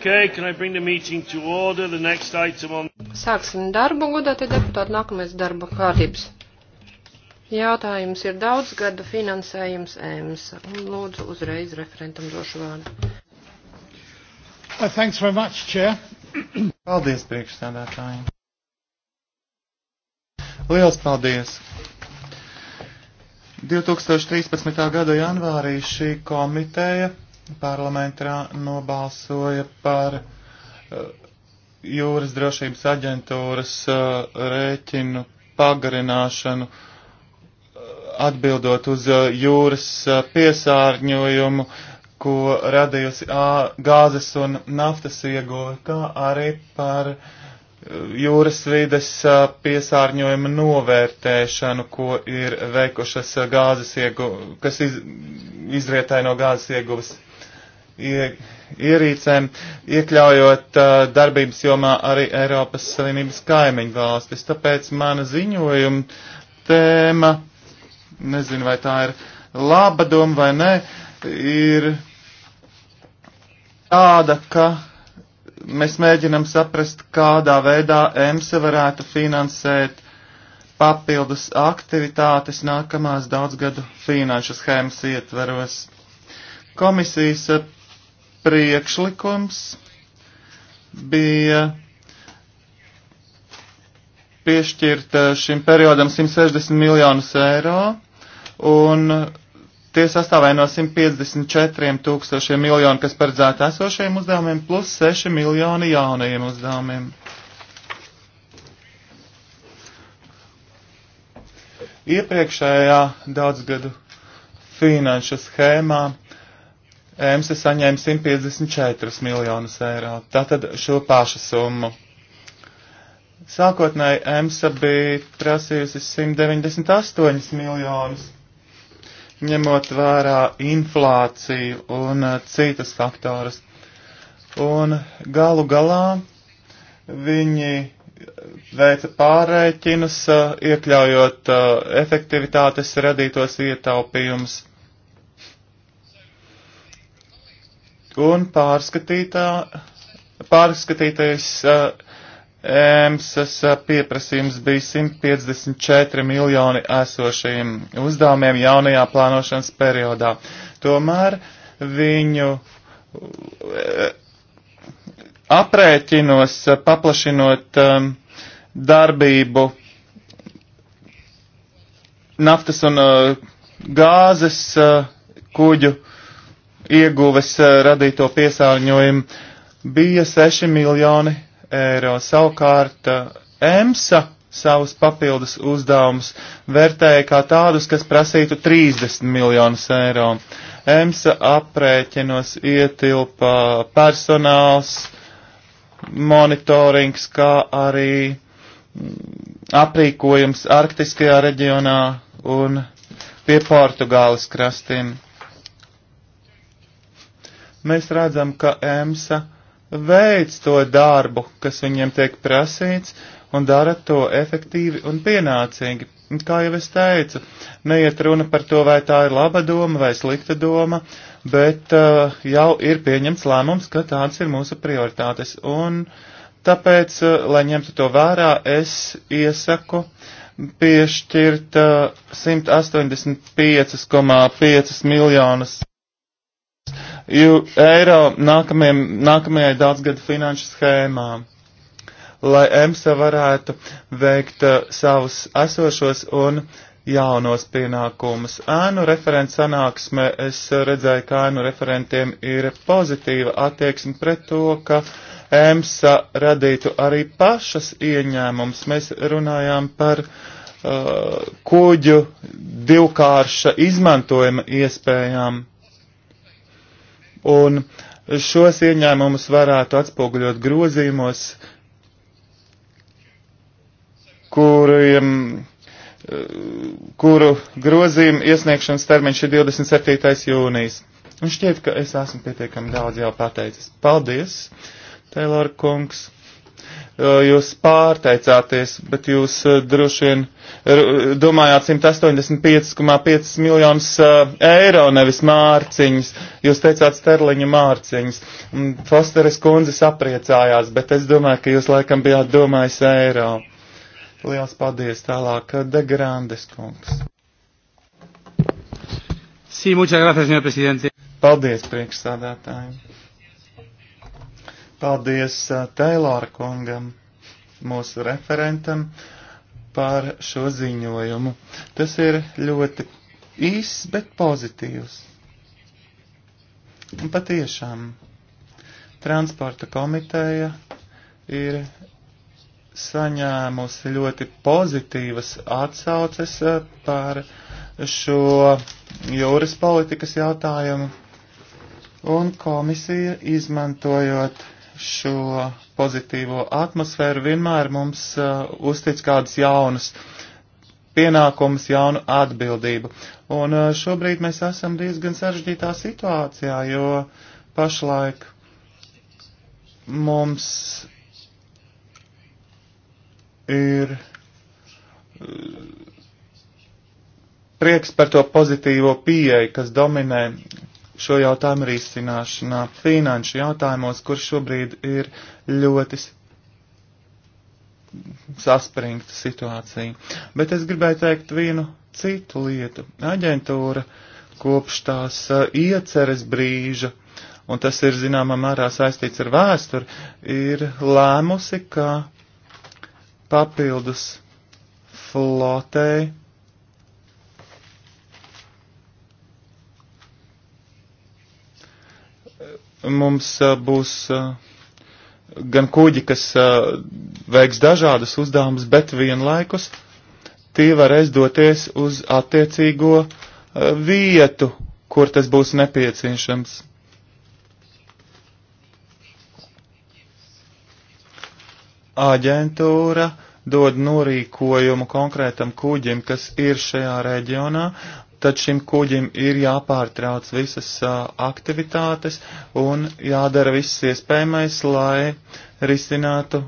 Okay, can I bring the meeting to order? The next item on... Sāksim darbu, godātie deputāti, nākamais darba kārtības. Jautājums ir daudz gada finansējums EMS. Un lūdzu uzreiz referentam došu vārdu. Well, thanks very much, Chair. paldies, priekšstādātājiem. Liels paldies! 2013. gada janvārī šī komiteja parlamentā nobalsoja par eh, jūras drošības aģentūras eh, rēķinu pagarināšanu eh, atbildot uz jūras piesārņojumu, ko radījusi gāzes un naftas ieguve, kā arī par jūras vides piesārņojuma novērtēšanu, ko ir veikušas gāzes ieguve, kas iz, izrietēja no gāzes ieguves ierīcēm, iekļaujot uh, darbības jomā arī Eiropas Savienības kaimiņu valstis. Tāpēc mana ziņojuma tēma, nezinu, vai tā ir laba doma vai nē, ir tāda, ka mēs mēģinam saprast, kādā veidā EMSA varētu finansēt papildus aktivitātes nākamās daudzgadu finanšu schēmas ietveros. Komisijas priekšlikums bija piešķirt eh, šim periodam 160 miljonus eiro, un tie sastāvēja no 154 tūkstošiem miljonu, kas paredzēta esošajiem uzdevumiem, plus 6 miljoni jaunajiem uzdevumiem. Iepriekšējā daudzgadu finanšu schēmā EMSA saņēma 154 miljonus eiro, tātad šo pašu summu. Sākotnēji EMSA bija prasījusi 198 miljonus, ņemot vērā inflāciju un eh, citas faktorus. Un galu galā viņi veica pārēķinus, eh, iekļaujot eh, efektivitātes radītos ietaupījumus Un pārskatītā, pārskatītais uh, EMSAS uh, pieprasījums bija 154 miljoni esošajiem uzdevumiem jaunajā plānošanas periodā. Tomēr viņu uh, aprēķinos uh, paplašinot um, darbību naftas un uh, gāzes uh, kuģu uh, ieguves eh, radīto piesārņojumu bija 6 miljoni eiro. Savukārt eh, EMSA savus papildus uzdevumus vērtēja kā tādus, kas prasītu 30 miljonus eiro. EMSA aprēķinos ietilpa personāls, monitorings, kā arī mm, aprīkojums Arktiskajā reģionā un pie Portugāles krastiem mēs redzam, ka EMSA veids to darbu, kas viņiem tiek prasīts, un dara to efektīvi un pienācīgi. Kā jau es teicu, neiet runa par to, vai tā ir laba doma vai slikta doma, bet uh, jau ir pieņemts lēmums, ka tāds ir mūsu prioritātes. Un tāpēc, uh, lai ņemtu to vērā, es iesaku piešķirt uh, 185,5 miljonus eiro nākamajam, nākamajai daudzgadu finanšu schēmā, lai EMSA varētu veikt uh, savus esošos un jaunos pienākumus. Ēnu referents sanāksmē es redzēju, ka ēnu referentiem ir pozitīva attieksme pret to, ka EMSA radītu arī pašas ieņēmums. Mēs runājām par uh, kuģu divkārša izmantojuma iespējām un šos ieņēmumus varētu atspoguļot grozījumos, kuriem kuru grozījuma iesniegšanas termiņš ir 27. jūnijas. Un šķiet, ka es esmu pietiekami daudz jau pateicis. Paldies, Taylor kungs! Eh, jūs pārteicāties, bet jūs eh, droši vien domājāt 185,5 miljonus eh, eiro, nevis mārciņas. Jūs teicāt sterliņa mārciņas. Fosteres kundze sapriecājās, bet es domāju, ka jūs laikam bijāt domājis eiro. Liels paldies tālāk, De Grandes kungs. Sí, muchas gracias, señor presidente. Paldies, priekšsādātāji. Paldies uh, Teilora kungam, mūsu referentam, par šo ziņojumu. Tas ir ļoti īss, bet pozitīvs. Un patiešām transporta komiteja ir saņēmusi ļoti pozitīvas atsauces uh, par šo jūras politikas jautājumu, un komisija izmantojot šo pozitīvo atmosfēru vienmēr mums uh, uztic kādas jaunas pienākumus, jaunu atbildību. Un uh, šobrīd mēs esam diezgan sarežģītā situācijā, jo pašlaik mums ir uh, prieks par to pozitīvo pieeju, kas dominē šo jautājumu risināšanā, finanšu jautājumos, kur šobrīd ir ļoti saspringta situācija. Bet es gribēju teikt vienu citu lietu. Aģentūra kopš tās uh, ieceres brīža, un tas ir zināmā mērā saistīts ar vēsturi, ir lēmusi, ka papildus flotei mums būs gan kuģi, kas veiks dažādas uzdevumus, bet vienlaikus tie varēs doties uz attiecīgo vietu, kur tas būs nepieciešams. Aģentūra dod norīkojumu konkrētam kuģim, kas ir šajā reģionā, tad šim kuģim ir jāpārtrauc visas uh, aktivitātes un jādara viss iespējamais, lai risinātu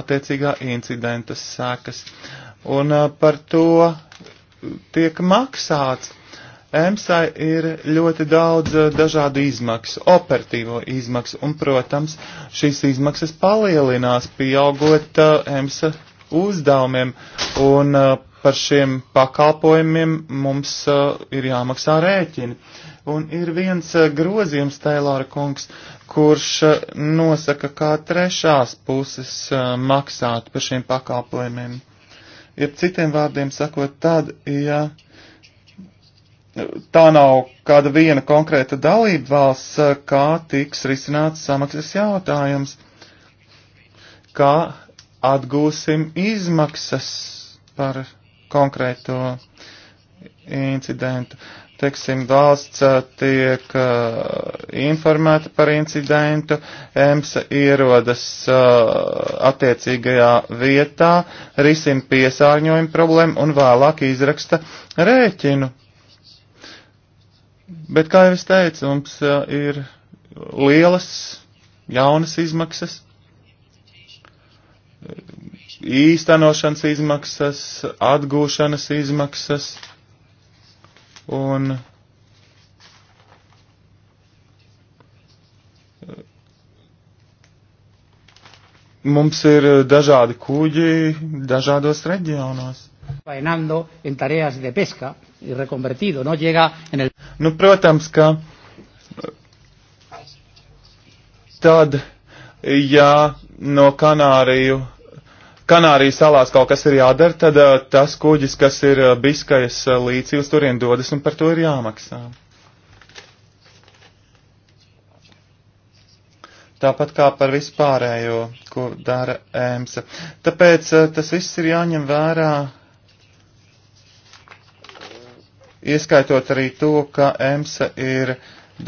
attiecīgā incidenta sekas. Un uh, par to tiek maksāts. EMSAI ir ļoti daudz dažādu izmaksu, operatīvo izmaksu, un, protams, šīs izmaksas palielinās, pieaugot EMSA uzdevumiem, un par šiem pakalpojumiem mums uh, ir jāmaksā rēķini. Un ir viens uh, grozījums, Tēlāra kungs, kurš uh, nosaka, kā trešās puses uh, maksāt par šiem pakalpojumiem. Ja citiem vārdiem sakot, tad, ja tā nav kāda viena konkrēta dalība valsts, uh, kā tiks risināts samaksas jautājums, kā atgūsim izmaksas par konkrēto incidentu. Teiksim, valsts uh, tiek uh, informēta par incidentu, EMSA ierodas uh, attiecīgajā vietā, risina piesārņojuma problēmu un vēlāk izraksta rēķinu. Bet, kā jau es teicu, mums uh, ir lielas jaunas izmaksas īstenošanas izmaksas, atgūšanas izmaksas un eh, mums ir dažādi kuģi dažādos reģionos. Nu, protams, ka tad, ja no Kanāriju Kanārijas salās kaut kas ir jādara, tad uh, tas kuģis, kas ir uh, Biskajas uh, līcī, uz turien dodas un par to ir jāmaksā. Tāpat kā par vispārējo, ko dara ēmsa. Tāpēc uh, tas viss ir jāņem vērā, ieskaitot arī to, ka ēmsa ir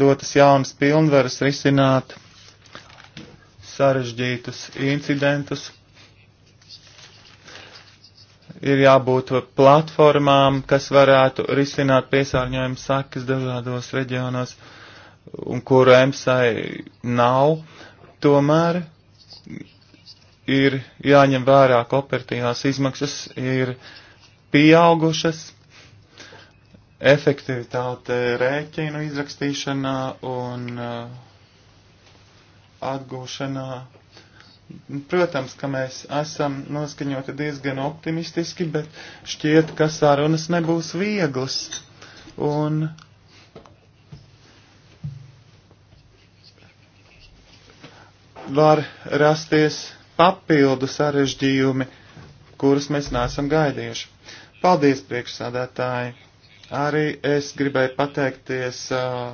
dotas jaunas pilnvaras risināt sarežģītus incidentus ir jābūt platformām, kas varētu risināt piesārņojumu sakas dažādos reģionos, un kuru EMSAI nav. Tomēr ir jāņem vērā, ka operatīvās izmaksas ir pieaugušas, efektivitāte rēķinu izrakstīšanā un uh, atgūšanā Protams, ka mēs esam noskaņoti diezgan optimistiski, bet šķiet, ka sarunas nebūs vieglas. Un var rasties papildu sarežģījumi, kurus mēs neesam gaidījuši. Paldies, priekšsādātāji! Arī es gribēju pateikties uh,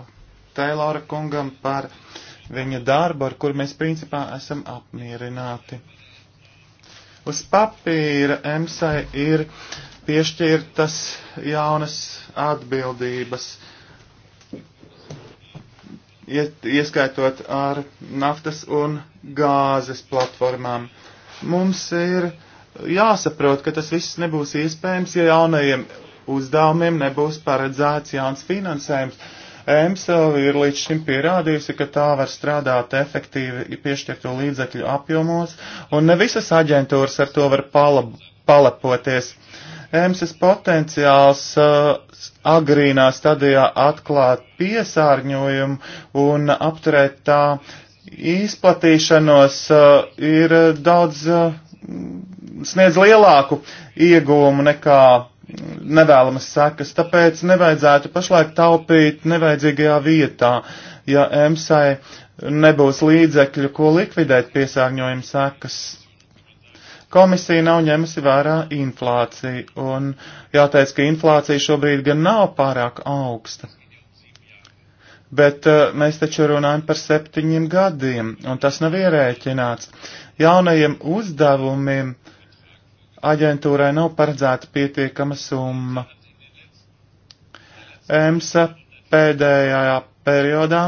Tailora kungam par uh, viņa darbu, ar kuru mēs principā esam apmierināti. Uz papīra EMSAI ir piešķirtas jaunas atbildības, ieskaitot ar naftas un gāzes platformām. Mums ir jāsaprot, ka tas viss nebūs iespējams, ja jaunajiem uzdevumiem nebūs paredzēts jauns finansējums EMSA ir līdz šim pierādījusi, ka tā var strādāt efektīvi piešķirto līdzekļu apjomos, un ne visas aģentūras ar to var palab palepoties. EMSAS potenciāls uh, agrīnā stadijā atklāt piesārņojumu un apturēt tā izplatīšanos uh, ir daudz, uh, sniedz lielāku iegūmu nekā nevēlamas sekas, tāpēc nevajadzētu pašlaik taupīt nevajadzīgajā vietā, ja EMSAI nebūs līdzekļu, ko likvidēt piesārņojuma sekas. Komisija nav ņemusi vērā inflāciju, un jāteic, ka inflācija šobrīd gan nav pārāk augsta. Bet uh, mēs taču runājam par septiņiem gadiem, un tas nav ierēķināts. Jaunajiem uzdevumiem aģentūrai nav paredzēta pietiekama summa. EMSA pēdējā periodā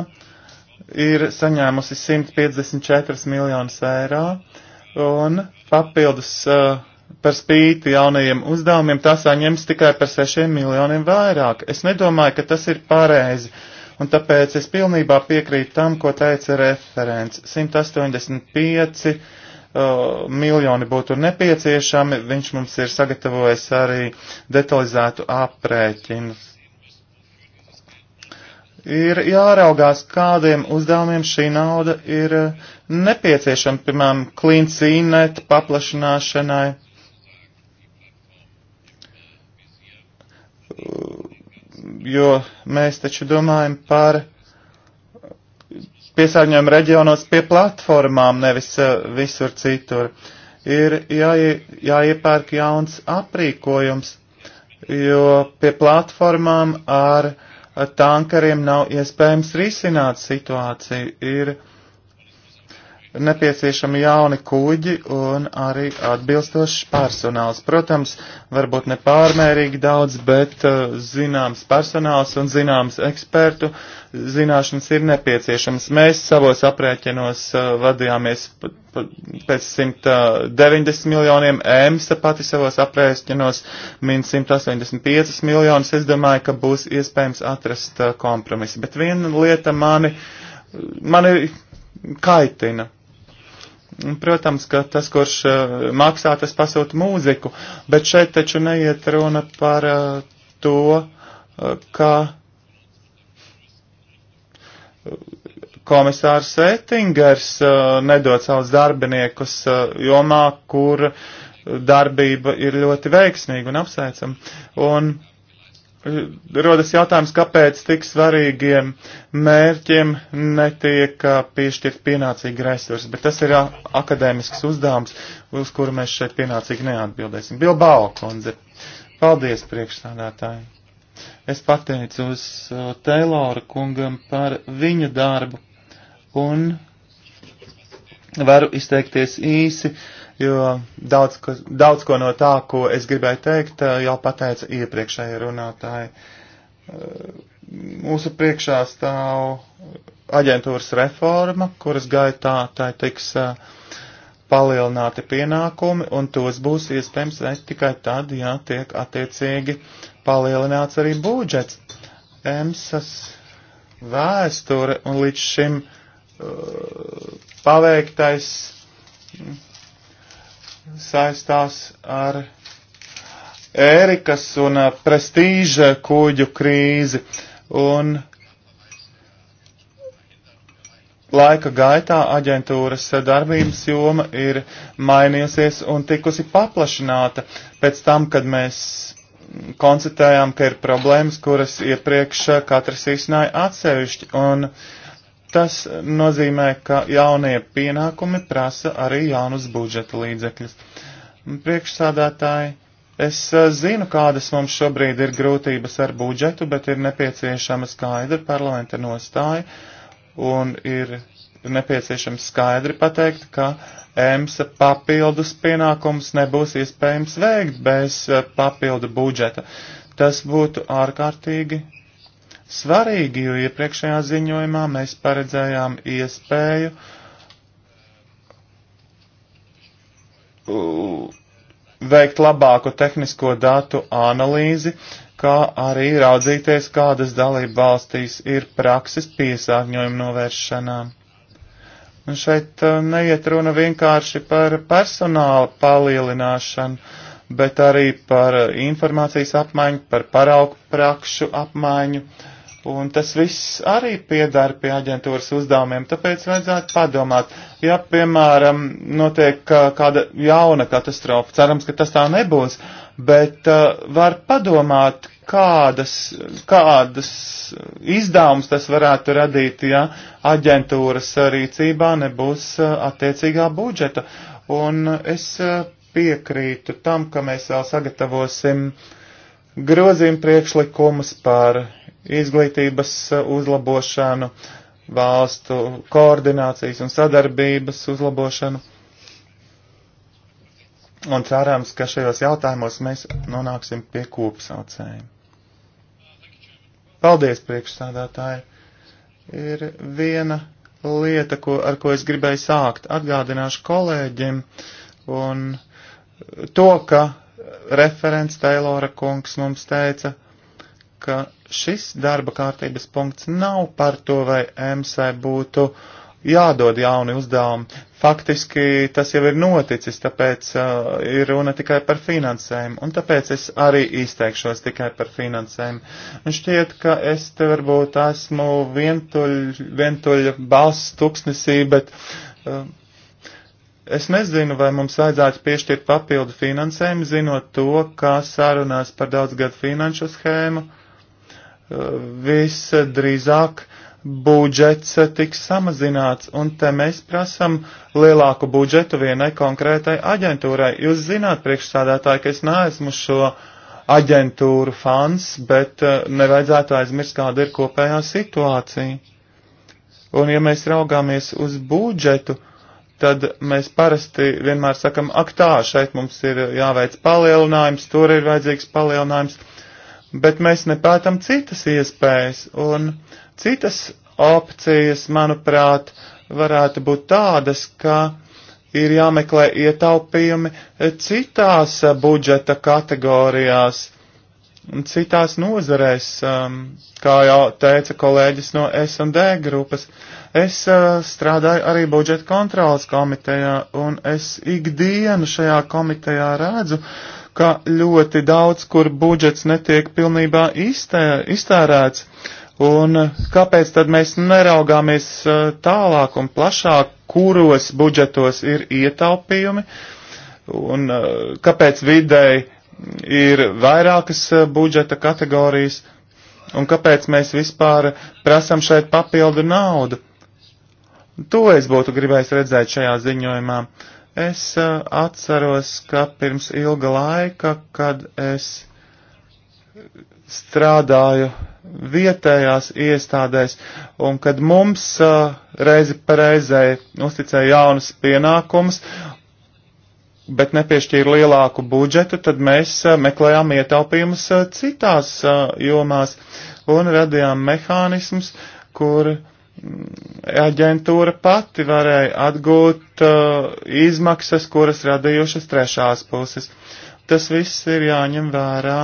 ir saņēmusi 154 miljonus eiro un papildus uh, par spīti jaunajiem uzdevumiem tā saņems tikai par 6 miljoniem vairāk. Es nedomāju, ka tas ir pareizi. Un tāpēc es pilnībā piekrītu tam, ko teica referents. 185 miljoni būtu nepieciešami. Viņš mums ir sagatavojis arī detalizētu aprēķinu. Ir jāraugās, kādiem uzdevumiem šī nauda ir nepieciešama, piemēram, clean cīnet paplašanāšanai. Jo mēs taču domājam par uh, piesārņojuma reģionos pie platformām, nevis eh, visur citur. Ir jāie, jāiepērk jauns aprīkojums, jo pie platformām ar tankariem nav iespējams risināt situāciju. Ir nepieciešami jauni kuģi un arī atbilstošs personāls. Protams, varbūt ne pārmērīgi daudz, bet uh, zināms personāls un zināms ekspertu zināšanas ir nepieciešams. Mēs savos aprēķinos uh, vadījāmies pēc 190 miljoniem, EMSA pati savos aprēķinos min 185 miljonus. Es domāju, ka būs iespējams atrast uh, kompromisu. Bet viena lieta mani, mani kaitina Protams, ka tas, kurš eh, maksā, tas pasūta mūziku, bet šeit taču neiet runa par eh, to, eh, ka komisārs Ettingers nedod savus darbiniekus jomā, kur darbība ir ļoti veiksmīga un apsveicama. Un rodas jautājums, kāpēc tik svarīgiem mērķiem netiek piešķirt pienācīgi resursi, bet tas ir akadēmisks uzdevums, uz kuru mēs šeit pienācīgi neatbildēsim. Bilbao kundze, paldies priekšstādātāji. Es pateicu uz Teilora kungam par viņa darbu un varu izteikties īsi. Uh, jo daudz, kas, daudz ko no tā, ko es gribēju teikt, eh, jau pateica iepriekšēja runātāja. Eh, mūsu priekšā stāv aģentūras reforma, kuras gaitā tā tiks eh, palielināti pienākumi, un tos būs iespējams veikt tikai tad, ja tiek attiecīgi palielināts arī budžets. EMSAS vēsture un līdz šim uh, paveiktais saistās ar Ērikas un uh, prestīža kuģu krīzi. Un laika gaitā aģentūras darbības joma ir mainījusies un tikusi paplašināta pēc tam, kad mēs konstatējām, ka ir problēmas, kuras iepriekš katrs īsināja atsevišķi. Un uh, Tas nozīmē, ka jaunie pienākumi prasa arī jaunus budžeta līdzekļus. Priekšsādātāji, es eh, zinu, kādas mums šobrīd ir grūtības ar budžetu, bet ir nepieciešama skaidra parlamenta nostāja un ir nepieciešams skaidri pateikt, ka EMSA papildus pienākums nebūs iespējams veikt bez eh, papildu budžeta. Tas būtu ārkārtīgi svarīgi, jo iepriekšējā ziņojumā mēs paredzējām iespēju veikt labāku tehnisko datu analīzi, kā arī raudzīties, kādas dalība valstīs ir prakses piesārņojuma novēršanā. Un šeit uh, neiet runa vienkārši par personāla palielināšanu, bet arī par uh, informācijas apmaiņu, par paraugu prakšu apmaiņu. Uh, Un tas viss arī piedara pie aģentūras uzdevumiem, tāpēc vajadzētu padomāt. Ja, piemēram, notiek kāda jauna katastrofa, cerams, ka tas tā nebūs, bet uh, var padomāt, kādas, kādas izdevumus tas varētu radīt, ja aģentūras rīcībā nebūs uh, attiecīgā budžeta. Un es uh, piekrītu tam, ka mēs vēl sagatavosim grozījumu priekšlikumus par izglītības eh, uzlabošanu, valstu koordinācijas un sadarbības uzlabošanu. Un cerams, ka šajos jautājumos mēs nonāksim pie kopsaucējiem. Paldies, priekšsādātāji! Ir viena lieta, ko, ar ko es gribēju sākt. Atgādināšu kolēģim un to, ka referents Teilora kungs mums teica, ka šis darba kārtības punkts nav par to, vai EMSA būtu jādod jauni uzdevumi. Faktiski tas jau ir noticis, tāpēc uh, ir runa tikai par finansējumu, un tāpēc es arī izteikšos tikai par finansējumu. Un šķiet, ka es te varbūt esmu vientuļ, vientuļa balss tupsnesī, bet uh, es nezinu, vai mums vajadzētu piešķirt papildu finansējumu, zinot to, kā sarunās par daudzgadu finanšu schēmu. Uh, visdrīzāk budžets tiks samazināts, un te mēs prasam lielāku budžetu vienai konkrētai aģentūrai. Jūs zināt, priekšsādātāji, ka es neesmu šo aģentūru fans, bet eh, nevajadzētu aizmirst, kāda ir kopējā situācija. Un ja mēs raugāmies uz budžetu, tad mēs parasti vienmēr sakam, ak tā, šeit mums ir jāveic palielinājums, tur ir vajadzīgs palielinājums bet mēs nepētam citas iespējas, un citas opcijas, manuprāt, varētu būt tādas, ka ir jāmeklē ietaupījumi citās eh, budžeta kategorijās, citās nozarēs, um, kā jau teica kolēģis no S&D grupas. Es eh, strādāju arī budžeta kontrolas komitejā, un es ikdienu šajā komitejā redzu, uh, ka ļoti daudz, kur budžets netiek pilnībā iztē, iztērēts. Un kāpēc tad mēs neraugāmies tālāk un plašāk, kuros budžetos ir ietaupījumi un kāpēc vidēji ir vairākas budžeta kategorijas un kāpēc mēs vispār prasam šeit papildu naudu? To es būtu gribējis redzēt šajā ziņojumā. Uh, Es atceros, ka pirms ilga laika, kad es strādāju vietējās iestādēs, un kad mums reizi par reizei uzticēja jaunas pienākumus, bet nepiešķīra lielāku budžetu, tad mēs meklējām ietaupījumus citās jomās un radījām mehānismus, kur uh, aģentūra pati varēja atgūt uh, izmaksas, kuras radījušas trešās puses. Tas viss ir jāņem vērā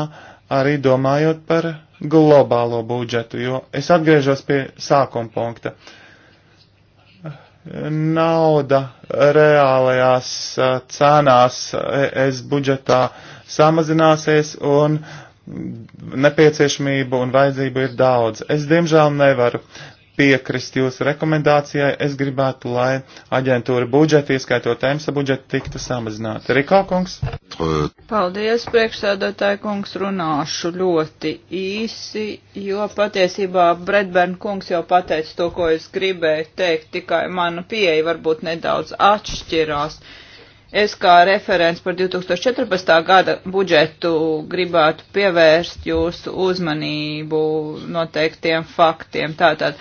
arī domājot par globālo budžetu, jo es atgriežos pie sākuma punkta. Nauda reālajās uh, cenās uh, es budžetā samazināsies un nepieciešamību un vajadzību ir daudz. Es diemžēl nevaru piekrist jūsu rekomendācijai. Es gribētu, lai aģentūra budžeti, ieskaitot EMSA budžetu, tiktu samazināta. Rikā kungs? Paldies, priekšsēdētāji kungs, runāšu ļoti īsi, jo patiesībā Bredbern kungs jau pateica to, ko es gribēju teikt, tikai mana pieeja varbūt nedaudz atšķirās. Uh, Es kā referents par 2014. gada budžetu gribētu pievērst jūsu uzmanību noteiktiem faktiem. Tātad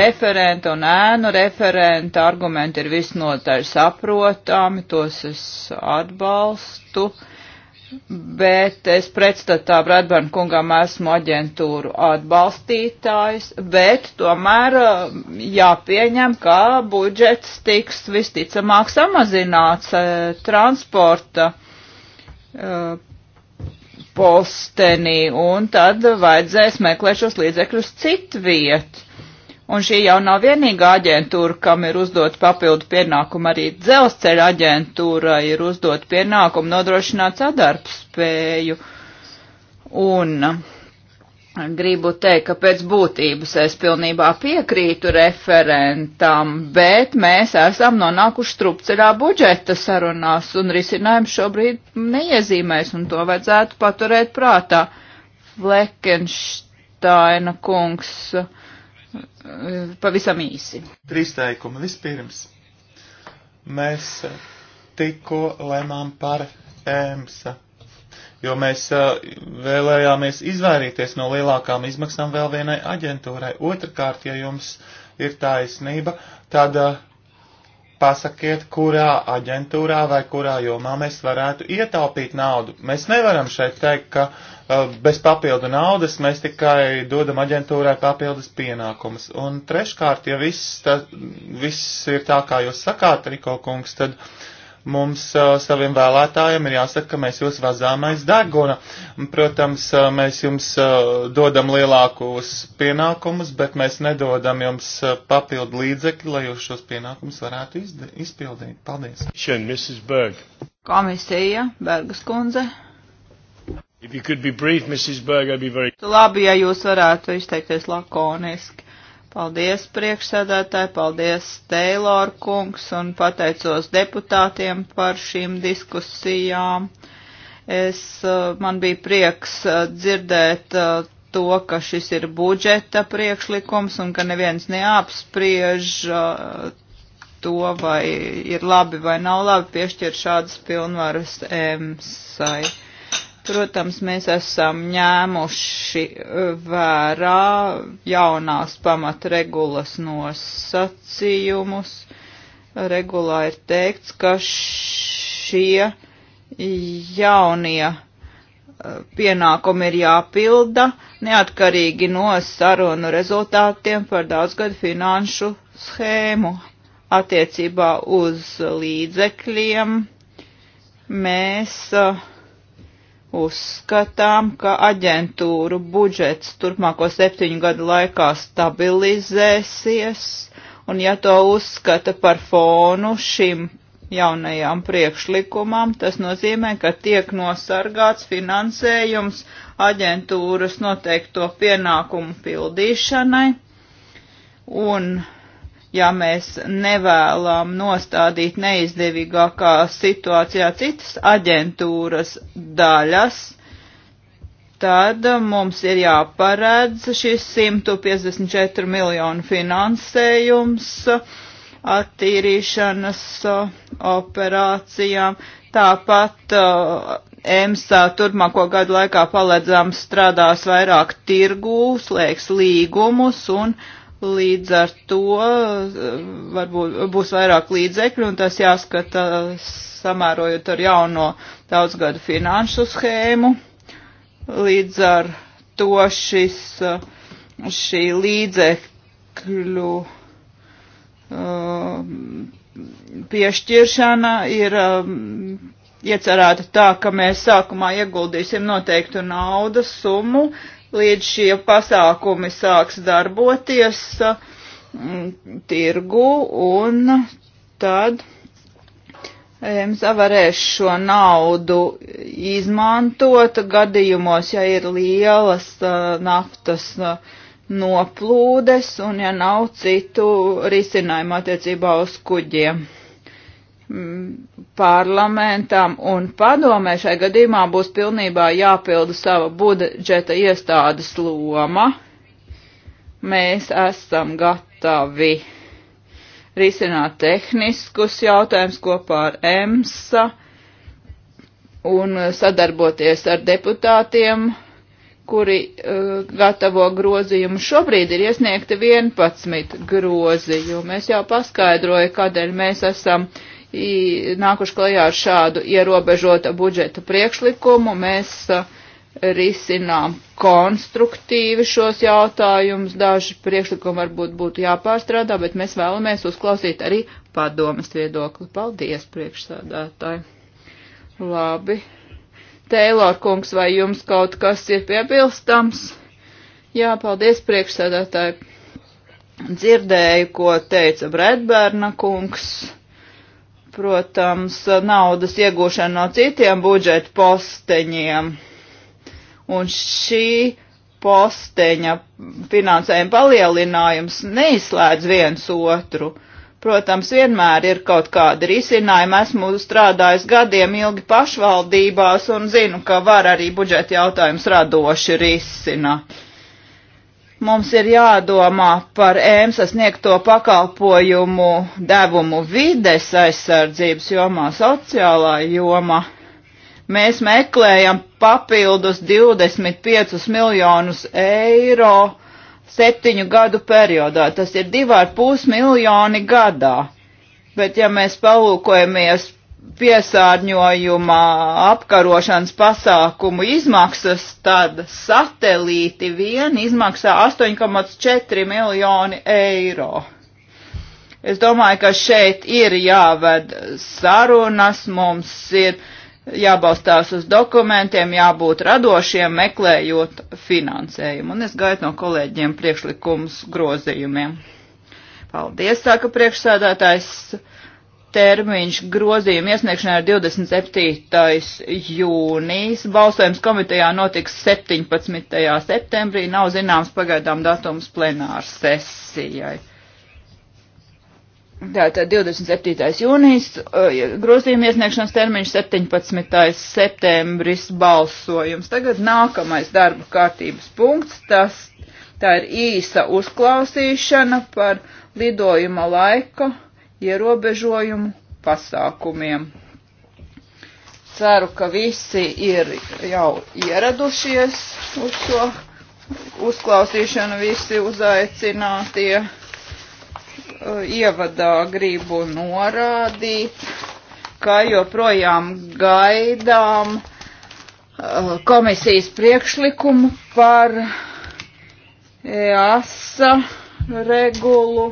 referenta un ēnu referenta argumenti ir visnotaļ saprotami, tos es atbalstu. Uh, bet es pretstatā Bradburn kungam esmu aģentūru atbalstītājs, bet tomēr eh, jāpieņem, ka budžets tiks visticamāk samazināts eh, transporta eh, postenī, un tad vajadzēs meklēt šos līdzekļus citviet. Un šī jau nav vienīgā aģentūra, kam ir uzdot papildu pienākumu, arī dzelzceļa aģentūra ir uzdot pienākumu nodrošināt sadarbspēju. Un gribu teikt, ka pēc būtības es pilnībā piekrītu referentam, bet mēs esam nonākuši strupceļā budžeta sarunās un risinājums šobrīd neiezīmēs un to vajadzētu paturēt prātā. Fleckensteina kungs. Uh, pavisam īsi. Trīs teikumi. Vispirms, mēs eh, tikko lēmām par EMSA, jo mēs eh, vēlējāmies izvairīties no lielākām izmaksām vēl vienai aģentūrai. Otrakārt, ja jums ir taisnība, tad eh, pasakiet, kurā aģentūrā vai kurā jomā mēs varētu ietaupīt naudu. Mēs nevaram šeit teikt, ka uh, Uh, bez papildu naudas mēs tikai dodam aģentūrai papildus pienākumus. Un treškārt, ja viss, ta, viss ir tā, kā jūs sakāt, Riko kungs, tad mums uh, saviem vēlētājiem ir jāsaka, ka mēs jūs vazām aiz deguna. Protams, uh, mēs jums dodam lielākus pienākumus, bet mēs nedodam jums papildu līdzekļu, lai jūs šos pienākumus varētu izpildīt. Paldies. Komisija, Bergas kundze. Brief, Berg, very... Labi, ja jūs varētu izteikties lakoniski. Paldies priekšsēdētāji, paldies Teilor kungs un pateicos deputātiem par šīm diskusijām. Es, eh, man bija prieks eh, dzirdēt eh, to, ka šis ir budžeta priekšlikums un ka neviens neapspriež to, vai ir labi vai nav labi piešķirt šādas pilnvaras EMSai. Protams, mēs esam ņēmuši e, vērā jaunās pamatregulas nosacījumus. Regulā ir teikts, ka šie jaunie e, pienākumi ir jāpilda neatkarīgi no sarunu rezultātiem par daudzgadu finanšu schēmu attiecībā uz līdzekļiem. Mēs uh, Uzskatām, ka aģentūru budžets turpmāko septiņu gadu laikā stabilizēsies, un ja to uzskata par fonu šim jaunajām priekšlikumam, tas nozīmē, ka tiek nosargāts finansējums aģentūras noteikto pienākumu pildīšanai, un ja mēs nevēlam nostādīt neizdevīgākā situācijā citas aģentūras daļas, tad mums ir jāparedz šis 154 miljonu finansējums attīrīšanas operācijām. Tāpat uh, EMSA turpmāko gadu laikā paledzām strādās vairāk tirgū, slēgs līgumus un uh, Līdz ar to eh, varbūt būs vairāk līdzekļu, un tas jāskata samērojot ar jauno daudzgadu finanšu schēmu. Līdz ar to šis, eh, šī līdzekļu eh, piešķiršana ir iecerēta tā, ka mēs sākumā ieguldīsim noteiktu naudas summu, līdz šie pasākumi sāks darboties mm, tirgu un tad EMSA varēs šo naudu izmantot gadījumos, ja ir lielas naftas noplūdes un ja nav citu risinājumu attiecībā uz kuģiem. Mm, parlamentam un padomē šai gadījumā būs pilnībā jāpilda sava budžeta iestādes loma. Mēs esam gatavi risināt tehniskus jautājumus kopā ar EMSA un sadarboties ar deputātiem, kuri uh, gatavo grozījumu. Šobrīd ir iesniegti 11 grozījumi. Es jau paskaidroju, kādēļ mēs esam uh, nākuši klajā ar šādu ierobežota budžeta priekšlikumu. Mēs risinām konstruktīvi šos jautājumus. Daži priekšlikumi varbūt būtu jāpārstrādā, bet mēs vēlamies uzklausīt arī padomas viedokli. Paldies, priekšsādātāji! Labi. Teilor kungs, vai jums kaut kas ir piebilstams? Jā, paldies priekšsēdētāji. Dzirdēju, ko teica Bredbērna kungs protams, naudas iegūšana no citiem budžeta posteņiem. Un šī posteņa finansējuma palielinājums neizslēdz viens otru. Protams, vienmēr ir kaut kāda risinājuma. Esmu strādājis gadiem ilgi pašvaldībās un zinu, ka var arī budžeta jautājums radoši risināt. Mums ir jādomā par ēmsa sniegto pakalpojumu devumu vides aizsardzības jomā, sociālā jomā. Mēs meklējam papildus 25 miljonus eiro septiņu gadu periodā. Tas ir divi ar pus miljoni gadā. Bet ja mēs palūkojamies piesārņojuma apkarošanas pasākumu izmaksas, tad satelīti vien izmaksā 8,4 miljoni eiro. Es domāju, ka šeit ir jāved sarunas, mums ir jābalstās uz dokumentiem, jābūt radošiem, meklējot finansējumu. Un es gaidu no kolēģiem priekšlikumus grozījumiem. Paldies, saka priekšsēdētājs termiņš grozījuma iesniegšanai ir 27. jūnijas. Balsojums komitejā notiks 17. septembrī. Nav zināms pagaidām datums plenāra sesijai. Tātad 27. jūnijas, eh, grozījuma iesniegšanas termiņš 17. septembris balsojums. Tagad nākamais darba kārtības punkts, tas tā ir īsa uzklausīšana par lidojuma laika ierobežojumu pasākumiem. Ceru, ka visi ir jau ieradušies uz šo uzklausīšanu, visi uzaicinātie. Eh, ievadā gribu norādīt, ka joprojām gaidām eh, komisijas priekšlikumu par EASA regulu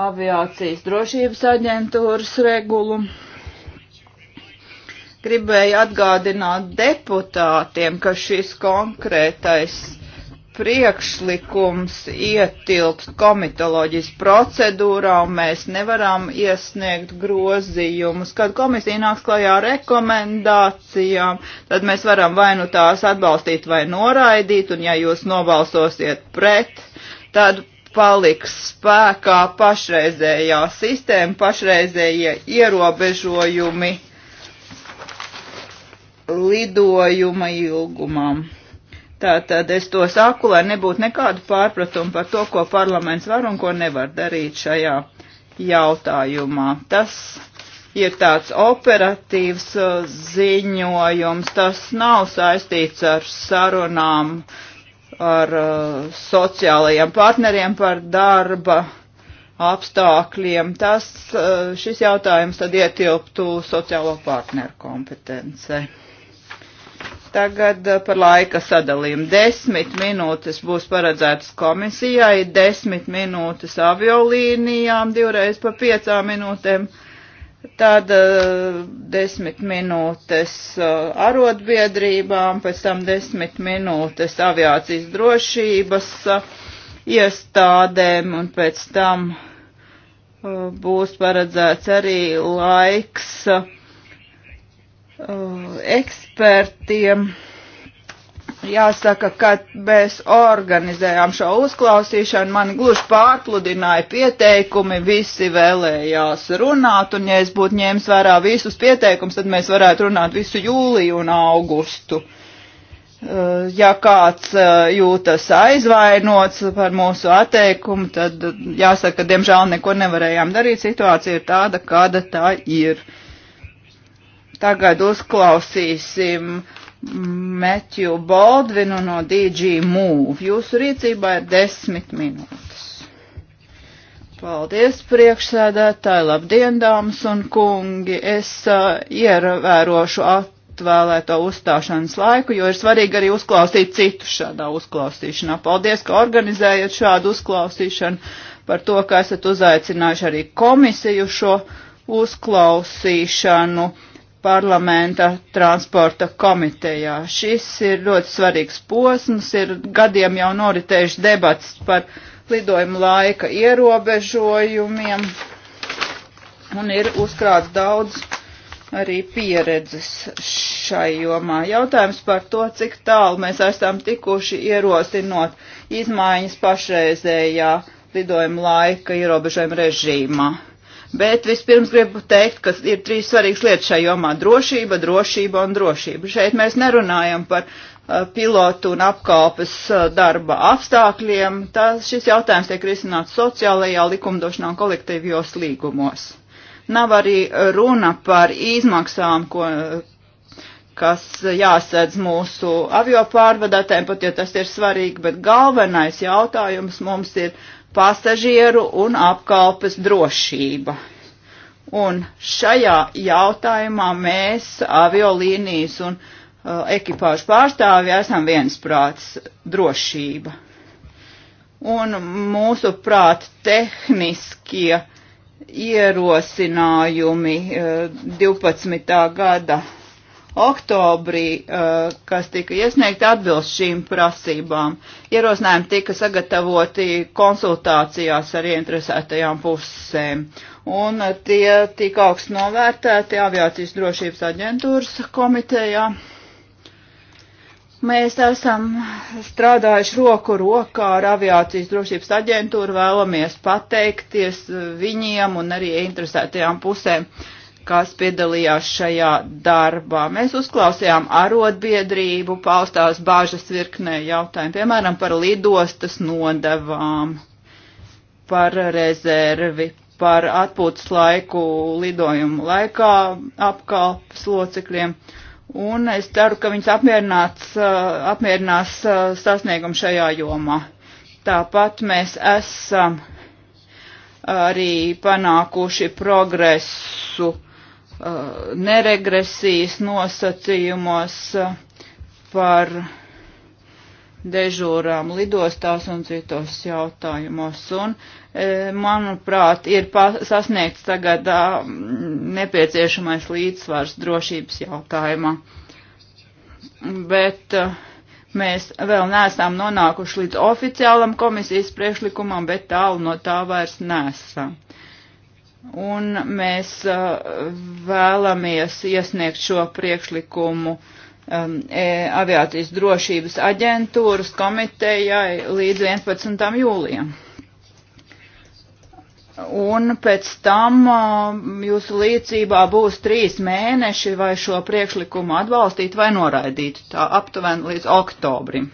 aviācijas drošības aģentūras regulu. Gribēju atgādināt deputātiem, ka šis konkrētais priekšlikums ietilpst komitoloģijas procedūrā, un mēs nevaram iesniegt grozījumus. Kad komisija nāks klajā rekomendācijām, tad mēs varam vai nu tās atbalstīt vai noraidīt, un ja jūs nobalsosiet pret, tad paliks spēkā pašreizējā sistēma, pašreizējie ierobežojumi lidojuma ilgumam. Tātad es to saku, lai nebūtu nekādu pārpratumu par to, ko parlaments var un ko nevar darīt šajā jautājumā. Tas ir tāds operatīvs uh, ziņojums, tas nav saistīts ar sarunām uh, ar uh, sociālajiem partneriem par darba apstākļiem. Tas, uh, šis jautājums tad ietilptu sociālo partneru kompetencē. Tagad uh, par laika sadalījumu. Desmit minūtes būs paredzētas komisijai, desmit minūtes aviolīnijām, divreiz pa piecām minūtēm tad uh, desmit minūtes uh, arotbiedrībām, pēc tam desmit minūtes aviācijas drošības uh, iestādēm, un pēc tam būs paredzēts arī laiks ekspertiem. Jāsaka, kad mēs organizējām šo uzklausīšanu, man gluži pārpludināja pieteikumi, visi vēlējās runāt, un ja es būtu ņēmis vērā visus pieteikumus, tad mēs varētu runāt visu jūliju un augustu. Uh, ja kāds uh, jūtas aizvainots par mūsu atteikumu, tad uh, jāsaka, ka diemžēl neko nevarējām darīt, situācija ir tāda, kāda tā ir. Tagad uzklausīsim Metju Baldvinu no DG Move. Jūsu rīcībā ir desmit minūtes. Paldies, priekšsēdētāji, labdien, dāmas un kungi. Es uh, ievērošu atvēlēto uzstāšanas laiku, jo ir svarīgi arī uzklausīt citu šādā uzklausīšanā. Paldies, ka organizējat šādu uzklausīšanu, par to, ka esat uzaicinājuši arī komisiju šo uzklausīšanu. Uh, parlamenta transporta komitejā. Šis ir ļoti svarīgs posms, ir gadiem jau noritējuši debats par lidojumu laika ierobežojumiem un ir uzkrāts daudz arī pieredzes šai jomā. Jautājums par to, cik tālu mēs esam tikuši ierosinot izmaiņas pašreizējā lidojuma laika ierobežojuma režīmā. Bet vispirms gribu teikt, ka ir trīs svarīgas lietas šajā jomā - drošība, drošība un drošība. Šeit mēs nerunājam par uh, pilotu un apkalpes uh, darba apstākļiem. Tas, šis jautājums tiek risināts sociālajā likumdošanā un kolektīvajos līgumos. Nav arī runa par izmaksām, ko, kas jāsēdz mūsu avio pārvadātēm, pat ja tas ir svarīgi, bet galvenais jautājums mums ir pasažieru un apkalpes drošība. Un šajā jautājumā mēs aviolīnijas un uh, ekipāžu pārstāvi esam viensprāts drošība. Un mūsu prāt tehniskie ierosinājumi uh, 12. gada oktobrī, eh, kas tika iesniegti atbilst šīm prasībām. Ierosinājumi tika sagatavoti konsultācijās ar ieinteresētajām pusēm. Un eh, tie tika augsts novērtēti aviācijas drošības aģentūras komitejā. Mēs esam strādājuši roku rokā ar aviācijas drošības aģentūru, vēlamies pateikties viņiem un arī interesētajām pusēm. Uh, kas piedalījās šajā darbā. Mēs uzklausījām arotbiedrību, paustās bāžas virknē jautājumu, piemēram, par lidostas nodevām, par rezervi, par atpūtas laiku lidojumu laikā apkalpas locekļiem. Un es ceru, ka viņas eh, apmierinās eh, sasniegumu šajā jomā. Tāpat mēs esam eh, arī panākuši progresu uh, Uh, neregresijas nosacījumos uh, par dežūrām lidostās un citos jautājumos. Un, e, manuprāt, ir sasniegts tagad uh, nepieciešamais līdzsvars drošības jautājumā. Bet mēs vēl neesam nonākuši līdz oficiālam komisijas priekšlikumam, bet tālu no tā vairs nesam un mēs uh, vēlamies iesniegt šo priekšlikumu um, e, aviācijas drošības aģentūras komitejai līdz 11. jūlijam. Un pēc tam um, jūsu rīcībā būs trīs mēneši, vai šo priekšlikumu atbalstīt vai noraidīt, tā aptuveni līdz oktobrim.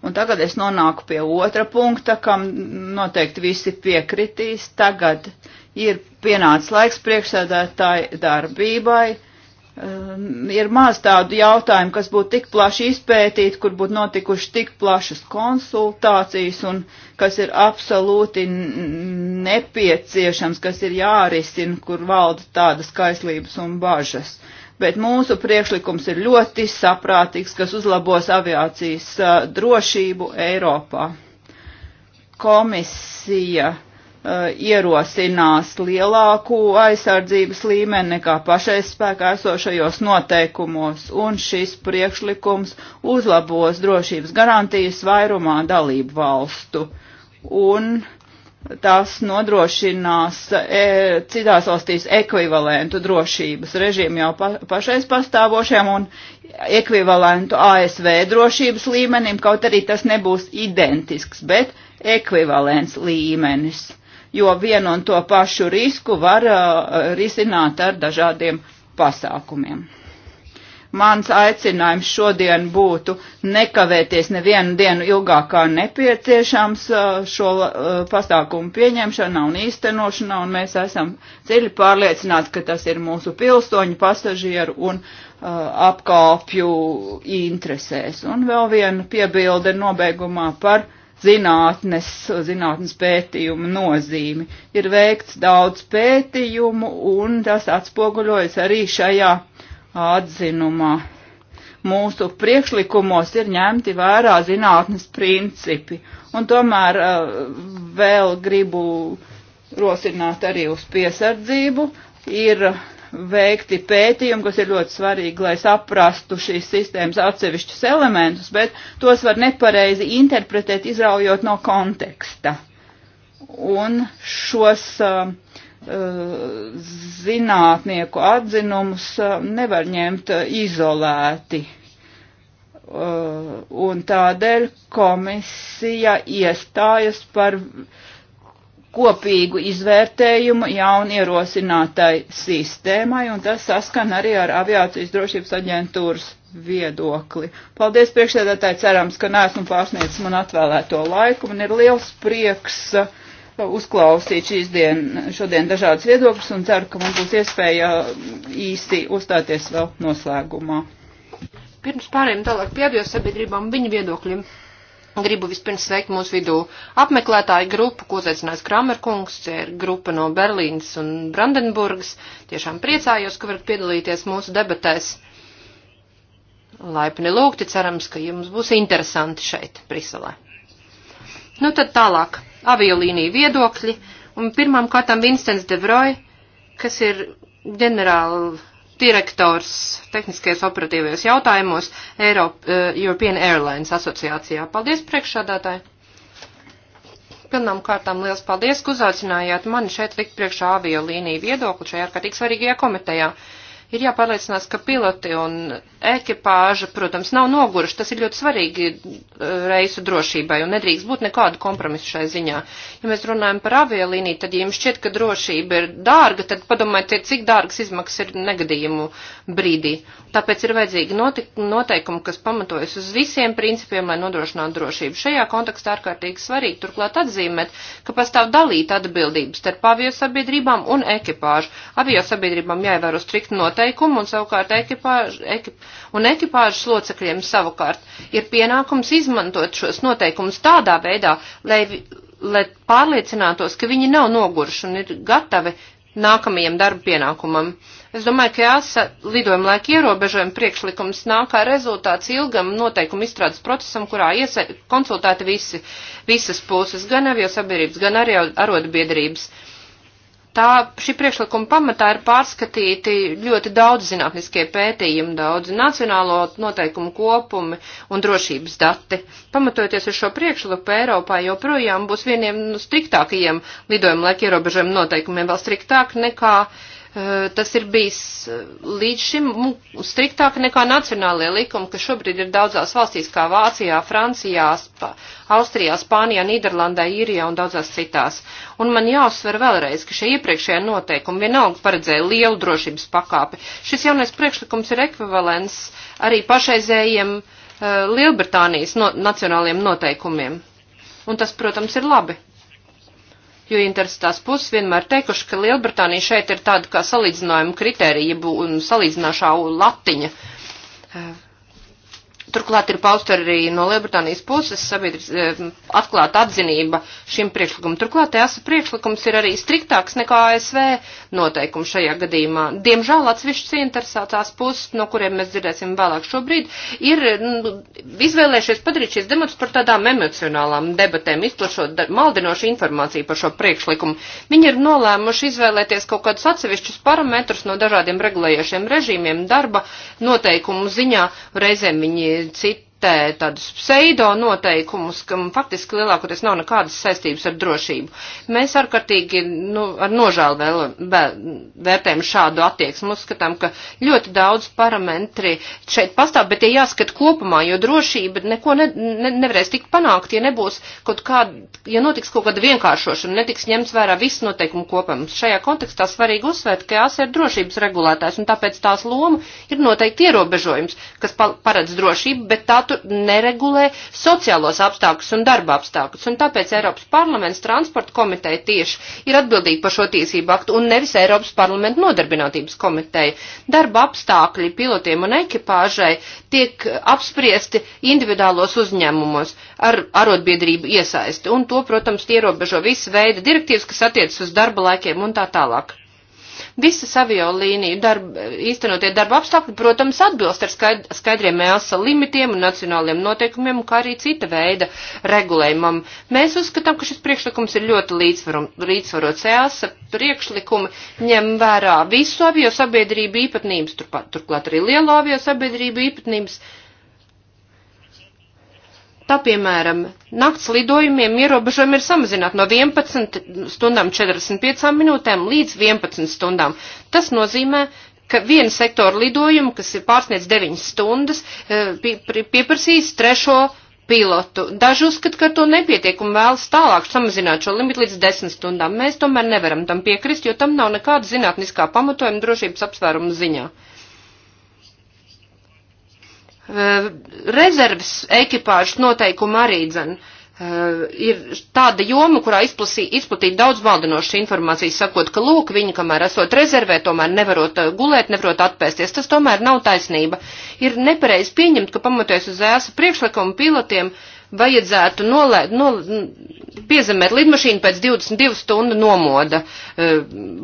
Un tagad es nonāku pie otra punkta, kam noteikti visi piekritīs. Tagad uh, ir pienācis laiks priekšsēdētāji darbībai. Um, ir maz tādu jautājumu, kas būtu tik plaši izpētīti, kur būtu notikuši tik plašas konsultācijas un kas ir absolūti nepieciešams, kas ir jārisina, kur valda tādas kaislības un bažas. Bet mūsu priekšlikums ir ļoti saprātīgs, kas uzlabos aviācijas uh, drošību Eiropā. Komisija Eh, ierosinās lielāku aizsardzības līmeni nekā pašais spēkā esošajos noteikumos, un šis priekšlikums uzlabos drošības garantijas vairumā dalību valstu, un tas nodrošinās e, citās valstīs ekvivalentu drošības režīmu jau pa, pašais pastāvošiem un ekvivalentu ASV drošības līmenim, kaut arī tas nebūs identisks, bet ekvivalents līmenis jo vienu un to pašu risku var uh, risināt ar dažādiem pasākumiem. Mans aicinājums šodien būtu nekavēties nevienu dienu ilgāk kā nepieciešams uh, šo uh, pasākumu pieņemšanā un īstenošanā, un mēs esam dziļi pārliecināti, ka tas ir mūsu pilsoņu, pasažieru un uh, apkalpju interesēs. Un vēl viena piebilde nobeigumā par uh, zinātnes, zinātnes pētījumu nozīmi. Ir veikts daudz pētījumu un tas atspoguļojas arī šajā atzinumā. Mūsu priekšlikumos ir ņemti vērā zinātnes principi, un tomēr eh, vēl gribu rosināt arī uz piesardzību. Ir veikti pētījumi, kas ir ļoti svarīgi, lai saprastu šīs sistēmas atsevišķus elementus, bet tos var nepareizi interpretēt, izraujot no konteksta. Un šos uh, uh zinātnieku atzinumus uh, nevar ņemt uh, izolēti. Un tādēļ komisija iestājas par uh, kopīgu izvērtējumu jaunierosinātai sistēmai, un tas saskan arī ar aviācijas drošības aģentūras viedokli. Paldies priekšsēdētāji, cerams, ka neesmu pārsniedzis man atvēlēto laiku. Man ir liels prieks uh, uzklausīt šīs dien, šodien dažādas viedokļas un ceru, ka man būs iespēja uh, īsti uzstāties vēl noslēgumā. Pirms pārējiem tālāk pie aviosabiedrībām viņu viedokļiem. Gribu vispirms sveikt mūsu vidū apmeklētāju grupu, ko uzaicinājis Kramerkungs, tie ir grupa no Berlīnas un Brandenburgas. Tiešām priecājos, ka varat piedalīties mūsu debatēs. Laipni lūgti, cerams, ka jums būs interesanti šeit, Briselē. Nu tad tālāk, aviolīnija viedokļi, un pirmām kārtām Vinstens Devroja, kas ir ģenerāla direktors tehniskajos operatīvajos jautājumos Europe, uh, European Airlines asociācijā. Paldies, priekšsādātāji! Pilnām kārtām liels paldies, ka uzaicinājāt mani šeit likt priekšā aviolīniju viedokli šajā ārkārtīgi svarīgajā komitejā. Uh, ir jāpārliecinās, ka piloti un ekipāža, protams, nav noguruši. Tas ir ļoti svarīgi uh, reisu drošībai un nedrīkst būt nekādu kompromisu šai ziņā. Ja mēs runājam par aviolīniju, tad, ja jums šķiet, ka drošība ir dārga, tad padomājiet, cik dārgas izmaksas ir negadījumu brīdī. Tāpēc ir vajadzīgi noteikumi, kas pamatojas uz visiem principiem, lai nodrošinātu drošību. Šajā kontekstā ārkārtīgi svarīgi turklāt atzīmēt, ka pastāv dalīta atbildības starp aviosabiedrībām un ekipāžu. Aviosabiedrībām jāievēro strikt noteikumi noteikumu un savukārt ekipāžu, ekip, un ekipāžas locekļiem savukārt ir pienākums izmantot šos noteikumus tādā veidā, lai, lai pārliecinātos, ka viņi nav noguruši un ir gatavi nākamajam darba pienākumam. Es domāju, ka jāsa lidojuma laika ierobežojuma priekšlikums nāk kā rezultāts ilgam noteikumu izstrādes procesam, kurā iesa konsultēti visi, visas puses, gan avio sabiedrības, gan arī arotbiedrības. Ar Tā šī priekšlikuma pamatā ir pārskatīti ļoti daudz zinātniskie pētījumi, daudz nacionālo noteikumu kopumi un drošības dati. Pamatojoties uz šo priekšliku, Eiropā joprojām būs vieniem no striktākajiem lidojuma laika ierobežojuma noteikumiem, vēl striktāk nekā uh, Eh, tas ir bijis eh, līdz šim striktāk nekā nacionālajie likumi, kas šobrīd ir daudzās valstīs, kā Vācijā, Francijā, Sp Austrijā, Spānijā, Nīderlandē, Īrijā un daudzās citās. Un man jāuzsver vēlreiz, ka šie iepriekšējie noteikumi vienalga paredzēja lielu drošības pakāpi. Šis jaunais priekšlikums ir ekvivalents arī pašreizējiem uh, Lielbritānijas no, nacionāliem noteikumiem. Un tas, protams, ir labi jo interesētās puses vienmēr teikuši, ka Lielbritānija šeit ir tāda kā salīdzinājuma kritērija un salīdzināšā latiņa. Uh, Turklāt ir pausta arī no Lielbritānijas puses sabiedris eh, atklāta atzinība šim priekšlikumam. Turklāt EASA priekšlikums ir arī striktāks nekā ASV noteikums šajā gadījumā. Diemžēl atsevišķas interesētās puses, no kuriem mēs dzirdēsim vēlāk šobrīd, ir nu, izvēlējušies padarīt šīs debatas par tādām emocionālām debatēm, izplašot maldinošu informāciju par šo priekšlikumu. Viņi ir nolēmuši izvēlēties kaut kādus atsevišķus parametrus no dažādiem regulējošiem režīmiem darba noteikumu ziņā. Reizēm viņi cit, diktē tādus pseido noteikumus, kam faktiski lielākoties nav nekādas saistības ar drošību. Mēs ārkārtīgi nu, ar nožēlu vēl, vēl, vērtējam šādu attieksmu. Uzskatām, ka ļoti daudz parametri šeit pastāv, bet tie jāskat kopumā, jo drošība neko ne, ne, nevarēs tikt panākt, ja nebūs kaut kāda, ja notiks kaut kāda vienkāršošana, netiks ņemts vērā viss noteikumu kopums. Šajā kontekstā svarīgi uzsvērt, ka jāsaka ir drošības regulētājs, un tāpēc tās loma ir noteikti ierobežojums, kas paredz drošību, bet tā satur, neregulē sociālos apstākļus un darba apstākļus. Un tāpēc Eiropas parlaments transporta komiteja tieši ir atbildīga par šo tiesību aktu un nevis Eiropas parlamenta nodarbinātības komiteja. Darba apstākļi pilotiem un ekipāžai tiek apspriesti individuālos uzņēmumos ar arotbiedrību iesaisti. Un to, protams, ierobežo visi veidi direktīvas, kas attiecas uz darba laikiem un tā tālāk. Visas aviolīniju darba, īstenotie darba apstākļi, protams, atbilst ar skaid, skaidriem ELSA limitiem un nacionāliem noteikumiem, kā arī cita veida regulējumam. Mēs uzskatām, ka šis priekšlikums ir ļoti līdzsvarots. ELSA priekšlikumi ņem vērā visu avio sabiedrību īpatnības, turpat, turklāt arī lielo avio sabiedrību īpatnības Tā, piemēram, nakts lidojumiem ierobežojumi ir samazināti no 11 stundām 45 minūtēm līdz 11 stundām. Tas nozīmē, ka viena sektora lidojuma, kas ir pārsniedz 9 stundas, eh, pieprasīs trešo pilotu. Daži uzskata, ka to nepietiek un vēlas tālāk samazināt šo limitu līdz desmit stundām. Mēs tomēr nevaram tam piekrist, jo tam nav nekāda zinātniskā pamatojuma drošības apsvērumu ziņā. Eh, rezerves ekipāžu noteikumu arī dzen. Eh, ir tāda joma, kurā izplatīta daudz maldinošas informācijas, sakot, ka lūk, viņi, kamēr esot rezervē, tomēr nevarot eh, gulēt, nevarot atpēsties. Tas tomēr nav taisnība. Ir nepareizi pieņemt, ka pamatoties uz ēsa priekšlikumu pilotiem, uh, vajadzētu nolē, no, piezemēt lidmašīnu pēc 22 stundu nomoda e,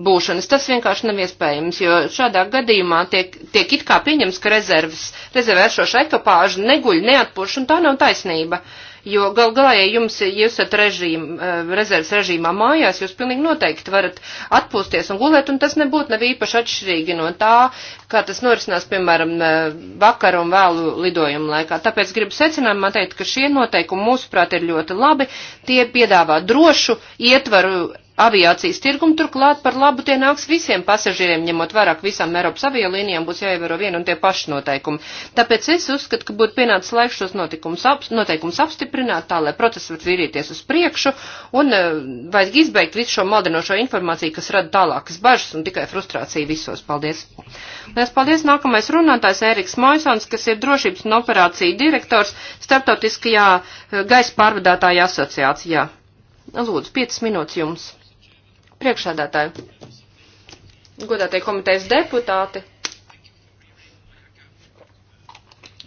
būšanas. Tas vienkārši nav iespējams, jo šādā gadījumā tiek, tiek it kā pieņems, ka rezerves, rezervēšoša ekipāža neguļ, neatpūš, un tā nav taisnība. Jo gal galā, ja jums, ja jūs esat režīm, e, rezerves režīmā mājās, jūs pilnīgi noteikti varat atpūsties un gulēt, un tas nebūtu nav īpaši atšķirīgi no tā, kā tas norisinās, piemēram, e, vakar un vēlu lidojumu laikā. Tāpēc gribu secinājumā teikt, ka šie noteikti noteikumi mūsuprāt ir ļoti labi. Tie piedāvā drošu ietvaru aviācijas tirgumu, turklāt par labu tie nāks visiem pasažieriem, ņemot vairāk visām Eiropas aviolīnijām būs jāievēro vien un tie paši noteikumi. Tāpēc es uzskatu, ka būtu pienācis laiks šos notikumus ap, noteikumus apstiprināt, tā lai process var virīties uz priekšu un uh, vajag izbeigt visu šo maldinošo informāciju, kas rada tālākas bažas un tikai frustrāciju visos. Paldies! Lielas paldies! Nākamais runātājs Eriks Maisons, kas ir drošības un operāciju direktors Startautiskajā eh, gaisa pārvadātāja asociācijā. Lūdzu, 5 minūtes jums. Priekšsēdētāji, godātie komitejas deputāti,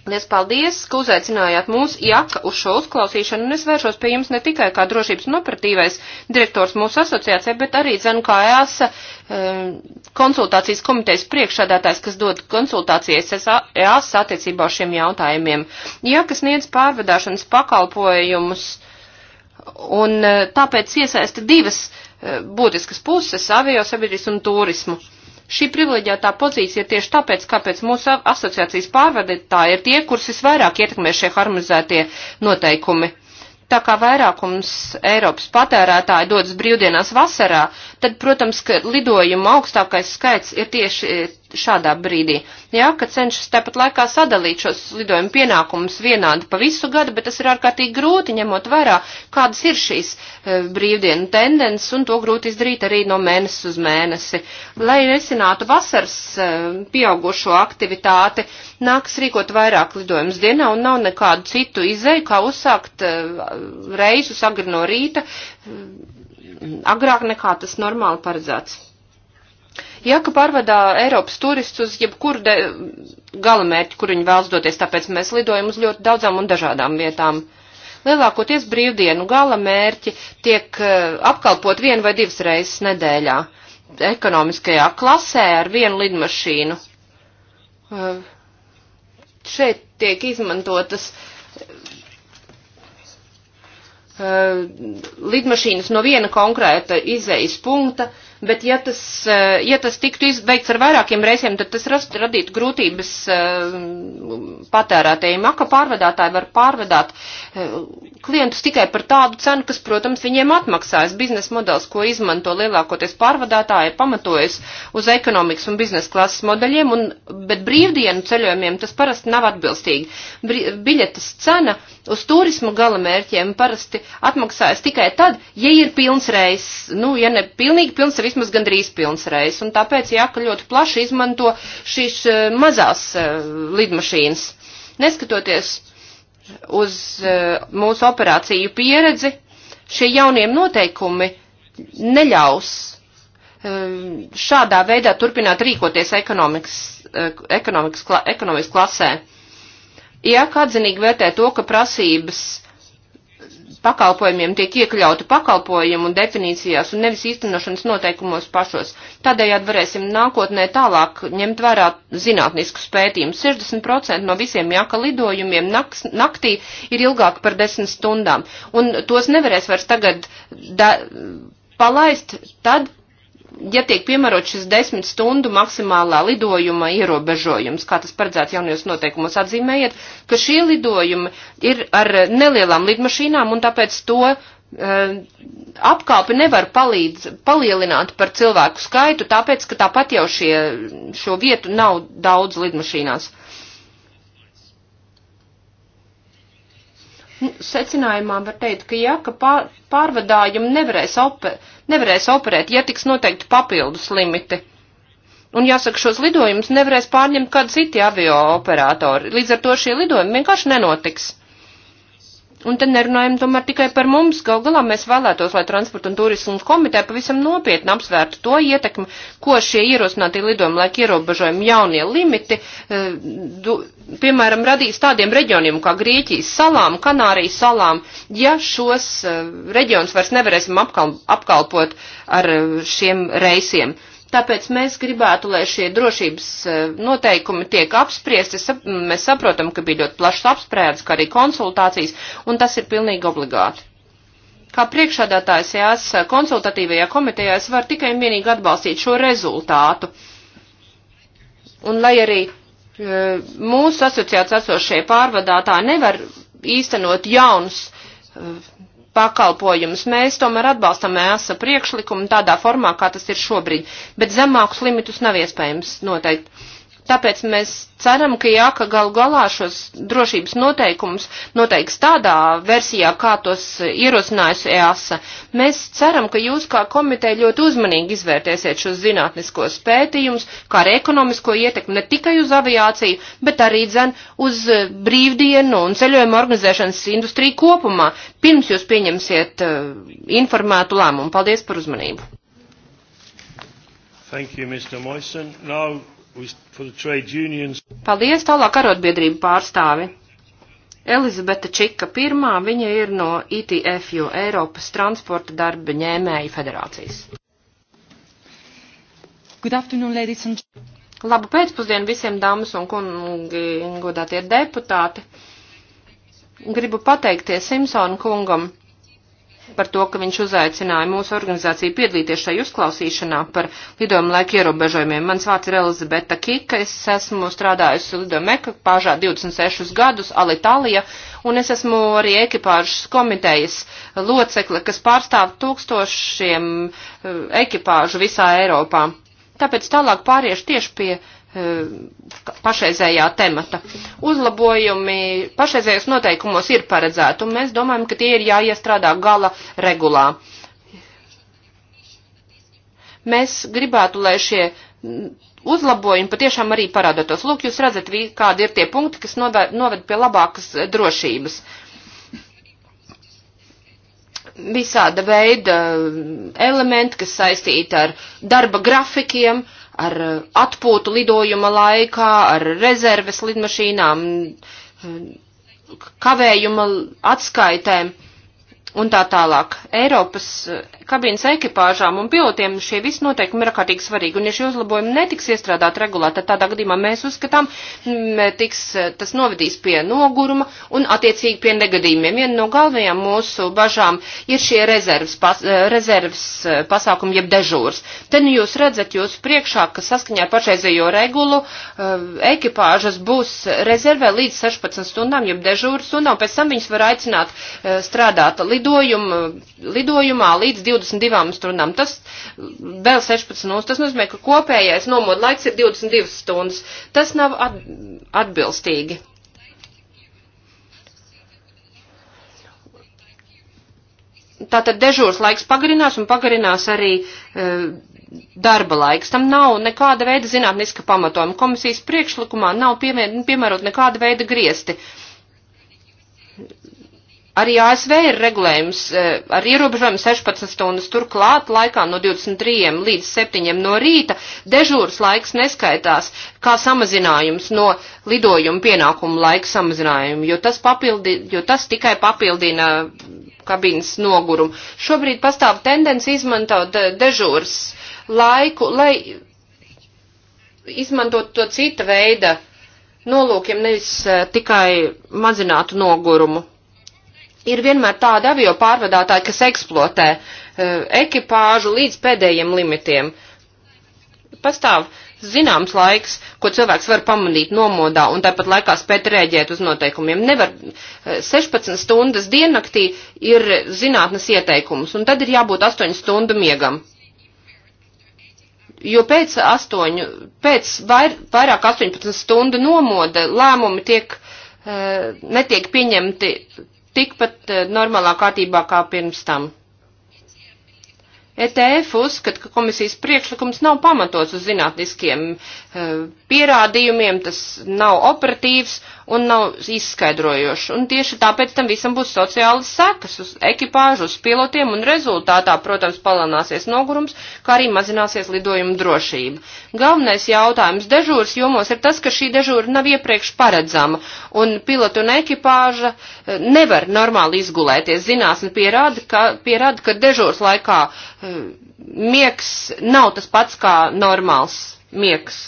Lies paldies, ka uzaicinājāt mūs, Jaka, uz šo uzklausīšanu, un es vēršos pie jums ne tikai kā drošības un operatīvais direktors mūsu asociācijai, bet arī zinu, kā EASA eh, konsultācijas komitejas priekšādātājs, kas dod konsultācijas EASA attiecībā uz šiem jautājumiem. Jaka sniedz pārvedāšanas pakalpojumus, un eh, tāpēc iesaista divas Eh, būtiskas puses - avio sabiedrības un turismu. Šī privileģētā pozīcija tieši tāpēc, kāpēc mūsu asociācijas pārvadītāji ir tie, kurus visvairāk ietekmē šie harmonizētie noteikumi. Tā kā vairākums Eiropas patērētāji dodas brīvdienās vasarā, tad, protams, ka lidojuma augstākais skaits ir tieši šādā brīdī. Jā, ka cenšas tepat laikā sadalīt šos lidojumu pienākumus vienādi pa visu gadu, bet tas ir ārkārtīgi grūti ņemot vērā, kādas ir šīs e, brīvdienu tendences, un to grūti izdarīt arī no mēnesis uz mēnesi. Lai resinātu vasaras e, pieaugušo aktivitāti, nāks rīkot vairāk lidojumus dienā, un nav nekādu citu izēju, kā uzsākt e, reisu sagri no rīta, e, agrāk nekā tas normāli paredzēts. Ja, ka pārvadā Eiropas turistus uz jebkuru galamērķi, kur viņi vēlas doties, tāpēc mēs lidojam uz ļoti daudzām un dažādām vietām. Lielākoties brīvdienu galamērķi tiek eh, apkalpot vienu vai divas reizes nedēļā ekonomiskajā klasē ar vienu lidmašīnu. Eh, šeit tiek izmantotas eh, lidmašīnas no viena konkrēta izējas punkta bet ja tas, eh, ja tas tiktu izveikts ar vairākiem reisiem, tad tas rast, radītu grūtības eh, patērētējiem. Aka pārvedātāji var pārvedāt eh, klientus tikai par tādu cenu, kas, protams, viņiem atmaksājas. Biznesa modelis, ko izmanto lielākoties pārvedātāji, pamatojas uz ekonomikas un biznesa klases modeļiem, un, bet brīvdienu ceļojumiem tas parasti nav atbilstīgi. Bri, biļetes cena uz turismu galamērķiem parasti atmaksājas tikai tad, ja ir pilns reis, nu, ja ne pilnīgi pilns reis, vismaz gandrīz pilns reizes, un tāpēc jāka ļoti plaši izmanto šīs eh, mazās eh, lidmašīnas. Neskatoties uz eh, mūsu operāciju pieredzi, šie jauniem noteikumi neļaus šādā veidā turpināt rīkoties ekonomikas, ekonomikas, ekonomikas klasē. Jāka atzinīgi vērtē to, ka prasības pakalpojumiem tiek iekļauti pakalpojumu definīcijās un nevis īstenošanas noteikumos pašos. Tādējādi varēsim nākotnē tālāk ņemt vērā zinātnisku spētījumu. 60% no visiem jāka lidojumiem naks, naktī ir ilgāk par 10 stundām, un tos nevarēs vairs tagad da, palaist tad, ja tiek piemērot šis desmit stundu maksimālā lidojuma ierobežojums, kā tas paredzēts jaunajos noteikumos, atzīmējiet, ka šie lidojumi ir ar nelielām lidmašīnām un tāpēc to uh, apkalpi nevar palīdz, palielināt par cilvēku skaitu, tāpēc, ka tāpat jau šie, šo vietu nav daudz lidmašīnās. Uh, Secinājumā var teikt, ka ja, ka pārvadājumi nevarēs, oper, nevarēs operēt, ja tiks noteikti papildus limiti. Un jāsaka, šos lidojumus nevarēs pārņemt kādi citi avio operatori. Līdz ar to šie lidojumi vienkārši nenotiks. Un te nerunājam tomēr tikai par mums, gal galā mēs vēlētos, lai transporta un turismas komiteja pavisam nopietni apsvērtu to ietekmi, ko šie ierosinātie lidojuma laika ierobežojumi jaunie limiti, eh, du, piemēram, radīs tādiem reģioniem kā Grieķijas salām, Kanārijas salām, ja šos eh, reģionus vairs nevarēsim apkalpot ar eh, šiem reisiem. Tāpēc mēs gribētu, lai šie drošības e, noteikumi tiek apspriesti. Mēs saprotam, ka bija ļoti plašs apsprēdes, kā arī konsultācijas, un tas ir pilnīgi obligāti. Kā priekšādātājs jās e, konsultatīvajā komitejā es varu tikai un vienīgi atbalstīt šo rezultātu. Un lai arī e, mūsu asociācijā esošie pārvadātāji nevar īstenot jaunus pakalpojumus. Mēs tomēr atbalstam ESA priekšlikumu tādā formā, kā tas ir šobrīd, bet zemākus limitus nav iespējams noteikt. Tāpēc mēs ceram, ka jāka galu galā šos drošības noteikumus noteiks tādā versijā, kā tos ierosinājusi EASA. Mēs ceram, ka jūs kā komiteja ļoti uzmanīgi izvērtēsiet šos zinātniskos pētījumus, kā arī ekonomisko ietekmi ne tikai uz aviāciju, bet arī dzen uz brīvdienu un ceļojumu organizēšanas industriju kopumā, pirms jūs pieņemsiet uh, informētu lēmumu. Paldies par uzmanību! Thank you, Mr. Moisen. Now Paldies, tālāk arotbiedrību pārstāvi. Elizabete Čika pirmā, viņa ir no ITF, jo Eiropas transporta darba ņēmēja federācijas. Good afternoon, ladies and Labu pēcpusdienu visiem dāmas un kungi, godātie deputāti. Gribu pateikties Simpsonu kungam par to, ka viņš uzaicināja mūsu organizāciju piedalīties šai uzklausīšanā par lidojuma laika ierobežojumiem. Mans vārds ir Elizabeta Kika, es esmu strādājusi lidojuma ekipāžā 26 gadus, Alitalija, un es esmu arī ekipāžas komitejas locekle, kas pārstāv tūkstošiem eh, ekipāžu visā Eiropā. Tāpēc tālāk pāriešu tieši pie E, pašreizējā temata. Uzlabojumi pašreizējos noteikumos ir paredzēti, un mēs domājam, ka tie ir jāiestrādā gala regulā. Mēs gribētu, lai šie uzlabojumi patiešām arī parādātos. Lūk, jūs redzat, kādi ir tie punkti, kas noved pie labākas drošības visāda veida e, elementi, kas saistīti ar darba grafikiem, uh, ar eh, atpūtu lidojuma laikā, ar rezerves lidmašīnām, eh, kavējuma atskaitēm un tā tālāk. Eiropas kabīnes ekipāžām un pilotiem šie visi noteikumi ir ārkārtīgi svarīgi. Un ja šie uzlabojumi netiks iestrādāt regulā, tad tādā gadījumā mēs uzskatām, mm, tiks, eh, tas novedīs pie noguruma un attiecīgi pie negadījumiem. Viena no galvenajām mūsu bažām ir šie rezervas, pas, eh, rezervas eh, pasākumi jeb dežūrs. Te nu jūs redzat jūs priekšā, ka saskaņā ar pašreizējo regulu ekipāžas būs rezervē līdz 16 stundām jeb dežūras stundām, pēc tam viņas var aicināt strādāt lidojumu, lidojumā līdz 20. 22 stundām. Tas vēl 16 stundas. Tas nozīmē, ka kopējais nomoda laiks ir 22 stundas. Tas nav at, atbilstīgi. Tātad dežūras laiks pagarinās un pagarinās arī e, darba laiks. Tam nav nekāda veida zinātniska pamatojuma. Komisijas priekšlikumā nav piemērot nekāda veida griesti Arī ASV ir regulējums eh, ar ierobežojumu 16 stundas turklāt laikā no 23 līdz 7 no rīta. Dežūras laiks neskaitās kā samazinājums no lidojuma pienākumu laika samazinājuma, jo tas, papildi, jo tas tikai papildina kabīnes nogurumu. Šobrīd pastāv tendence izmantot eh, dežūras laiku, lai izmantot to cita veida nolūkiem, nevis eh, tikai mazinātu nogurumu ir vienmēr tādi avio pārvadātāji, kas eksploatē e, ekipāžu līdz pēdējiem limitiem. Pastāv zināms laiks, ko cilvēks var pamanīt nomodā un tāpat laikā spēt rēģēt uz noteikumiem. Nevar 16 e, stundas diennaktī ir zinātnes ieteikums, un tad ir jābūt 8 stundu miegam. Jo pēc, 8, pēc vair, vairāk 18 stundu nomoda lēmumi tiek, e, netiek pieņemti tikpat e, normālā kārtībā kā pirms tam. ETF uzskata, ka komisijas priekšlikums nav pamatots uz zinātniskiem Eh, pierādījumiem, tas nav operatīvs un nav izskaidrojošs. Un tieši tāpēc tam visam būs sociāli sekas uz ekipāžu, uz pilotiem, un rezultātā, protams, palināsies nogurums, kā arī mazināsies lidojuma drošība. Galvenais jautājums dežūras jomos ir tas, ka šī dežūra nav iepriekš paredzama, un pilotu un ekipāža eh, nevar normāli izgulēties. Zināsme pierāda, ka, pierāda, ka dežūras laikā eh, miegs nav tas pats kā normāls miegs.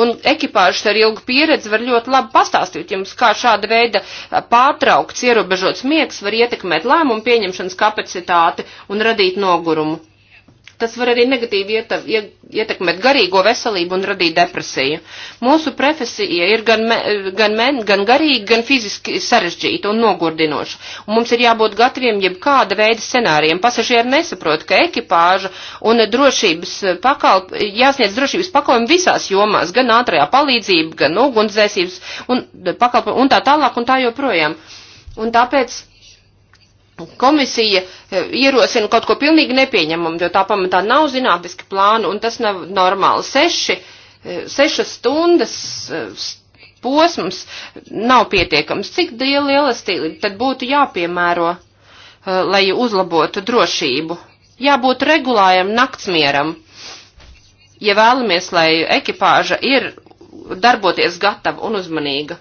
Un ekipāžas ar ilgu pieredzi var ļoti labi pastāstīt jums, kā šāda veida pārtraukts, ierobežots miegs var ietekmēt lēmumu pieņemšanas kapacitāti un radīt nogurumu tas var arī negatīvi ietav, ietekmēt garīgo veselību un radīt depresiju. Mūsu profesija ir gan, me, gan, men, gan garīgi, gan fiziski sarežģīta un nogurdinoša. Un mums ir jābūt gataviem jebkāda veida scenārijiem. Pasažieri nesaprot, ka ekipāža un drošības pakalp, jāsniedz drošības pakalpojumi visās jomās, gan ātrajā palīdzība, gan ugunsdzēsības un, pakalp, un tā tālāk un tā joprojām. Un tāpēc komisija e, ierosina kaut ko pilnīgi nepieņemamu, jo tā pamatā nav zinātniski plānu un tas nav normāli. Seši, e, sešas stundas e, posms nav pietiekams. Cik liela elastība tad būtu jāpiemēro, lai uzlabotu drošību? Jābūt regulājam naktsmieram. Ja vēlamies, lai ekipāža ir darboties gatava un uzmanīga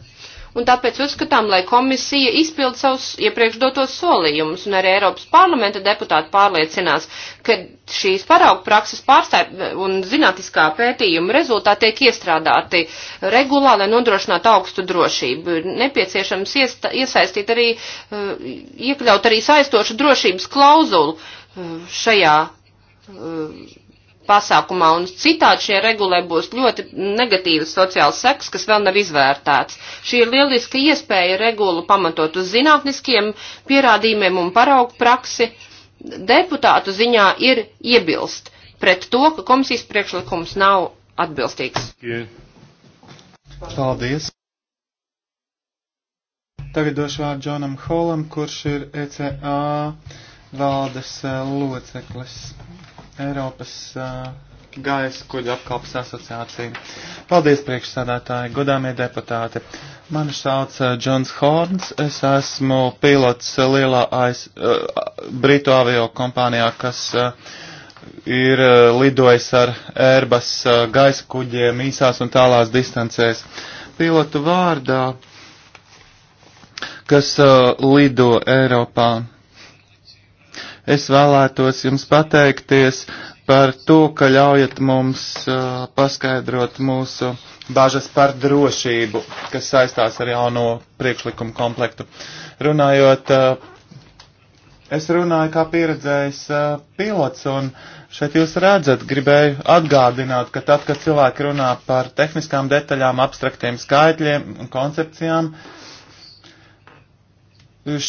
un tāpēc uzskatām, lai komisija izpild savus iepriekš dotos solījumus, un arī Eiropas parlamenta deputāti pārliecinās, ka šīs paraugu prakses pārstāv un zinātniskā pētījuma rezultāti tiek iestrādāti regulā, lai nodrošinātu augstu drošību. Ir nepieciešams iesta, iesaistīt arī, eh, iekļaut arī saistošu drošības klauzulu eh, šajā eh, pasākumā, un citādi šie regulē būs ļoti negatīvas sociāls seks, kas vēl nav izvērtēts. Šī ir lieliska iespēja regulu pamatot uz zinātniskiem pierādījumiem un paraugu praksi. Deputātu ziņā ir iebilst pret to, ka komisijas priekšlikums nav atbilstīgs. Paldies! Tagad došu vārdu Džonam Holam, kurš ir ECA valdes eh, loceklis. Eiropas uh, gaisa kuģa apkalpas asociācija. Paldies, priekšsādātāji, godāmie deputāti. Mani sauc uh, Džons Horns, es esmu pilots lielā AS, uh, Britu avio kompānijā, kas uh, ir uh, lidojis ar Airbus uh, gaisa kuģiem īsās un tālās distancēs. Pilotu vārdā, kas uh, lido Eiropā. Es vēlētos jums pateikties par to, ka ļaujat mums uh, paskaidrot mūsu bažas par drošību, kas saistās ar jauno priekšlikumu komplektu. Runājot, uh, es runāju kā pieredzējis uh, pilots, un šeit jūs redzat, gribēju atgādināt, ka tad, kad cilvēki runā par tehniskām detaļām, abstraktiem skaitļiem un koncepcijām,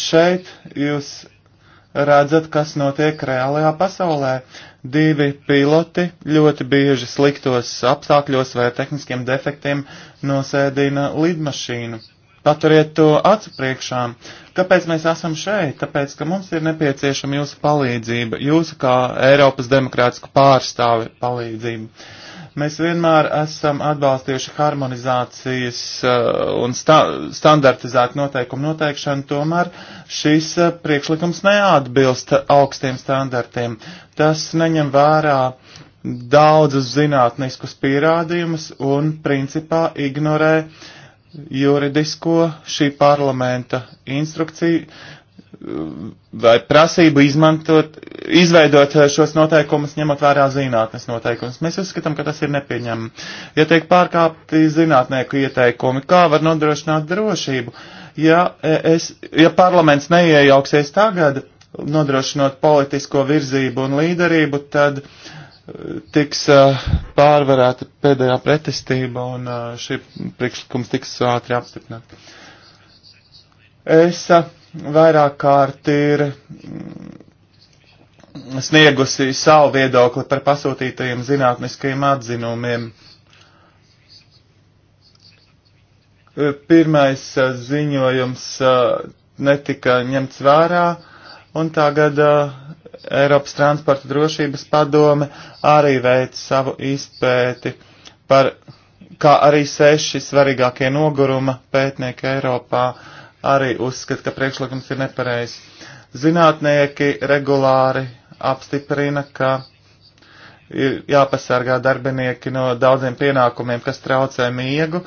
šeit jūs redzat, kas notiek reālajā pasaulē. Divi piloti ļoti bieži sliktos apstākļos vai tehniskiem defektiem nosēdina lidmašīnu. Paturiet to acu priekšā. Kāpēc mēs esam šeit? Tāpēc, ka mums ir nepieciešama jūsu palīdzība, jūsu kā Eiropas demokrātisku pārstāvi palīdzība. Mēs vienmēr esam atbalstījuši harmonizācijas eh, un sta standartizētu noteikumu noteikšanu, tomēr šis eh, priekšlikums neatbilst augstiem standartiem. Tas neņem vērā daudzus zinātniskus pierādījumus un principā ignorē juridisko šī parlamenta instrukciju vai prasību izmantot, izveidot eh, šos noteikumus, ņemot vērā zinātnes noteikumus. Mēs uzskatām, ka tas ir nepieņemami. Ja tiek pārkāpti zinātnieku ieteikumi, kā var nodrošināt drošību? Ja, eh, es, ja parlaments neiejauksies tagad, nodrošinot politisko virzību un līderību, tad eh, tiks pārvarēta pēdējā pretestība un šī priekšlikums tiks ātri apstiprināta. Es uh, vairāk kārt ir sniegusi savu viedokli par pasūtītajiem zinātniskajiem atzinumiem. Pirmais uh, ziņojums uh, netika ņemts vērā, un tagad uh, Eiropas transporta drošības padome arī veic savu izpēti par, kā arī seši svarīgākie noguruma pētnieki Eiropā uh, arī uzskata, ka priekšlikums ir nepareizs. Zinātnieki regulāri apstiprina, ka ir jāpasargā darbinieki no daudziem pienākumiem, kas traucē miegu,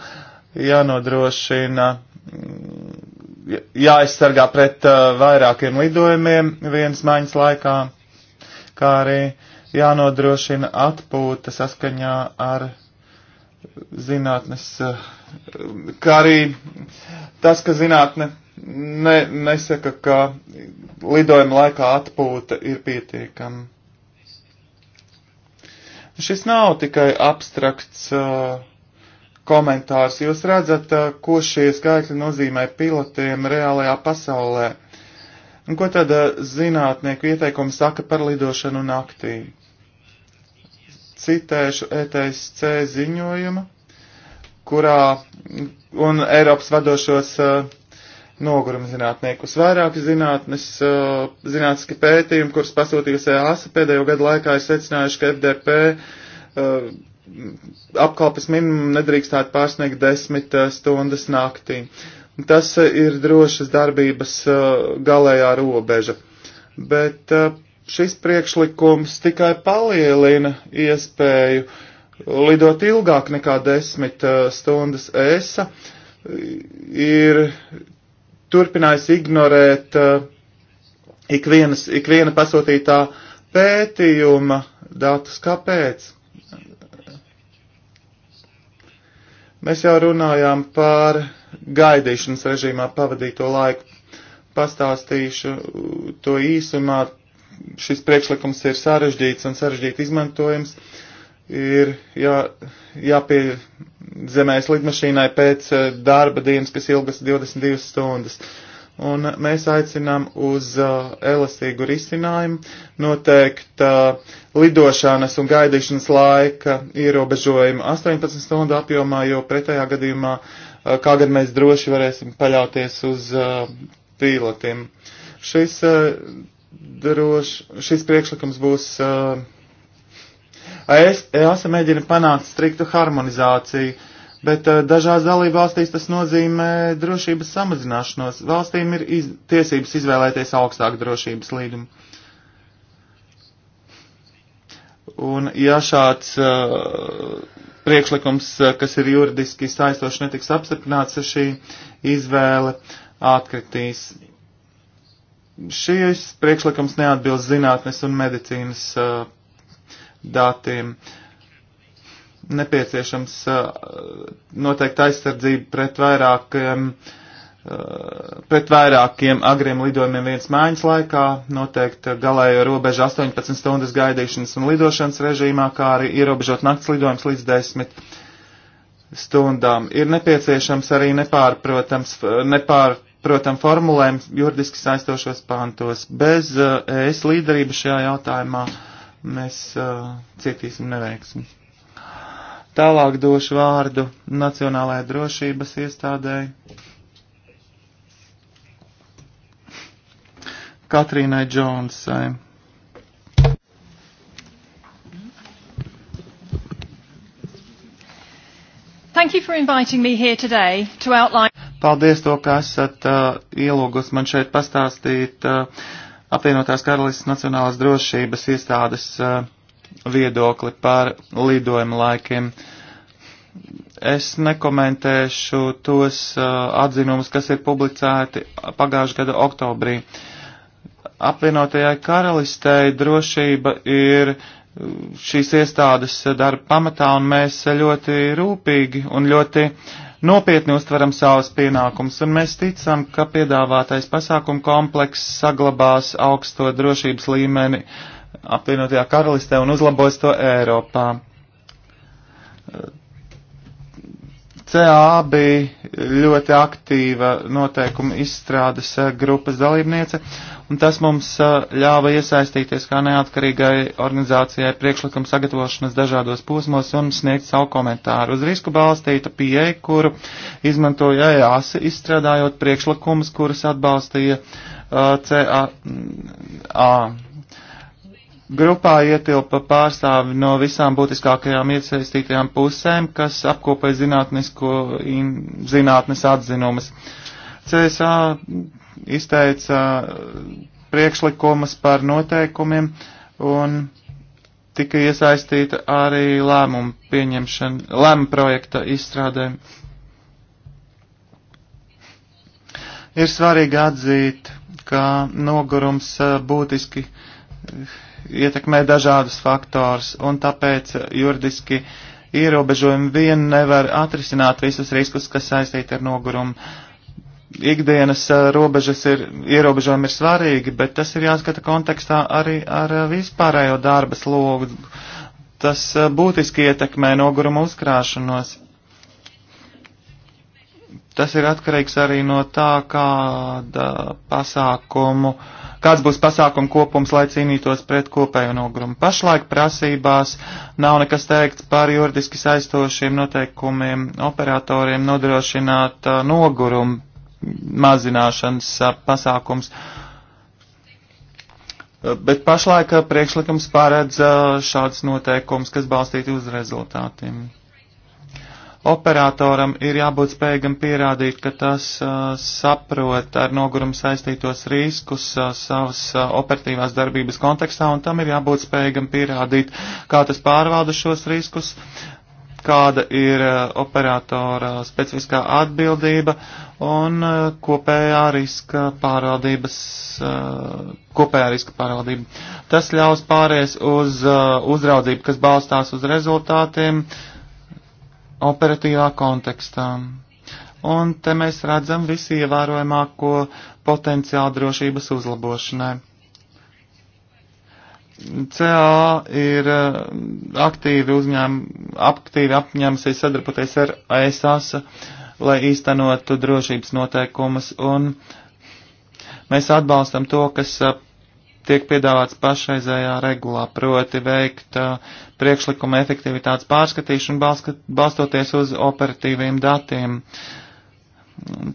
jānodrošina, jāaizsargā pret uh, vairākiem lidojumiem vienas maiņas laikā, kā arī jānodrošina atpūta saskaņā ar zinātnes, uh, kā arī Tas, ka zinātne ne, nesaka, ka lidojuma laikā atpūta ir pietiekama. Šis nav tikai abstrakts uh, komentārs. Jūs redzat, uh, ko šie skaitļi nozīmē pilotiem reālajā pasaulē. Un ko tad uh, zinātnieku ieteikumi saka par lidošanu naktī? Citēšu ETSC ziņojumu, kurā un Eiropas vadošos uh, noguruma zinātniekus. Vairāki zinātnes, uh, zinātniski pētījumi, kurus pasūtījusi EASA pēdējo gadu laikā, ir secinājuši, ka FDP uh, eh, apkalpes minimumu nedrīkstētu pārsniegt desmit stundas naktī. Tas ir drošas darbības galējā robeža. Bet šis priekšlikums tikai palielina iespēju uh, lidot ilgāk nekā desmit uh, stundas. ESA ir turpinājis ignorēt uh, ikvienas, ikviena pasūtītā pētījuma datus. Kāpēc? Mēs jau runājām par gaidīšanas režīmā pavadīto laiku. Pastāstīšu to īsumā. Šis priekšlikums ir sarežģīts un sarežģīti izmantojams. Uh, ir jā, jāpiezemējas lidmašīnai pēc eh, darba dienas, kas ilgas 22 stundas. Un mēs aicinām uz uh, elastīgu risinājumu noteikt uh, lidošanas un gaidīšanas laika ierobežojumu 18 stundu apjomā, jo pretējā gadījumā, uh, kā gan mēs droši varēsim paļauties uz uh, pilotiem. Šis, uh, droš, šis priekšlikums būs uh, EASA mēģina panākt striktu harmonizāciju, bet eh, dažās dalībvalstīs tas nozīmē drošības samazināšanos. Valstīm ir iz, tiesības izvēlēties augstāku drošības līgumu. Un ja šāds uh, priekšlikums, eh, kas ir juridiski saistošs, netiks apstiprināts, šī izvēle atkritīs. Šīs priekšlikums neatbilst zinātnes un medicīnas uh, datiem. Nepieciešams uh, noteikti aizsardzība pret vairākiem, uh, pret vairākiem agriem lidojumiem viens mājas laikā, noteikti galējo robežu 18 stundas gaidīšanas un lidošanas režīmā, kā arī ierobežot nakts lidojums līdz 10 stundām. Ir nepieciešams arī nepārprotams, nepār, protams, formulējumu juridiski saistošos pantos. Bez uh, ES līderības šajā jautājumā mēs uh, cietīsim neveiksmi. Tālāk došu vārdu Nacionālajai drošības iestādēji. Katrīnai Džonsai. Thank you for inviting me here today to outline. Paldies to, ka esat uh, ielūgus man šeit pastāstīt uh, apvienotās karalistas nacionālās drošības iestādes eh, viedokli par lidojuma laikiem. Es nekomentēšu tos eh, atzinumus, kas ir publicēti pagājušā gada oktobrī. Apvienotajai karalistei drošība ir eh, šīs iestādes darba pamatā, un mēs ļoti rūpīgi un ļoti uh, nopietni uztveram savus pienākumus, un mēs ticam, ka piedāvātais pasākumu komplekss saglabās augsto drošības līmeni apvienotajā karalistē un uzlabos to Eiropā. CA bija ļoti aktīva noteikuma izstrādes grupas dalībniece. Uh, un tas mums ļāva iesaistīties kā neatkarīgai organizācijai priekšlikuma sagatavošanas dažādos posmos un sniegt savu komentāru. Uz risku balstīta pieeja, kuru izmantoja EASI, izstrādājot priekšlikumus, kurus atbalstīja uh, CAA. Grupā ietilpa pārstāvi no visām būtiskākajām iesaistītajām pusēm, kas apkopē zinātnisko in, zinātnes atzinumus. CSA izteica uh, priekšlikumus par noteikumiem un tika iesaistīta arī lēmumu pieņemšana, lēmuma projekta izstrādē. Ir svarīgi atzīt, ka nogurums uh, būtiski uh, ietekmē dažādus faktors, un tāpēc juridiski ierobežojumi vien nevar atrisināt visus riskus, kas saistīti ar nogurumu ikdienas eh, robežas ir, ierobežojumi ir svarīgi, bet tas ir jāskata kontekstā arī ar eh, vispārējo darba slogu. Tas eh, būtiski ietekmē noguruma uzkrāšanos. Tas ir atkarīgs arī no tā, kāda pasākumu, kāds būs pasākumu kopums, lai cīnītos pret kopējo nogurumu. Pašlaik prasībās nav nekas teikts par juridiski saistošiem noteikumiem operatoriem nodrošināt uh, nogurumu mazināšanas pasākums. Bet pašlaik priekšlikums pārēdz šāds noteikums, kas balstīti uz rezultātiem. Operatoram ir jābūt spējīgam pierādīt, ka tas uh, saprot ar nogurumu saistītos riskus uh, savas uh, operatīvās darbības kontekstā, un tam ir jābūt spējīgam pierādīt, kā tas pārvalda šos riskus, kāda ir eh, operatora specifiskā atbildība un eh, kopējā riska pārvaldības, eh, kopējā riska pārvaldība. Tas ļaus pāries uz uzraudzību, kas balstās uz rezultātiem operatīvā kontekstā. Un te mēs redzam visi ievērojamāko potenciālu drošības uzlabošanai CA ir eh, aktīvi, uzņēm, aktīvi apņēmusies sadarboties ar ESAS, lai īstenotu drošības noteikumus, un mēs atbalstam to, kas eh, tiek piedāvāts pašreizējā regulā, proti veikt eh, priekšlikuma efektivitātes pārskatīšanu balskat, balstoties uz operatīviem datiem.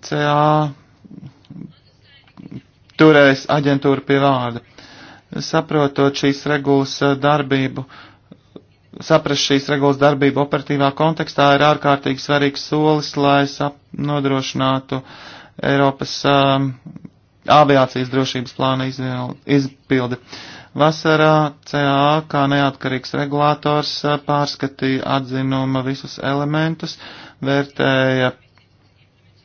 CA turēs aģentūru pie vārda saprotot šīs regulas eh, darbību, saprast šīs regulas darbību operatīvā kontekstā ir ārkārtīgi svarīgs solis, lai nodrošinātu Eiropas um, aviācijas drošības plāna izpildi. Vasarā CAA kā neatkarīgs regulators eh, pārskatīja atzinuma visus elementus, vērtēja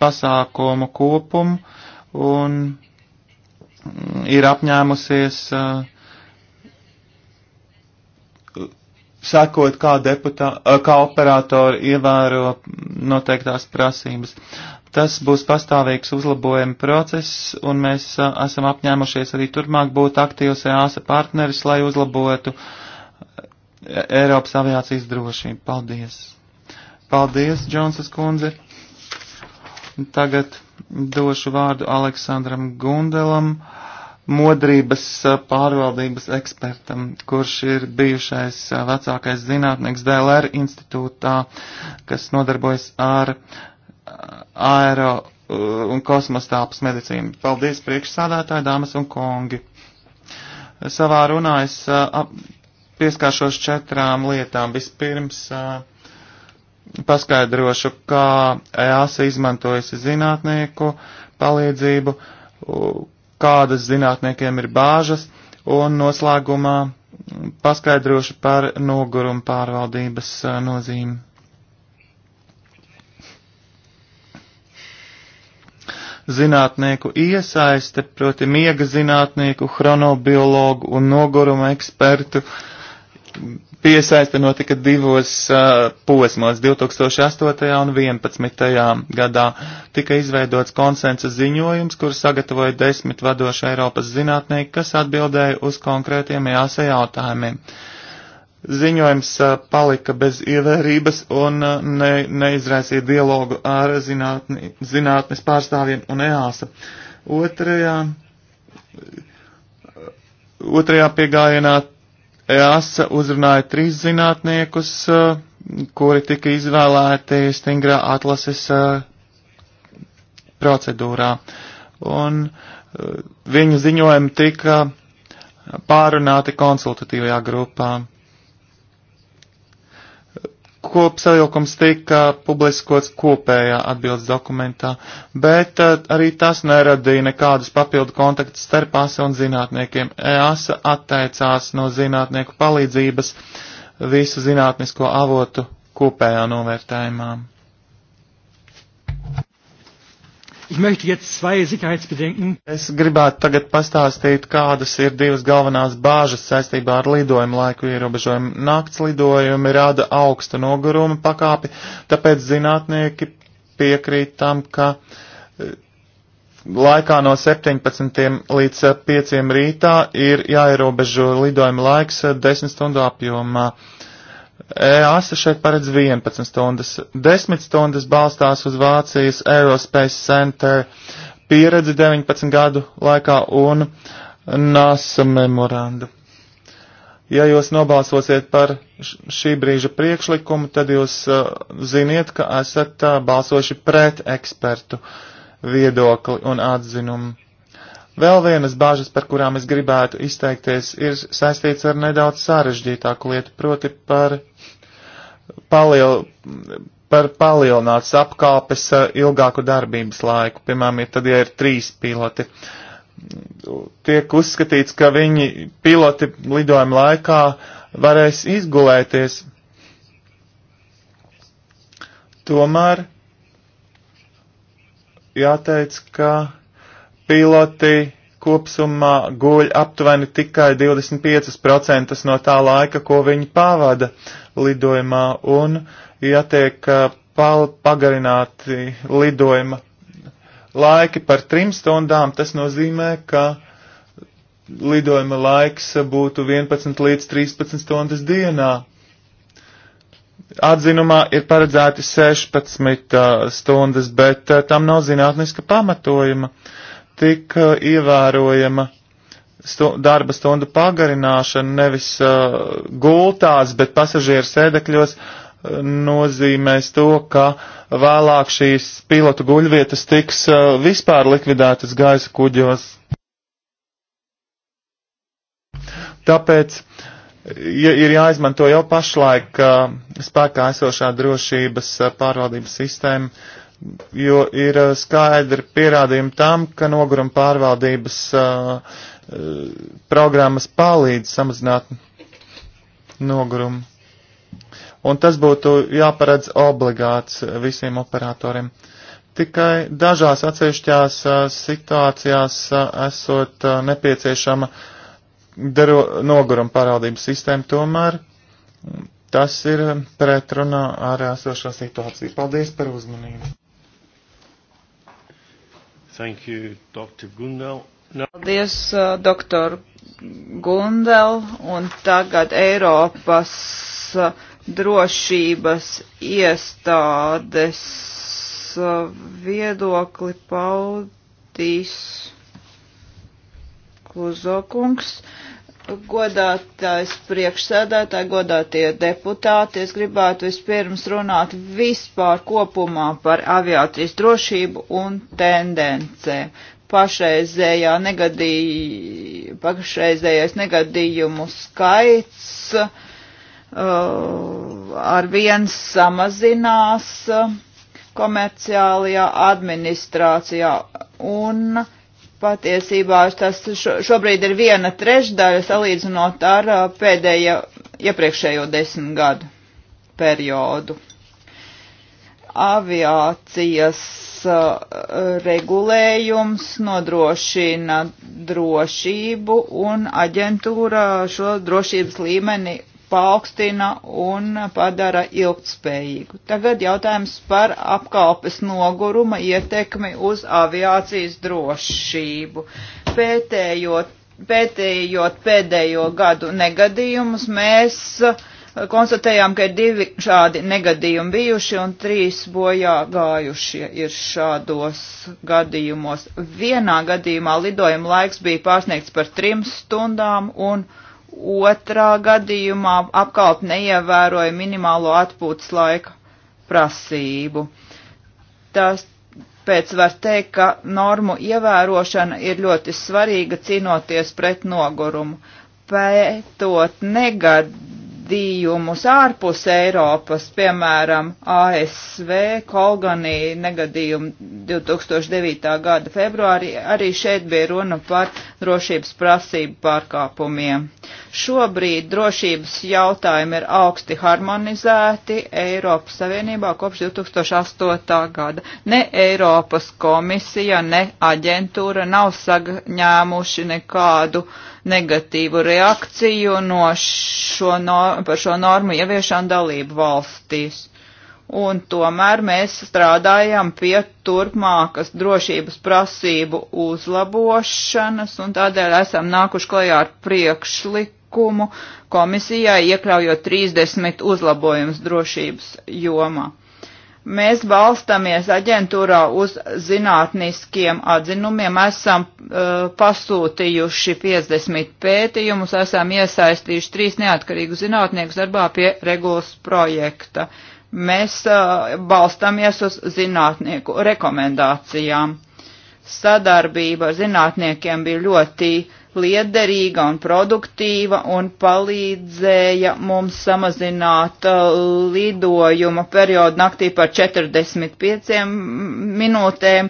pasākumu kopumu un Mm, ir apņēmusies uh, sakot, kā, deputā, uh, kā operatori ievēro noteiktās prasības. Tas būs pastāvīgs uzlabojuma process, un mēs a, uh, esam apņēmušies arī turpmāk būt aktīvs EASA partneris, lai uzlabotu Eiropas aviācijas drošību. Paldies! Paldies, Džonsas kundze! Tagad došu vārdu Aleksandram Gundelam, modrības eh, pārvaldības ekspertam, kurš ir bijušais eh, vecākais zinātnieks DLR institūtā, kas nodarbojas ar eh, aero un kosmosa tāpas medicīnu. Paldies priekšsādātāji, dāmas un kungi. Savā runā es pieskāršos četrām lietām. Vispirms, uh, paskaidrošu, kā EASA izmantojusi zinātnieku palīdzību, kādas zinātniekiem ir bāžas, un noslēgumā paskaidrošu par nogurumu pārvaldības nozīmi. Zinātnieku iesaiste, proti miega zinātnieku, chronobiologu un noguruma ekspertu Piesaiste notika divos uh, posmos - 2008. un 2011. gadā tika izveidots konsensa ziņojums, kur sagatavoja desmit vadoši Eiropas zinātnieki, kas atbildēja uz konkrētiem jāsa jautājumiem. Ziņojums uh, palika bez ievērības un uh, ne, neizraisīja dialogu ar zinātni, zinātnes pārstāvjiem un EASA. Otrajā, otrajā piegājienā EASA uzrunāja trīs zinātniekus, eh, kuri tika izvēlēti stingrā atlases eh, procedūrā. Un eh, viņu ziņojumi tika pārunāti konsultatīvajā grupā kopsavilkums tika publiskots kopējā atbildes dokumentā, bet uh, arī tas neradīja nekādus papildu kontaktus starp ASA un zinātniekiem. EASA atteicās no zinātnieku palīdzības visu zinātnisko avotu kopējā novērtējumā. Es gribētu tagad pastāstīt, kādas ir divas galvenās bāžas saistībā ar lidojumu laiku ierobežojumu. Nakts lidojumi rada augstu noguruma pakāpi, tāpēc zinātnieki piekrīt tam, ka eh, laikā no 17 līdz 5 eh, rītā ir jāierobežo lidojuma laiks 10 eh, stundu apjomā. Uh, EASA šeit paredz 11 stundas. 10 stundas balstās uz Vācijas Aerospace Center pieredzi 19 gadu laikā un NASA memorandu. Ja jūs nobalsosiet par šī brīža priekšlikumu, tad jūs uh, ziniet, ka esat uh, balsojuši pret ekspertu viedokli un atzinumu. Vēl vienas bāžas, par kurām es gribētu izteikties, ir saistīts ar nedaudz sarežģītāku lietu, proti par, paliel, par palielināts apkāpes eh, ilgāku darbības laiku, piemēram, ja tad, ja ir trīs piloti. Tiek uzskatīts, ka viņi piloti lidojuma laikā varēs izgulēties. Tomēr jāteic, ka piloti kopsumā guļ aptuveni tikai 25% no tā laika, ko viņi pavada lidojumā, un ja tiek uh, pagarināti lidojuma laiki par trim stundām, tas nozīmē, ka lidojuma laiks būtu 11 līdz 13 stundas dienā. Atzinumā ir paredzēti 16 uh, stundas, bet uh, tam nav zinātniska pamatojuma. Uh, tika uh, ievērojama stu, darba stundu pagarināšana nevis uh, gultās, bet pasažieru sēdekļos uh, nozīmēs to, ka vēlāk šīs pilotu guļvietas tiks uh, vispār likvidētas gaisa kuģos. Tāpēc ja, ir jāizmanto jau pašlaik uh, spēkā esošā drošības uh, pārvaldības sistēma, uh, jo ir eh, skaidri pierādījumi tam, ka noguruma pārvaldības uh, programmas palīdz samazināt nogurumu. Un tas būtu jāparedz obligāts visiem operatoriem. Tikai dažās atsevišķās uh, situācijās uh, esot nepieciešama dero, noguruma pārvaldības sistēma tomēr. Tas ir pretrunā ar esošo situāciju. Paldies par uzmanību! Thank you, Dr. Gundel. No. Paldies, uh, doktor Gundel, un tagad Eiropas uh, drošības iestādes uh, viedokli paudīs Kluzokungs. Uh, Godātais priekšsēdētāji, godātie deputāti, es gribētu vispirms runāt vispār kopumā par aviācijas drošību un tendencēm. Pašreizējā negadī, pašreizējais negadījumu skaits uh, ar viens samazinās uh, komerciālajā administrācijā un uh, Patiesībā tas šobrīd ir viena trešdaļa salīdzinot ar uh, pēdējo iepriekšējo desmit gadu periodu. Aviācijas uh, regulējums nodrošina drošību un aģentūra šo drošības līmeni paaugstina un padara ilgtspējīgu. Tagad jautājums par apkalpes noguruma ietekmi uz aviācijas drošību. Pētējot, pētējot pēdējo gadu negadījumus, mēs uh, konstatējām, ka ir divi šādi negadījumi bijuši un trīs bojā gājušie ir šādos gadījumos. Vienā gadījumā lidojuma laiks bija pārsniegts par trim stundām un otrā gadījumā apkalp neievēroja minimālo atpūtas laika prasību. Tas pēc var teikt, ka normu ievērošana ir ļoti svarīga cīnoties pret nogurumu. Pētot negad, gadījumus ārpus Eiropas, piemēram, ASV, Kolganī negadījumu 2009. gada februārī, arī šeit bija runa par drošības prasību pārkāpumiem. Šobrīd drošības jautājumi ir augsti harmonizēti Eiropas Savienībā kopš 2008. gada. Ne Eiropas komisija, ne aģentūra nav saņēmuši nekādu uh, negatīvu reakciju no šo no, par šo normu ieviešanu dalību valstīs. Un tomēr mēs strādājam pie turpmākas drošības prasību uzlabošanas, un tādēļ esam nākuši klajā ar priekšlikumu komisijai, iekļaujot 30 uzlabojumus drošības jomā. Mēs balstamies aģentūrā uz zinātniskiem atzinumiem, esam uh, pasūtījuši 50 pētījumus, esam iesaistījuši trīs neatkarīgus zinātniekus darbā pie regulas projekta. Mēs uh, balstamies uz zinātnieku rekomendācijām. Sadarbība ar zinātniekiem bija ļoti uh, liederīga un produktīva un palīdzēja mums samazināt uh, lidojuma periodu naktī par 45 minūtēm,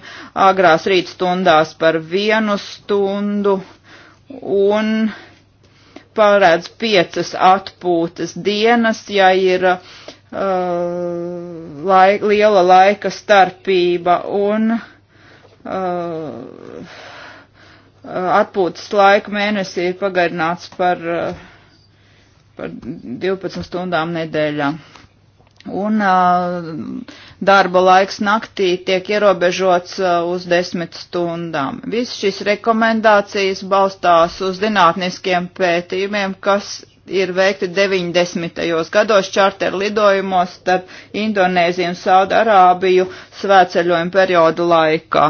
agrās rīt stundās par vienu stundu un pārēdz piecas atpūtas dienas, ja ir uh, laik, liela laika starpība un uh, Eh, atpūtas laika mēnesī ir pagarināts par, eh, par 12 stundām nedēļā. Un eh, darba laiks naktī tiek ierobežots uz desmit stundām. Viss šīs rekomendācijas balstās uz zinātniskiem pētījumiem, kas ir veikti 90. gados čārter lidojumos starp Indonēziju un Saudarābiju svētceļojumu periodu laikā.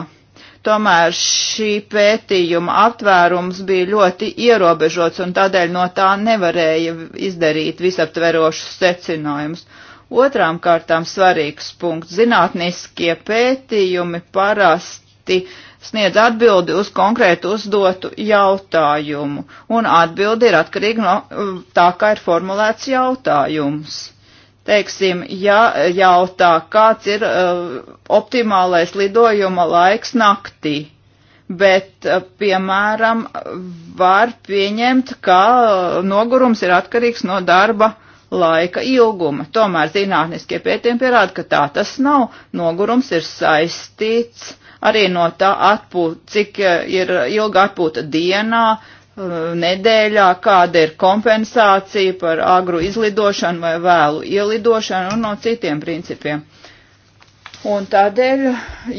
Tomēr šī pētījuma aptvērums bija ļoti ierobežots un tādēļ no tā nevarēja izdarīt visaptverošus secinājumus. Otrām kārtām svarīgs punkts - zinātniskie pētījumi parasti sniedz atbildi uz konkrētu uzdotu jautājumu, un atbildi ir atkarīgi no mm, tā, kā ir formulēts jautājums teiksim, ja jautā, kāds ir uh, optimālais lidojuma laiks naktī, bet, uh, piemēram, var pieņemt, ka uh, nogurums ir atkarīgs no darba laika ilguma. Tomēr zinātniskie pētījumi pierāda, ka tā tas nav. Nogurums ir saistīts arī no tā atpūta, cik uh, ir ilga atpūta dienā, uh, nedēļā, kāda ir kompensācija par agru izlidošanu vai vēlu ielidošanu un no citiem principiem. Un tādēļ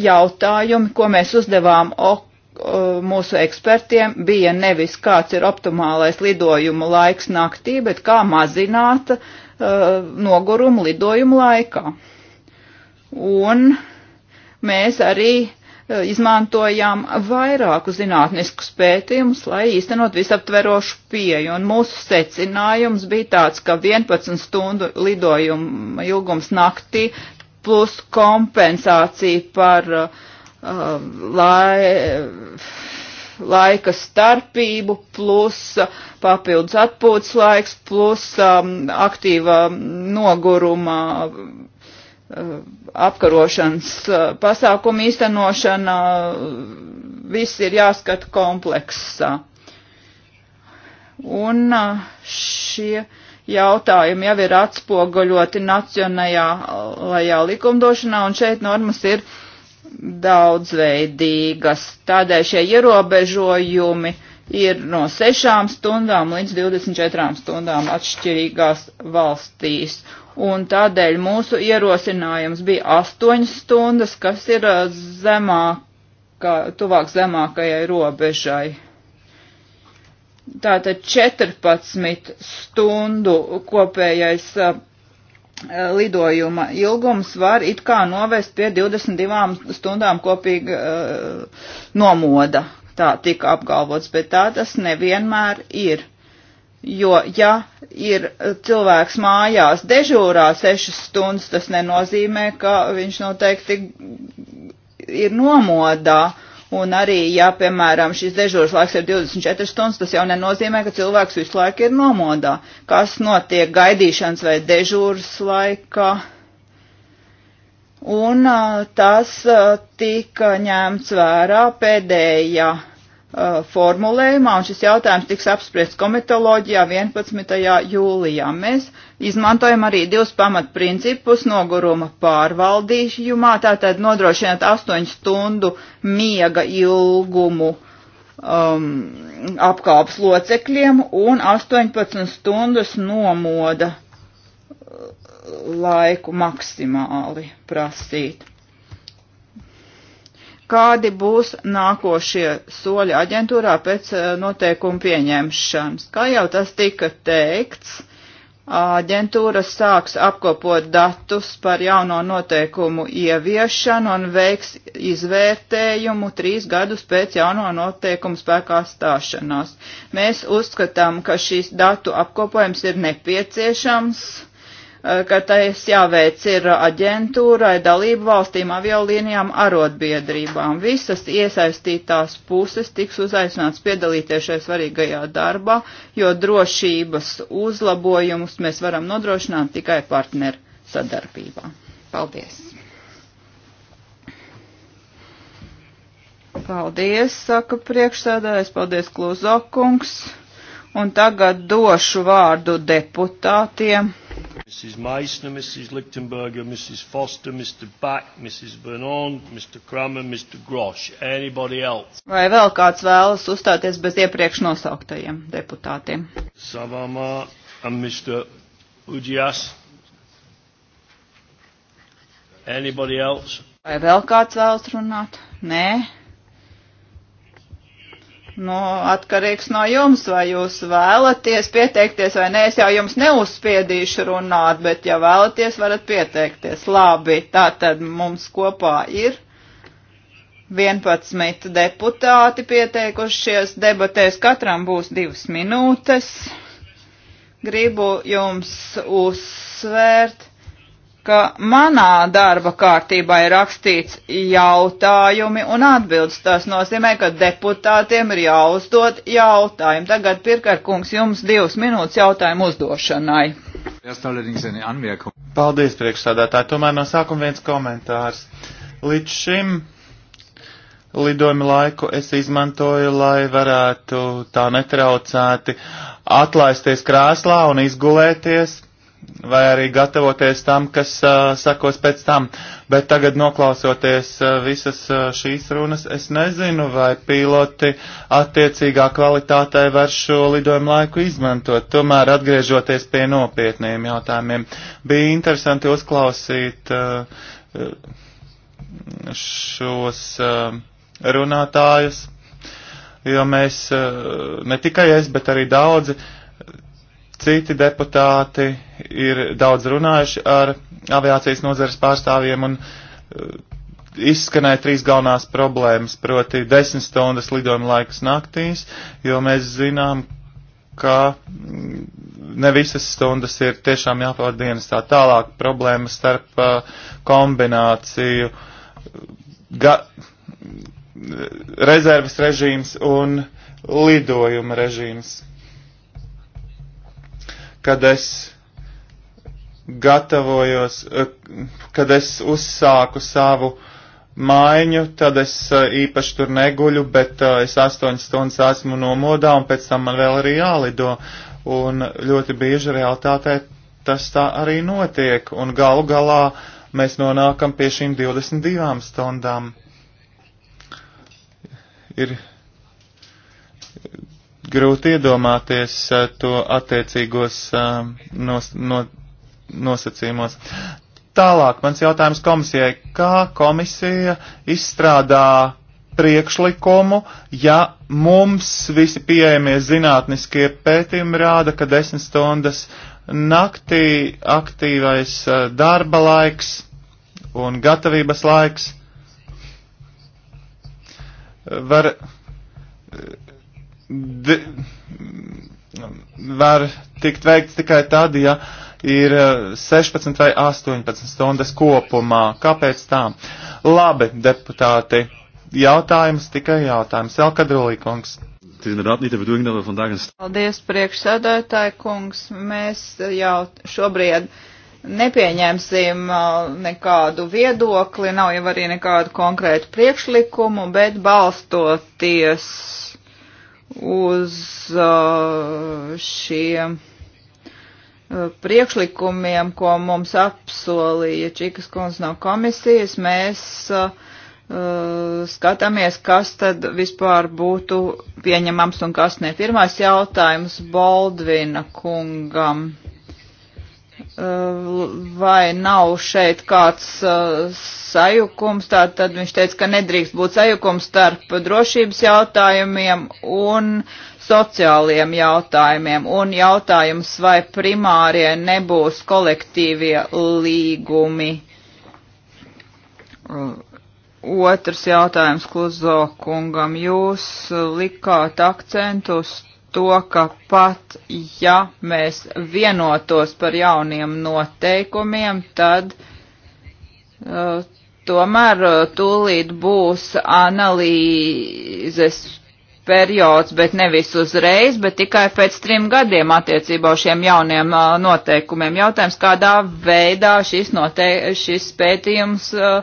jautājumi, ko mēs uzdevām ok, eh, mūsu ekspertiem, bija nevis kāds ir optimālais lidojuma laiks naktī, bet kā mazināt uh, nogurumu lidojuma laikā. Un mēs arī Eh, izmantojām vairāku zinātniskus pētījumus, lai īstenot visaptverošu pieju, un mūsu secinājums bija tāds, ka 11 stundu lidojuma ilgums naktī plus kompensācija par uh, lai, laika starpību plus uh, papildus atpūtas laiks plus um, aktīva noguruma Uh, apkarošanas uh, pasākumu īstenošana, uh, viss ir jāskata kompleksā. Un šie jautājumi jau ir atspoguļoti nacionālajā likumdošanā, un šeit normas ir daudzveidīgas. Tādēļ šie ierobežojumi ir no 6 stundām līdz 24 stundām atšķirīgās valstīs un tādēļ mūsu ierosinājums bija 8 stundas, kas ir uh, zemākā, tuvāk zemākajai robežai. Tātad 14 stundu kopējais uh, lidojuma ilgums var it kā novest pie 22 stundām kopīga uh, nomoda. Tā tika apgalvots, bet tā tas nevienmēr ir Jo, ja ir eh, cilvēks mājās dežūrā sešas stundas, tas nenozīmē, ka viņš noteikti ir nomodā. Un arī, ja, piemēram, šis dežūras laiks ir 24 stundas, tas jau nenozīmē, ka cilvēks visu laiku ir nomodā. Kas notiek gaidīšanas vai dežūras laikā? Un eh, tas eh, tika ņemts vērā pēdējā Uh, formulējumā, un šis jautājums tiks apspriests komitoloģijā 11. jūlijā. Mēs izmantojam arī divus pamatprincipus noguruma pārvaldījumā, tātad nodrošināt 8 stundu miega ilgumu um, apkalpas locekļiem un 18 stundas nomoda uh, laiku maksimāli prasīt kādi būs nākošie soļi aģentūrā pēc eh, noteikumu pieņemšanas. Kā jau tas tika teikts, aģentūra sāks apkopot datus par jauno noteikumu ieviešanu un veiks izvērtējumu trīs gadus pēc jauno noteikumu spēkā stāšanās. Mēs uzskatām, ka šīs datu apkopojums ir nepieciešams Eh, ka tas jāveic ir aģentūrai, dalību valstīm, aviolīnijām, arotbiedrībām. Visas iesaistītās puses tiks uzaicināts piedalīties šajā svarīgajā darbā, jo drošības uzlabojumus mēs varam nodrošināt tikai partneru sadarbībā. Paldies! Paldies, saka priekšsēdājs, paldies, Kluzokungs. Un tagad došu vārdu deputātiem. Mrs. Meissner, Mrs. Lichtenberger, Mrs. Foster, Mr. Back, Mrs. Vernon, Mr. Kramer, Mr. Grosh. Anybody else? Vai vēl kāds vēlas uzstāties bez iepriekš nosauktajiem deputātiem? Savamā and Mr. Uģijas. Anybody else? Vai vēl kāds vēlas runāt? Nē. Nu, atkarīgs no jums, vai jūs vēlaties pieteikties vai nē, es jau jums neuzspiedīšu runāt, bet ja vēlaties, varat pieteikties. Labi, tā tad mums kopā ir 11 deputāti pieteikušies, debatēs katram būs divas minūtes. Gribu jums uzsvērt, ka manā darba kārtībā ir rakstīts jautājumi un atbildes. Tas nozīmē, ka deputātiem ir jāuzdod jautājumi. Tagad, Pirkar kungs, jums divas minūtes jautājumu uzdošanai. Paldies, priekšsādātāji. Tomēr no sākuma viens komentārs. Līdz šim lidojuma laiku es izmantoju, lai varētu tā netraucēti atlaisties krēslā un izgulēties vai arī gatavoties tam, kas uh, sakos pēc tam. Bet tagad noklausoties uh, visas uh, šīs runas, es nezinu, vai piloti attiecīgā kvalitātē var šo lidojumu laiku izmantot. Tomēr atgriežoties pie nopietniem jautājumiem, bija interesanti uzklausīt uh, šos uh, runātājus, jo mēs, uh, ne tikai es, bet arī daudzi, uh, Citi deputāti ir daudz runājuši ar aviācijas nozares pārstāvjiem un uh, izskanēja trīs galvenās problēmas, proti desmit stundas lidojuma laiks naktīs, jo mēs zinām, ka mm, ne visas stundas ir tiešām jāpavada dienas tā tālāk problēma starp uh, kombināciju uh, ga, mm, rezerves režīms un lidojuma režīms kad es gatavojos, eh, kad es uzsāku savu maiņu, tad es eh, īpaši tur neguļu, bet eh, es astoņas stundas esmu nomodā un pēc tam man vēl arī jālido. Un ļoti bieži realitātē tas tā arī notiek. Un galu galā mēs nonākam pie šīm 22 stundām. Ir grūti iedomāties eh, to attiecīgos eh, nos, no, nosacījumos. Tālāk mans jautājums komisijai. Kā komisija izstrādā priekšlikumu, ja mums visi pieejamie zinātniskie pētījumi rāda, ka desmit stundas naktī aktīvais eh, darba laiks un gatavības laiks var de, var tikt veikts tikai tad, ja ir 16 eh, vai 18 stundas kopumā. Kāpēc tā? Labi, deputāti, jautājums tikai jautājums. Elkadrolīkungs. Paldies, priekšsēdētāji kungs. Mēs jau šobrīd nepieņemsim uh, nekādu viedokli, nav jau arī nekādu konkrētu priekšlikumu, bet balstoties uz uh, šiem uh, priekšlikumiem, ko mums apsolīja Čikas kundze no komisijas, mēs uh, uh, skatāmies, kas tad vispār būtu pieņemams un kas ne. Pirmais jautājums Baldvina kungam. Uh, vai nav šeit kāds uh, sajukums, tā tad viņš teica, ka nedrīkst būt sajukums starp drošības jautājumiem un sociāliem jautājumiem, un jautājums, vai primārie nebūs kolektīvie līgumi. Uh, otrs jautājums Kluzo kungam. Jūs likāt akcentu uz to, ka pat ja mēs vienotos par jauniem noteikumiem, tad uh, tomēr uh, tūlīt būs analīzes periods, bet nevis uzreiz, bet tikai pēc trim gadiem attiecībā uz šiem jauniem uh, noteikumiem. Jautājums, kādā veidā šis, note, šis pētījums uh,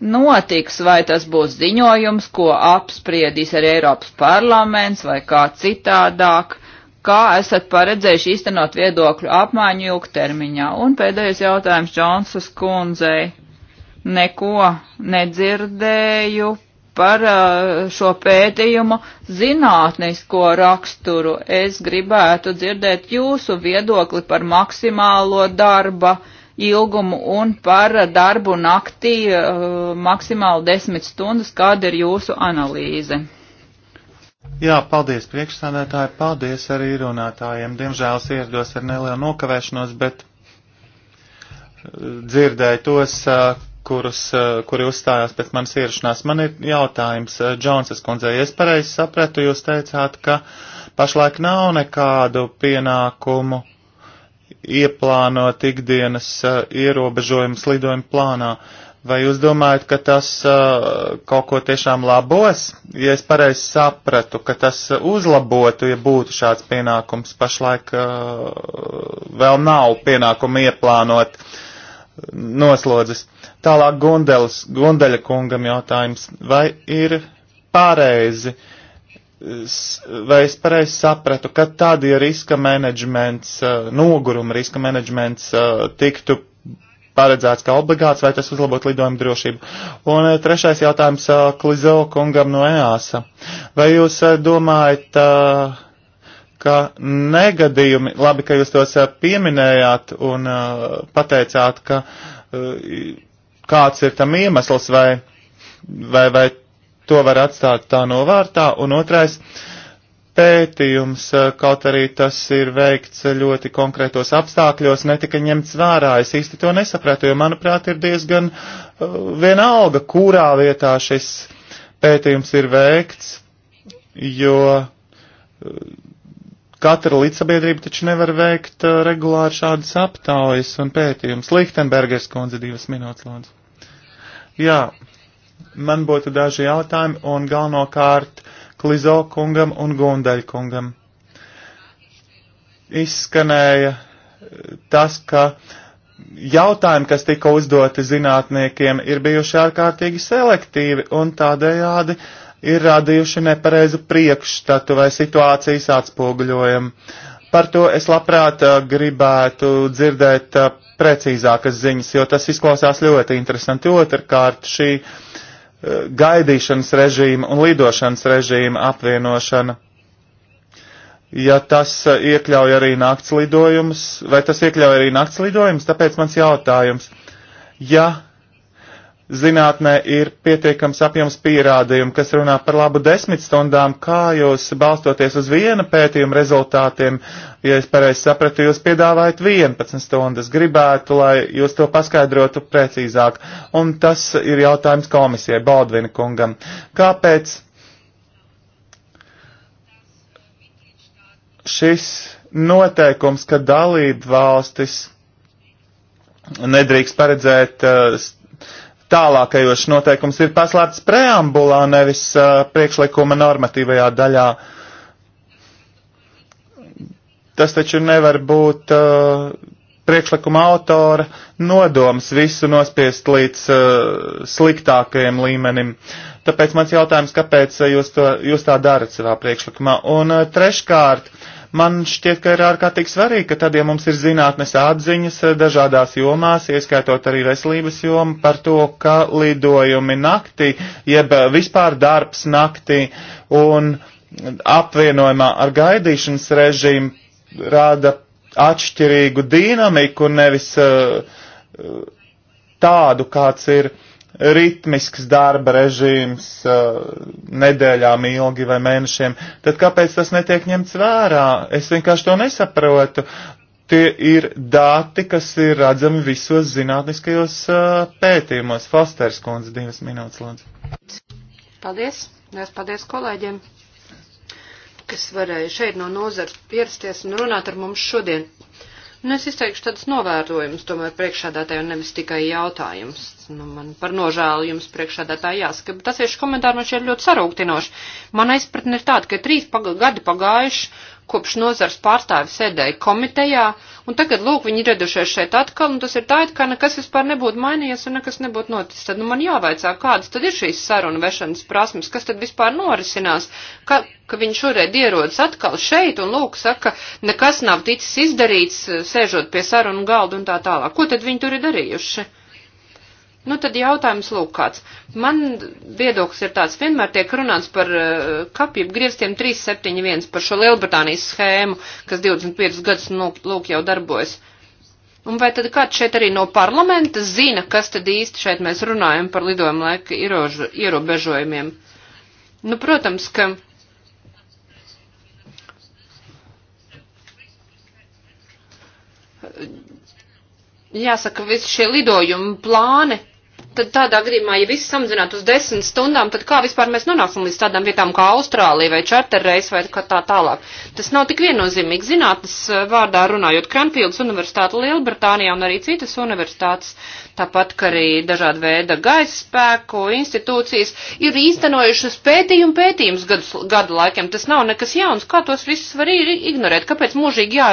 notiks, vai tas būs ziņojums, ko apspriedīs ar Eiropas parlaments vai kā citādāk, kā esat paredzējuši īstenot viedokļu apmaiņu ilgtermiņā. Un pēdējais jautājums Džonsas kundzei. Neko nedzirdēju par uh, šo pētījumu zinātnisko raksturu. Es gribētu dzirdēt jūsu viedokli par maksimālo darba uh, ilgumu un par darbu naktī eh, maksimāli desmit stundas. Kāda ir jūsu analīze? Jā, paldies priekšsādētāji, paldies arī runātājiem. Diemžēl es ierados ar nelielu nokavēšanos, bet eh, dzirdēju tos, eh, kurus, kuri uzstājās pēc manas ierašanās. Man ir jautājums Džonsas kundzei. Es pareizi sapratu, jūs teicāt, ka pašlaik nav nekādu pienākumu ieplānot ikdienas uh, eh, ierobežojumus lidojuma plānā. Vai jūs domājat, ka tas uh, kaut ko tiešām labos? Ja es pareizi sapratu, ka tas uzlabotu, ja būtu šāds pienākums, pašlaik uh, vēl nav pienākuma ieplānot noslodzes. Tālāk Gundelis, Gundeļa kungam jautājums, vai ir pareizi uh, vai es pareizi sapratu, ka tad, ja riska menedžments, eh, noguruma riska menedžments eh, tiktu paredzēts kā obligāts, vai tas uzlabot lidojumu drošību? Un eh, trešais jautājums Klizo kungam no EASA. Vai jūs domājat, ka negadījumi, labi, ka jūs tos pieminējāt un pateicāt, ka kāds ir tam iemesls vai, vai, vai to var atstāt tā novārtā, un otrais pētījums, kaut arī tas ir veikts ļoti konkrētos apstākļos, netika ņemts vērā. Es īsti to nesapratu, jo, manuprāt, ir diezgan vienalga, kurā vietā šis pētījums ir veikts, jo katra līdzsabiedrība taču nevar veikt regulāri šādas aptaujas un pētījumus. Lichtenbergers kundze divas minūtes, lūdzu. Jā, Man būtu daži jautājumi un galvenokārt Klizo kungam un Gundaļ kungam. Izskanēja eh, tas, ka jautājumi, kas tika uzdoti zinātniekiem, ir bijuši ārkārtīgi selektīvi un tādējādi ir radījuši nepareizu priekšstatu vai situācijas atspoguļojumu. Par to es labprāt eh, gribētu dzirdēt eh, precīzākas ziņas, jo tas izklausās ļoti interesanti. Otrkārt, šī gaidīšanas režīma un lidošanas režīma apvienošana. Ja tas e, iekļauj arī nakts lidojumus, vai tas iekļauj arī nakts lidojumus, tāpēc mans jautājums. Ja zinātnē ir pietiekams apjoms pierādījumu, kas runā par labu desmit stundām, kā jūs balstoties uz viena pētījuma rezultātiem, ja es pareizi sapratu, jūs piedāvājat 11 stundas, gribētu, lai jūs to paskaidrotu precīzāk. Un tas ir jautājums komisijai, Baldvina kungam. Kāpēc šis noteikums, ka dalība valstis nedrīkst paredzēt uh, tālākajos noteikums ir paslēpts preambulā, nevis uh, priekšlikuma normatīvajā daļā. Tas taču nevar būt uh, priekšlikuma autora nodoms visu nospiest līdz uh, sliktākajam līmenim. Tāpēc mans jautājums, kāpēc jūs, to, jūs tā darat savā priekšlikumā? Un uh, treškārt, uh, Man šķiet, ka ir ārkārtīgi svarīgi, ka tad, ja mums ir zinātnes atziņas eh, dažādās jomās, ieskaitot arī veselības jomu, par to, ka lidojumi naktī, jeb eh, vispār darbs naktī un apvienojumā ar gaidīšanas režīmu rāda atšķirīgu dinamiku, nevis eh, tādu, kāds ir uh, ritmisks darba režīms eh, nedēļām ilgi vai mēnešiem, tad kāpēc tas netiek ņemts vērā? Es vienkārši to nesaprotu. Tie ir dati, kas ir redzami visos zinātniskajos eh, pētījumos. Fosters kundze, divas minūtes, lūdzu. Paldies! Es paldies kolēģiem, kas varēja šeit no nozara pierasties un runāt ar mums šodien. Nu, es izteikšu tādus novērojumus, tomēr priekšādātāju, nevis tikai jautājums. Nu, man par nožēlu jums priekšādātāju jāsaka, bet tas tieši komentāri man šķiet ļoti sarūktinoši. Man aizpratne ir tāda, ka trīs paga gadi pagājuši, kopš nozars pārstāvi sēdēja komitejā, uh, un tagad, lūk, viņi ir redušies šeit atkal, un tas ir tā, it kā nekas vispār nebūtu mainījies un nekas nebūtu noticis. Tad nu, man jāvaicā, kādas tad ir šīs sarunu vešanas prasmes, kas tad vispār norisinās, ka, ka viņš šoreiz ierodas atkal šeit, un lūk, saka, nekas nav ticis izdarīts, sēžot pie sarunu galda un tā tālāk. Ko tad viņi tur ir darījuši? Nu, tad jautājums lūk kāds. Man viedoklis ir tāds, vienmēr tiek runāts par uh, eh, kapību grieztiem 371 par šo Lielbritānijas schēmu, kas 25 gadus nu, lūk jau darbojas. Un vai tad kāds šeit arī no parlamenta zina, kas tad īsti šeit mēs runājam par lidojuma laika ierožu, ierobežojumiem? Nu, protams, ka jāsaka, visi šie lidojumi plāni tad tādā gadījumā, ja viss samazinātu uz desmit stundām, tad kā vispār mēs nonāksim līdz tādām vietām kā Austrālija vai čarterreis vai tā tālāk? Tas nav tik viennozīmīgi. Zinātnes eh, vārdā runājot, Kranfields universitāte Lielbritānijā un arī citas universitātes, tāpat kā arī dažāda veida gaisa spēku institūcijas, ir īstenojušas pētījumu pētījumus gadu, gadu laikiem. Tas nav nekas jauns. Kā tos visus var ignorēt? Kāpēc mūžīgi jā,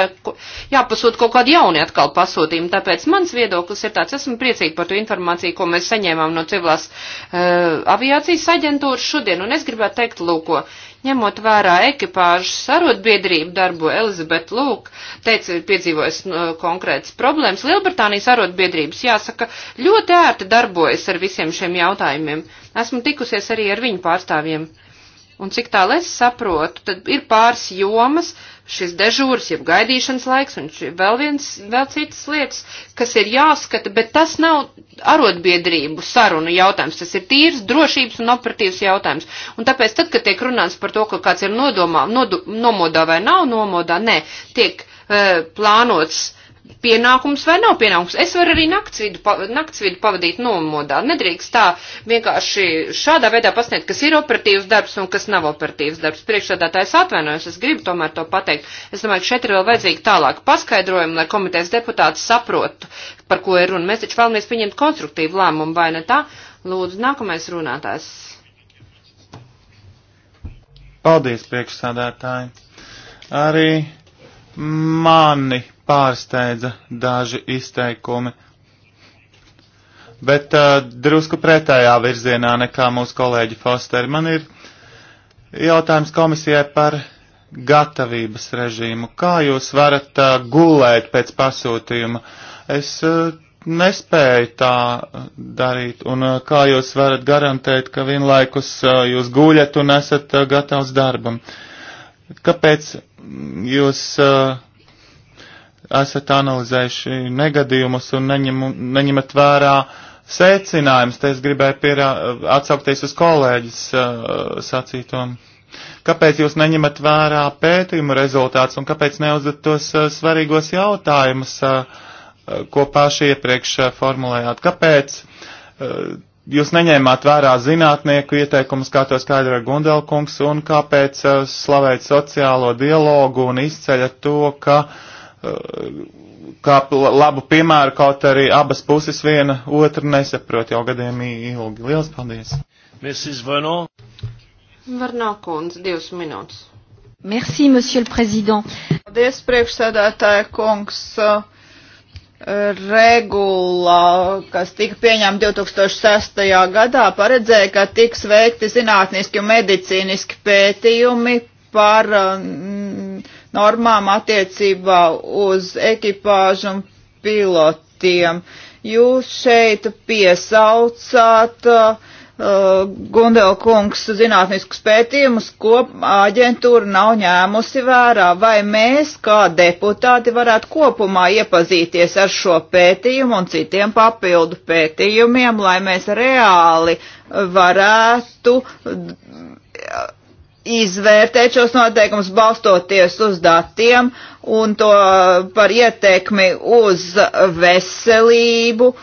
jāpasūta kaut kādi jauni atkal pasūtījumi? Tāpēc mans viedoklis ir tāds, esmu priecīgi par to informāciju, ko mēs saņēmām no civilās uh, aviācijas aģentūras šodien, un es gribētu teikt, lūko, ņemot vērā ekipāžu sarotbiedrību darbu, Elizabete Lūk teica, piedzīvojas uh, nu, konkrētas problēmas. Lielbritānijas sarotbiedrības, jāsaka, ļoti ērti darbojas ar visiem šiem jautājumiem. Esmu tikusies arī ar viņu pārstāvjiem. Un cik tālu es saprotu, tad ir pāris jomas, uh, šis dežūrs, jeb gaidīšanas laiks un vēl viens, vēl citas lietas, kas ir jāskata, bet tas nav arotbiedrību sarunu jautājums, tas ir tīrs drošības un operatīvs jautājums. Un tāpēc tad, kad tiek runāts par to, ka kāds ir nodomā, nodu, nomodā vai nav nomodā, nē, tiek uh, plānots uh, pienākums vai nav pienākums. Es varu arī naktsvidu, pa, naktsvidu pavadīt nomodā. Nedrīkst tā vienkārši šādā veidā pasniegt, kas ir operatīvs darbs un kas nav operatīvs darbs. Priekšādātājs atvainojas, es gribu tomēr to pateikt. Es domāju, ka šeit ir vēl vajadzīgi tālāk paskaidrojumi, lai komitejas deputāti saprotu, par ko ir runa. Mēs taču vēlamies pieņemt konstruktīvu lēmumu, vai ne tā? Lūdzu, nākamais runātājs. Paldies, priekšsādātāji. Arī mani pārsteidza daži izteikumi, bet uh, drusku pretējā virzienā nekā mūsu kolēģi Fosteri. Man ir jautājums komisijai par gatavības režīmu. Kā jūs varat uh, gulēt pēc pasūtījuma? Es uh, nespēju tā darīt, un uh, kā jūs varat garantēt, ka vienlaikus uh, jūs guļat un esat uh, gatavs darbam? Kāpēc jūs. Uh, esat analizējuši negadījumus un neņem, neņemat vērā secinājumus. Te es gribēju pierā, atsaukties uz kolēģis uh, sacīto. Kāpēc jūs neņemat vērā pētījumu rezultātus un kāpēc neuzdat tos uh, svarīgos jautājumus, uh, uh, ko paši iepriekš uh, formulējāt? Kāpēc uh, jūs neņēmāt vērā zinātnieku ieteikumus, kā to skaidro Gundelkungs, un kāpēc uh, slavēt sociālo dialogu un izceļat to, ka uh, Eh, kā labu piemēru, kaut arī abas puses viena otru nesaprot jau gadiem ilgi. Lielas paldies! Mrs. Vano. Varnā kundze, divas minūtes. Merci, monsieur le président. Paldies, priekšsēdētāja kungs. Regula, kas tika pieņemta 2006. gadā, paredzēja, ka tiks veikti zinātniski un medicīniski pētījumi par mm, normām attiecībā uz ekipāžu un pilotiem. Jūs šeit piesaucāt uh, Gundelkungs zinātniskus pētījumus, ko aģentūra nav ņēmusi vērā. Vai mēs, kā deputāti, varētu kopumā iepazīties ar šo pētījumu un citiem papildu pētījumiem, lai mēs reāli varētu izvērtēt šos noteikumus balstoties uz datiem un to par ietekmi uz veselību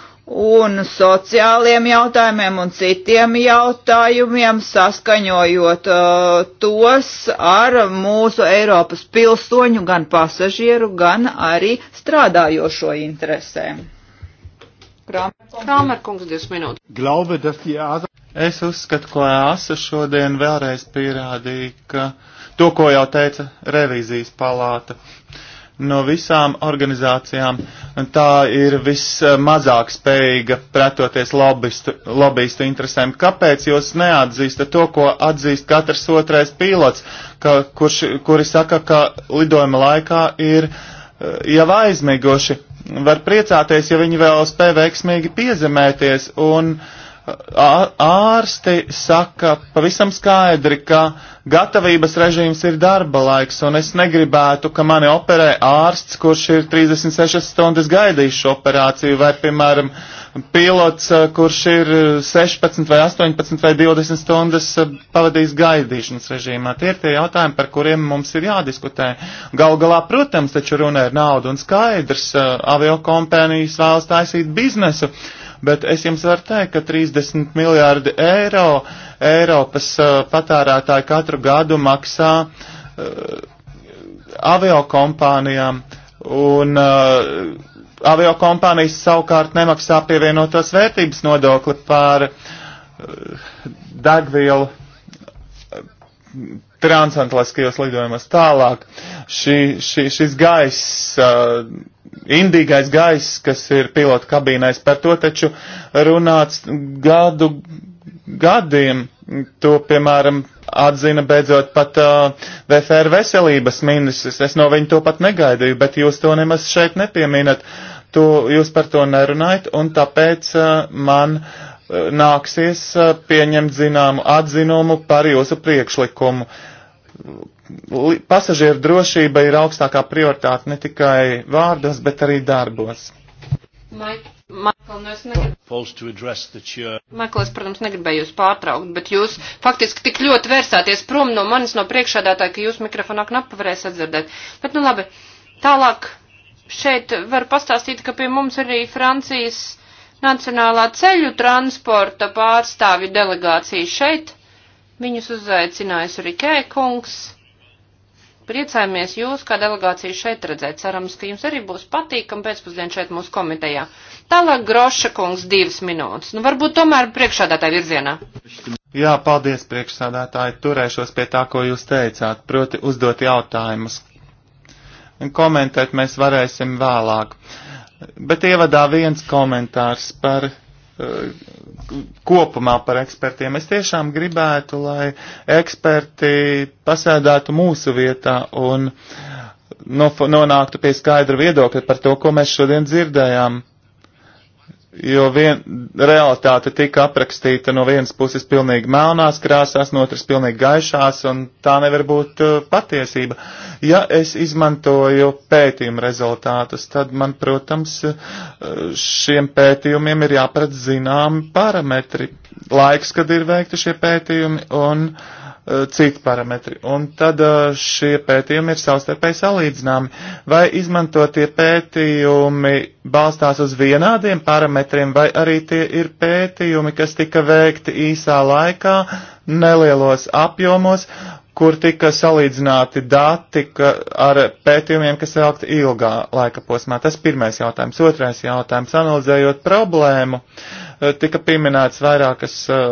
un sociāliem jautājumiem un citiem jautājumiem, saskaņojot uh, tos ar mūsu Eiropas pilsoņu, gan pasažieru, gan arī strādājošo interesēm. Kramerkungs, 20 minūtes. Es uzskatu, ka ASA šodien vēlreiz pierādīja, ka to, ko jau teica revīzijas palāta, no visām organizācijām tā ir vismazāk spējīga pretoties lobbyistu, lobbyistu interesēm. Kāpēc jūs neatzīstat to, ko atzīst katrs otrais pilots, ka, kurš, kuri saka, ka lidojuma laikā ir eh, jau aizmiguši? Var priecāties, ja viņi vēl spēj veiksmīgi piezemēties un uh, ārsti saka pavisam skaidri, ka gatavības režīms ir darba laiks, un es negribētu, ka mani operē ārsts, kurš ir 36 stundas gaidījis šo operāciju, vai, piemēram, pilots, kurš ir 16 vai 18 vai 20 stundas pavadījis gaidīšanas režīmā. Tie ir tie jautājumi, par kuriem mums ir jādiskutē. Gal galā, protams, taču runa ir nauda, un skaidrs, avio kompānijas vēlas taisīt biznesu bet es jums varu teikt, ka 30 miljārdi eiro Eiropas uh, patērētāji katru gadu maksā uh, aviokompānijām, un uh, aviokompānijas savukārt nemaksā pievienotās vērtības nodokli par uh, degvielu transatlantiskajos lidojumos tālāk. Šī, šī, šis gaiss. Uh, indīgais gaiss, kas ir pilota kabīnais, par to taču runāts gadu gadiem. To, piemēram, atzina beidzot pat uh, VFR veselības ministrs. Es no viņa to pat negaidīju, bet jūs to nemaz šeit nepieminat. To, jūs par to nerunājat, un tāpēc uh, man uh, nāksies uh, pieņemt zināmu atzinumu par jūsu priekšlikumu. Uh, pasažieru drošība ir augstākā prioritāte ne tikai vārdos, bet arī darbos. Maikls, Maikl, nu es, negrib... Maikl, es, protams, negribēju jūs pārtraukt, bet jūs faktiski tik ļoti vērsāties prom no manis no priekšādātāja, ka jūs mikrofonā knapu varēs atdzirdēt. Bet, nu labi, tālāk šeit var pastāstīt, ka pie mums arī Francijas Nacionālā ceļu transporta pārstāvju delegācija šeit Viņus uzaicinājis Rikē kungs. Priecājamies jūs, kā delegācija šeit redzēt. Cerams, ka jums arī būs patīkam pēcpusdien šeit mūsu komitejā. Tālāk Groša kungs divas minūtes. Nu, varbūt tomēr priekšādātāja virzienā. Jā, paldies priekšsādātāji. Turēšos pie tā, ko jūs teicāt, proti uzdot jautājumus. Komentēt mēs varēsim vēlāk. Bet ievadā viens komentārs par Uh, kopumā par ekspertiem. Es tiešām gribētu, lai eksperti pasēdētu mūsu vietā un nonāktu pie skaidra viedokļa par to, ko mēs šodien dzirdējām jo vien, realitāte tika aprakstīta no vienas puses pilnīgi melnās krāsās, no otras pilnīgi gaišās, un tā nevar būt uh, patiesība. Ja es izmantoju pētījumu rezultātus, tad man, protams, uh, šiem pētījumiem ir jāpredz zināmi parametri, laiks, kad ir veikti šie pētījumi, un uh, E, citi parametri. Un tad e, šie pētījumi ir savstarpēji salīdzināmi. Vai izmantotie pētījumi balstās uz vienādiem parametriem, vai arī tie ir pētījumi, kas tika veikti īsā laikā, nelielos apjomos, kur tika salīdzināti dati ka, ar pētījumiem, kas veikti ilgā laika posmā. Tas pirmais jautājums. Otrais jautājums. Analizējot problēmu, e, tika pieminēts vairākas uh,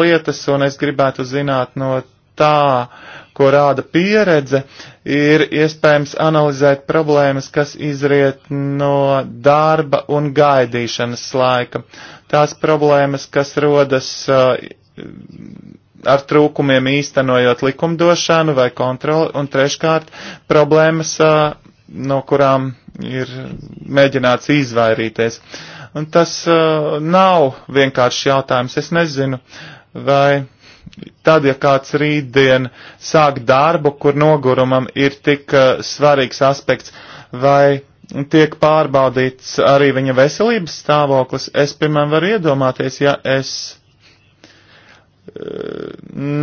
lietas, un es gribētu zināt no tā, ko rāda pieredze, ir iespējams analizēt problēmas, kas izriet no darba un gaidīšanas laika. Tās problēmas, kas rodas uh, ar trūkumiem īstenojot likumdošanu vai kontroli, un treškārt problēmas, uh, no kurām ir mēģināts izvairīties. Un tas uh, nav vienkārši jautājums. Es nezinu, vai tad, ja kāds rītdien sāk darbu, kur nogurumam ir tik uh, svarīgs aspekts, vai tiek pārbaudīts arī viņa veselības stāvoklis, es, piemēram, varu iedomāties, ja es eh,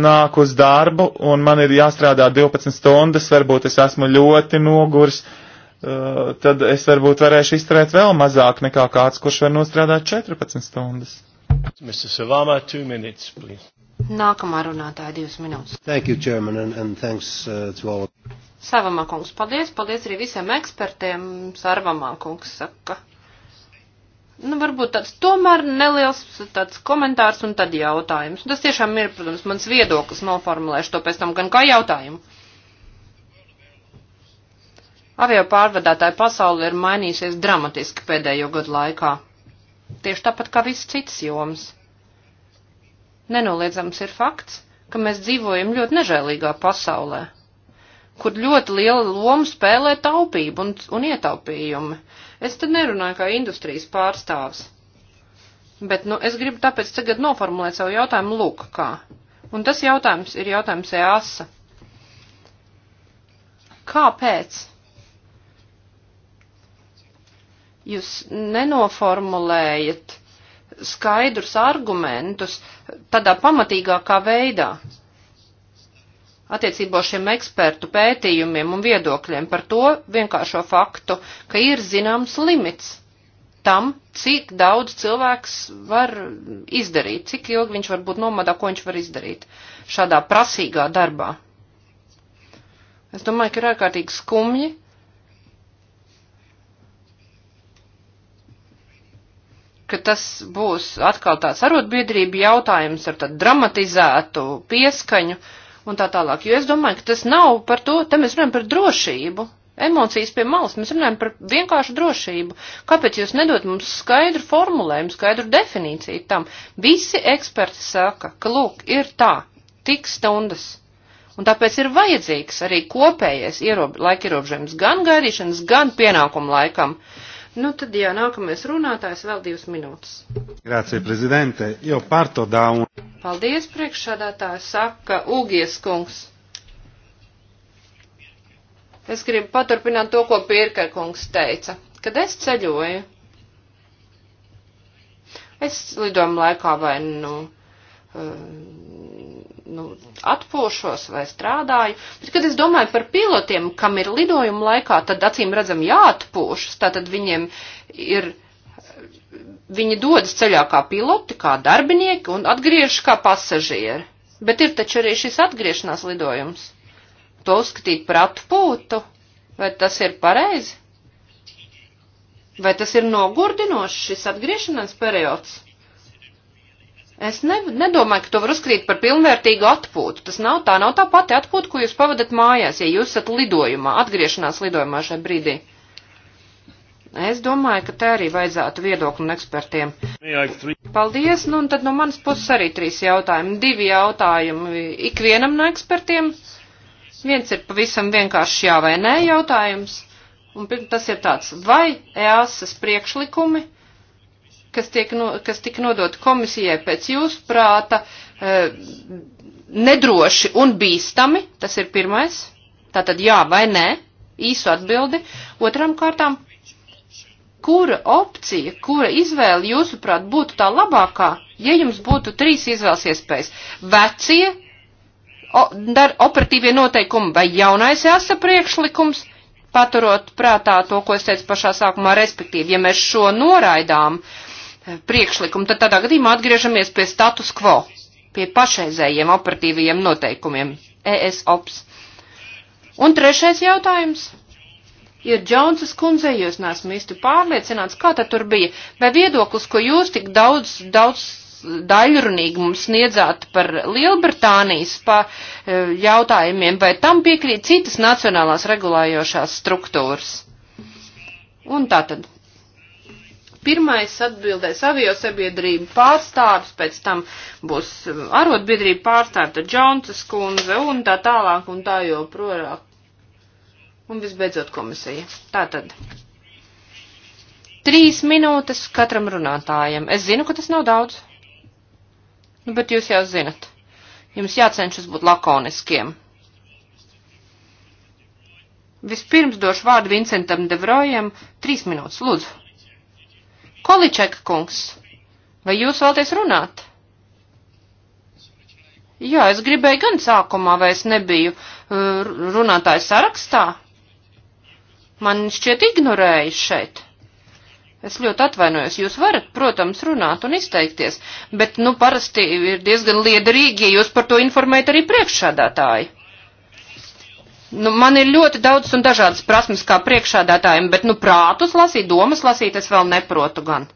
nāk uz darbu un man ir jāstrādā 12 stundas, varbūt es esmu ļoti noguris, eh, tad es varbūt varēšu izturēt vēl mazāk nekā kāds, kurš var nostrādāt 14 stundas. Mr. Savama, two minutes, please. Nākamā runātāja divas minūtes. Thank you, Chairman, and, and thanks uh, to all. Savamā kungs, paldies, paldies arī visiem ekspertiem, Sarvamā kungs saka. Nu, varbūt tāds tomēr neliels tāds komentārs un tad jautājums. Tas tiešām ir, protams, mans viedoklis noformulēšu to pēc tam gan kā jautājumu. Avio pārvadātāja pasaule ir mainījusies dramatiski pēdējo gadu laikā. Tieši tāpat kā viss cits joms Nenoliedzams ir fakts, ka mēs dzīvojam ļoti nežēlīgā pasaulē, kur ļoti liela loma spēlē taupība un, un ietaupījumi. Es te nerunāju kā industrijas pārstāvs, bet, nu, es gribu tāpēc tagad noformulēt savu jautājumu lūk kā. Un tas jautājums ir jautājums EASA. Kāpēc? Jūs nenoformulējat skaidrus argumentus tādā pamatīgākā veidā attiecībā uz šiem ekspertu pētījumiem un viedokļiem par to vienkāršo faktu, ka ir zināms limits tam, cik daudz cilvēks var izdarīt, cik ilgi viņš var būt nomadā, ko viņš var izdarīt šādā prasīgā darbā. Es domāju, ka ir ārkārtīgi skumji, ka tas būs atkal tāds arotbiedrība jautājums ar tādu dramatizētu pieskaņu un tā tālāk. Jo es domāju, ka tas nav par to, te mēs runājam par drošību. Emocijas pie malas, mēs runājam par vienkāršu drošību. Kāpēc jūs nedot mums skaidru formulējumu, skaidru definīciju tam? Visi eksperti saka, ka lūk, ir tā, tik stundas. Un tāpēc ir vajadzīgs arī kopējais ierob, laika ierobežojums gan gaidīšanas, gan pienākumu laikam. Uh, Nu tad, jā, nākamais runātājs vēl divas minūtes. Grācija, prezidente, jau parto da un. Paldies, priekšsādātājs, saka Ugies kungs. Es gribu paturpināt to, ko Pirker kungs teica. Kad es ceļoju, es lidojumu laikā vai nu nu, atpūšos vai strādāju. Bet, kad es domāju par pilotiem, kam ir lidojuma laikā, tad acīm redzam jāatpūšas, tātad viņiem ir, viņi dodas ceļā kā piloti, kā darbinieki un atgriežas kā pasažieri. Bet ir taču arī šis atgriešanās lidojums. To uzskatīt par atpūtu, vai tas ir pareizi? Vai tas ir nogurdinošs šis atgriešanās periods? Es ne, nedomāju, ka to var uzskatīt par pilnvērtīgu atpūtu. Tas nav tā, nav tā pati atpūta, ko jūs pavadat mājās, ja jūs esat lidojumā, atgriešanās lidojumā šajā brīdī. Es domāju, ka te arī vajadzētu viedokli un ekspertiem. Paldies, nu un tad no manas puses arī trīs jautājumi. Divi jautājumi ikvienam no ekspertiem. Viens ir pavisam vienkārši jā vai nē jautājums. Un tas ir tāds, vai EASAS priekšlikumi kas, tiek no, kas tika nodot komisijai pēc jūsu prāta, e, nedroši un bīstami, tas ir pirmais, tātad jā vai nē, īsu atbildi, otram kārtām, kura opcija, kura izvēle jūsuprāt būtu tā labākā, ja jums būtu trīs izvēles iespējas - vecie, o, dar, operatīvie noteikumi vai jaunais jāsa priekšlikums, paturot prātā to, ko es teicu pašā sākumā, respektīvi, ja mēs šo noraidām, uh, priekšlikumu, tad tādā gadījumā atgriežamies pie status quo, pie pašreizējiem operatīvajiem noteikumiem, ESOPS. Un trešais jautājums. Ir Džonsas kundze, jūs nesmu īsti pārliecināts, kā tad tur bija, vai viedoklis, ko jūs tik daudz, daudz daļrunīgi mums sniedzāt par Lielbritānijas pa, e, jautājumiem, vai tam piekrīt citas nacionālās regulējošās struktūras. Un tātad Pirmais atbildēs aviosabiedrību pārstāvis, pēc tam būs um, arotbiedrība pārstāvis, tad Džonsas kundze un tā tālāk un tā joprojām. Un visbeidzot komisija. Tā tad. Trīs minūtes katram runātājam. Es zinu, ka tas nav daudz. Nu, bet jūs jau zinat. Jums jācenšas būt lakoniskiem. Vispirms došu vārdu Vincentam Devrojam. Trīs minūtes, lūdzu. Količeka kungs, vai jūs vēlties runāt? Jā, es gribēju gan sākumā, vai es nebiju uh, runātājs sarakstā. Man šķiet ignorēju šeit. Es ļoti atvainojos, jūs varat, protams, runāt un izteikties, bet, nu, parasti ir diezgan liederīgi, ja jūs par to informēt arī priekšsādātāju. Nu, man ir ļoti daudz un dažādas prasmes kā priekšādātājiem, bet, nu, prātus lasīt, domas lasīt, es vēl neprotu gan.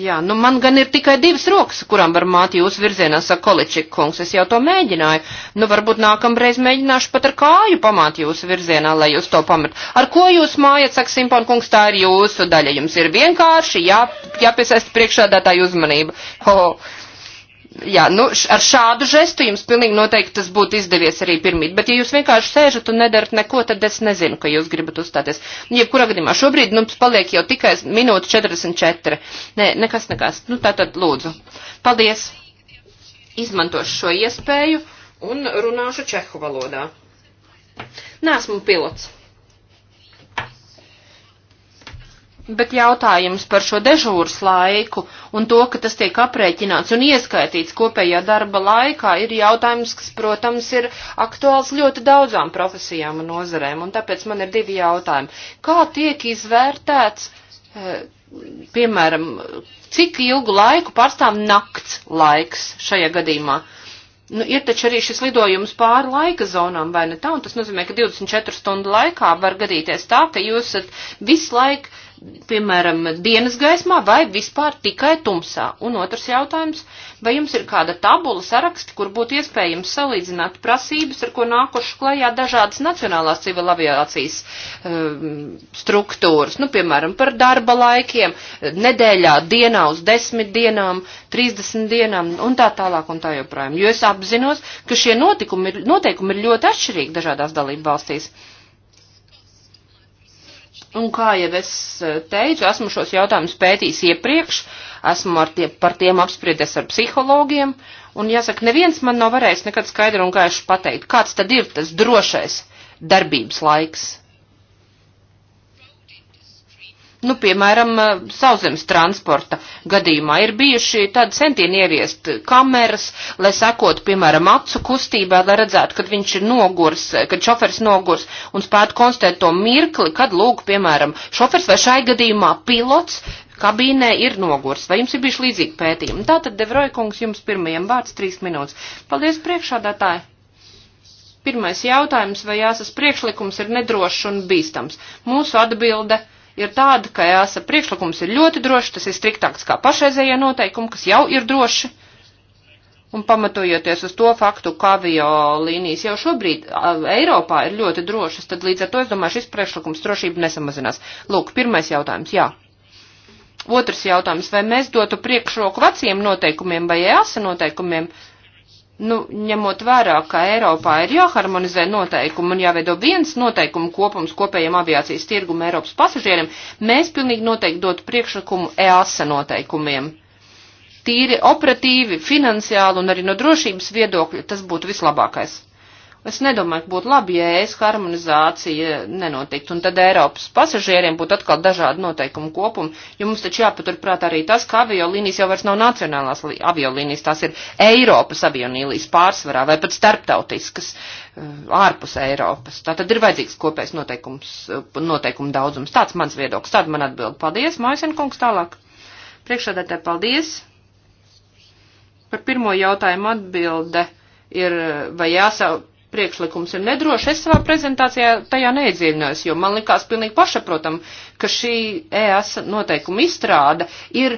Jā, nu man gan ir tikai divas rokas, kurām var māt jūs virzienā, saka Količik kungs, es jau to mēģināju. Nu varbūt nākamreiz mēģināšu pat ar kāju pamāt jūs virzienā, lai jūs to pamat. Ar ko jūs mājat, saka Simpon kungs, tā ir jūsu daļa. Jums ir vienkārši jā, jāpiesaist priekšādātāju uzmanību. Ho, ho jā, nu, ar šādu žestu jums pilnīgi noteikti tas būtu izdevies arī pirmīt, bet ja jūs vienkārši sēžat un nedarat neko, tad es nezinu, ka jūs gribat uzstāties. Jebkurā gadījumā šobrīd mums paliek jau tikai minūte 44. Nē, nekas, nekas. Nu, tā tad lūdzu. Paldies. Izmantošu šo iespēju un runāšu čehu valodā. Nē, esmu pilots. Bet jautājums par šo dežūras laiku un to, ka tas tiek aprēķināts un ieskaitīts kopējā darba laikā, ir jautājums, kas, protams, ir aktuāls ļoti daudzām profesijām un nozarēm. Un tāpēc man ir divi jautājumi. Kā tiek izvērtēts, eh, piemēram, cik ilgu laiku pārstāv nakts laiks šajā gadījumā? Nu, ir taču arī šis lidojums pāri laika zonām, vai ne tā? Un tas nozīmē, ka 24 stundu laikā var gadīties tā, ka jūs esat visu laiku piemēram, dienas gaismā vai vispār tikai tumsā? Un otrs jautājums, vai jums ir kāda tabula saraksti, kur būtu iespējams salīdzināt prasības, ar ko nākuši klajā dažādas nacionālās civilaviācijas um, struktūras, nu, piemēram, par darba laikiem, nedēļā, dienā uz desmit dienām, trīsdesmit dienām un tā tālāk un tā joprojām. Jo es apzinos, ka šie notikumi ir, noteikumi ir ļoti atšķirīgi dažādās dalību valstīs. Un kā jau es eh, teicu, esmu šos jautājumus pētījis iepriekš, esmu tie, par tiem apspriedies ar psihologiem, un jāsaka, neviens man nav varējis nekad skaidri un gaiši pateikt, kāds tad ir tas drošais darbības laiks. Nu, piemēram, eh, sauszemes transporta gadījumā ir bijuši tādi centieni ieviest kameras, lai sekot, piemēram, acu kustībā, lai redzētu, kad viņš ir nogurs, eh, kad šofers nogurs un spētu konstatēt to mirkli, kad, lūk, piemēram, šofers vai šai gadījumā pilots kabīnē ir nogurs. Vai jums ir bijuši līdzīgi pētījumi? Tātad, Devroja kungs, jums pirmajam vārds trīs minūtes. Paldies priekšādātāji! Pirmais jautājums, vai jāsas priekšlikums ir nedrošs un bīstams? Mūsu atbilde ir tāda, ka jāsa e priekšlikums ir ļoti drošs, tas ir striktāks kā pašreizējie noteikumi, kas jau ir droši. Un pamatojoties uz to faktu, ka avio līnijas jau šobrīd Eiropā ir ļoti drošas, tad līdz ar to es domāju, šis priekšlikums drošību nesamazinās. Lūk, pirmais jautājums, jā. Otrs jautājums, vai mēs dotu priekšroku veciem noteikumiem vai jāsa e noteikumiem? Uh, nu, ņemot vērā, ka Eiropā ir jāharmonizē noteikumi un jāveido viens noteikumu kopums kopējiem aviācijas tirgumu Eiropas pasažieriem, mēs pilnīgi noteikti dotu priekšlikumu EASA noteikumiem. Tīri operatīvi, finansiāli un arī no drošības viedokļa tas būtu vislabākais. Es nedomāju, ka būtu labi, ja es harmonizācija nenotiktu, un tad Eiropas pasažieriem būtu atkal dažādi noteikumi kopumi, jo mums taču jāpaturprāt arī tas, ka aviolīnijas jau vairs nav nacionālās aviolīnijas, tās ir Eiropas aviolīnijas pārsvarā vai pat starptautiskas eh, ārpus Eiropas. Tā tad ir vajadzīgs kopējs noteikums, eh, noteikumu daudzums. Tāds mans viedoklis, tāda man atbild. Paldies, Maisen kungs, tālāk. Priekšādētē paldies. Par pirmo jautājumu atbilde ir, vai jāsau priekšlikums ir nedrošs. Es savā prezentācijā tajā neiedziļinājos, jo man likās pilnīgi pašaprotam, ka šī EAS noteikuma izstrāde ir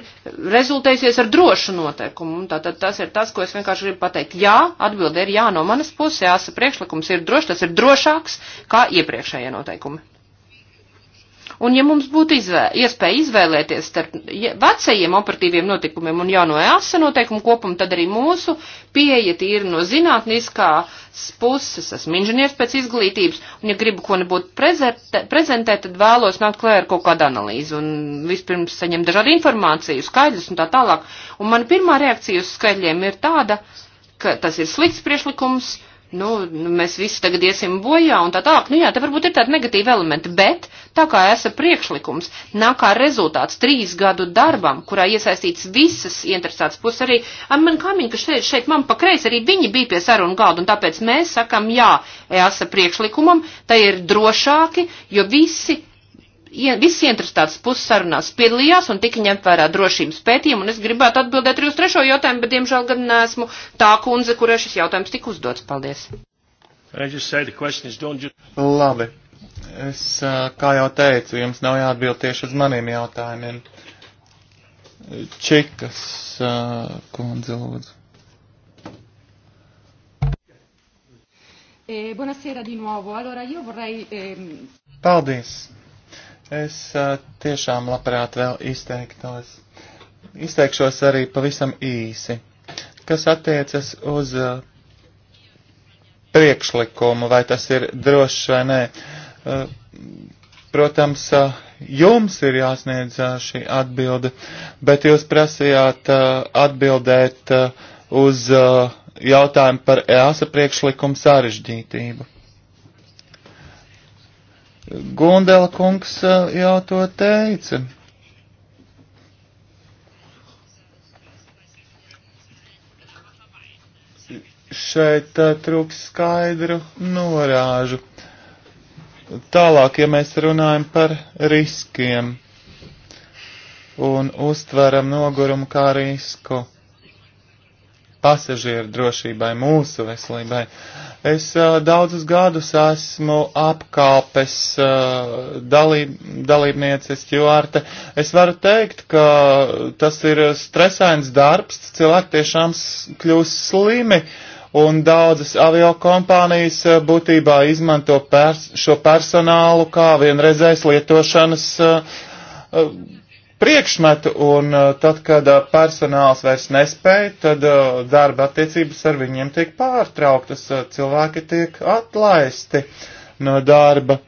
rezultējusies ar drošu noteikumu. Tātad tas ir tas, ko es vienkārši gribu pateikt. Jā, atbilde ir jā no manas puses. EAS priekšlikums ir drošs, tas ir drošāks kā iepriekšējie noteikumi. Un ja mums būtu izvēle, iespēja izvēlēties starp vecajiem operatīviem notikumiem un jauno EASA noteikumu kopumu, tad arī mūsu pieeja tīri no zinātniskās puses. Esmu inženieris pēc izglītības, un ja gribu ko nebūtu prezentēt, tad vēlos nākt klē ar kaut kādu analīzi un vispirms saņemt dažādu informāciju, skaidrs un tā tālāk. Un mana pirmā reakcija uz skaidriem ir tāda, ka tas ir slikts priešlikums nu, mēs visi tagad iesim bojā un tā tālāk. Nu jā, te varbūt ir tādi negatīvi elementi, bet tā kā esa priekšlikums nāk kā rezultāts trīs gadu darbam, kurā iesaistīts visas interesētas puses, arī ar man kamiņu, kas šeit, šeit man pa kreisi, arī viņi bija pie sarunu galda, un tāpēc mēs sakam jā e, esa priekšlikumam, tai ir drošāki, jo visi ja, visas interesētās puses sarunās piedalījās un tika ņemt vērā drošības pētījumu, un es gribētu atbildēt arī uz trešo jautājumu, bet, diemžēl, gan neesmu tā kundze, kurai šis jautājums tika uzdots. Paldies. Labi. Es, kā jau teicu, jums nav jāatbild tieši uz maniem jautājumiem. Čikas kundze, lūdzu. Eh, buonasera di nuovo. Allora io vorrei ehm... Paldies. Es tiešām labprāt vēl izteiktos. Izteikšos arī pavisam īsi. Kas attiecas uz priekšlikumu, vai tas ir drošs vai nē. Protams, jums ir jāsniedz šī atbilde, bet jūs prasījāt atbildēt uz jautājumu par EASA priekšlikumu sarežģītību. Gundela kungs uh, jau to teica. Šeit uh, trūks skaidru norāžu. Tālāk, ja mēs runājam par riskiem un uztveram nogurumu kā risku pasažieru drošībai, mūsu veselībai. Es uh, daudzus gadus esmu apkalpes uh, dalīb, dalībniece Stjuārte. Es varu teikt, ka tas ir stresains darbs, cilvēki tiešām kļūst slimi. Un daudzas avio kompānijas būtībā izmanto pers šo personālu kā vienreizējas lietošanas uh, priekšmetu, un uh, tad, kad uh, personāls vairs nespēja, tad uh, darba attiecības ar viņiem tiek pārtrauktas, cilvēki tiek atlaisti no darba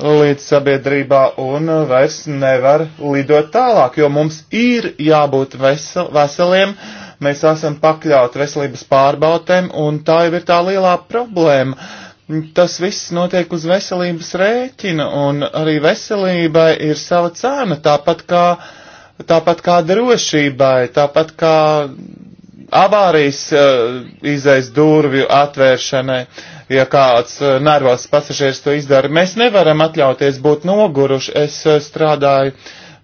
līdz sabiedrībā un vairs nevar lidot tālāk, jo mums ir jābūt vesel, veseliem, mēs esam pakļauti veselības pārbautēm, un tā jau ir tā lielā problēma tas viss notiek uz veselības rēķina, un arī veselībai ir sava cena, tāpat kā, tāpat kā drošībai, tāpat kā avārijas uh, eh, izaisa durvju atvēršanai. Ja kāds uh, nervos pasažieris to izdara, mēs nevaram atļauties būt noguruši. Es uh, strādāju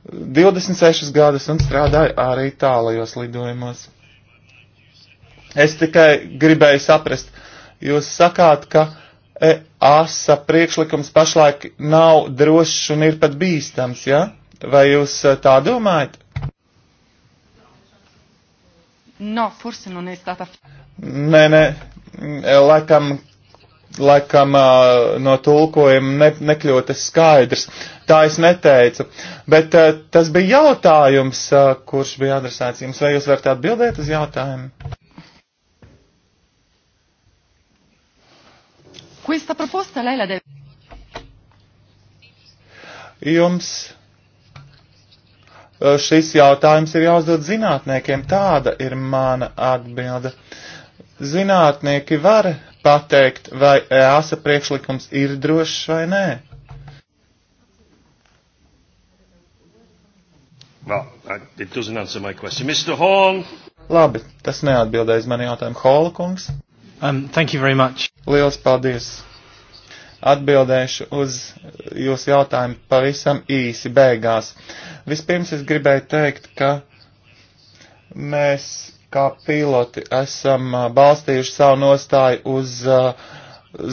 26 gadus un strādāju arī tālajos lidojumos. Es tikai gribēju saprast, jūs sakāt, ka uh, E, asa priekšlikums pašlaik nav drošs un ir pat bīstams, ja? Vai jūs e, tā domājat? No, forse non è stata. Nē, nē, e, laikam, laikam no tulkojuma ne, nekļūta skaidrs. Tā es neteicu. Bet tas bija jautājums, kurš bija adresēts jums. Vai jūs varat atbildēt uz jautājumu? Questa proposta lei la deve. Jums eh, šis jautājums ir jāuzdod zinātniekiem. Tāda ir mana atbilde. Zinātnieki var pateikt, vai EASA priekšlikums ir drošs vai nē. Well, it doesn't answer my question. Mr. Horn. Labi, tas neatbildēs man jautājumu. Hola kungs. Um, thank you very much. Lielas paldies. Atbildēšu uz jūsu jautājumu pavisam īsi beigās. Vispirms es gribēju teikt, ka mēs kā piloti esam uh, balstījuši savu nostāju uz uh,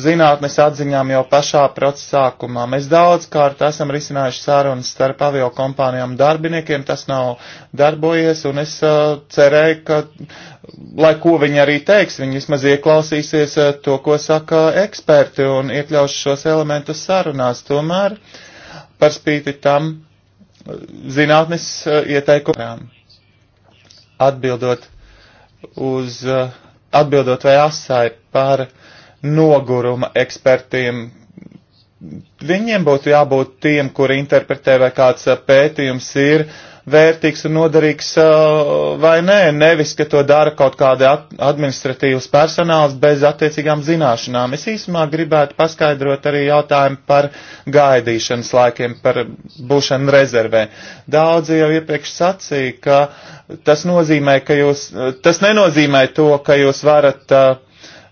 zinātnes atziņām jau pašā procesa sākumā. Mēs daudzkārt esam risinājuši sarunas starp avio kompānijām darbiniekiem, tas nav darbojies, un es uh, cerēju, ka, lai ko viņi arī teiks, viņi vismaz ieklausīsies uh, to, ko saka eksperti, un iekļaus šos elementus sarunās. Tomēr, par spīti tam, uh, zinātnes uh, ieteikumiem. Atbildot uz, uh, atbildot vai asai par noguruma ekspertiem. Viņiem būtu jābūt tiem, kuri interpretē, vai kāds uh, pētījums ir vērtīgs un noderīgs uh, vai nē, nevis, ka to dara kaut kāda administratīvas personāls bez attiecīgām zināšanām. Es īsumā gribētu paskaidrot arī jautājumu par gaidīšanas laikiem, par būšanu rezervē. Daudzi jau iepriekš sacīja, ka tas nozīmē, ka jūs, tas nenozīmē to, ka jūs varat uh,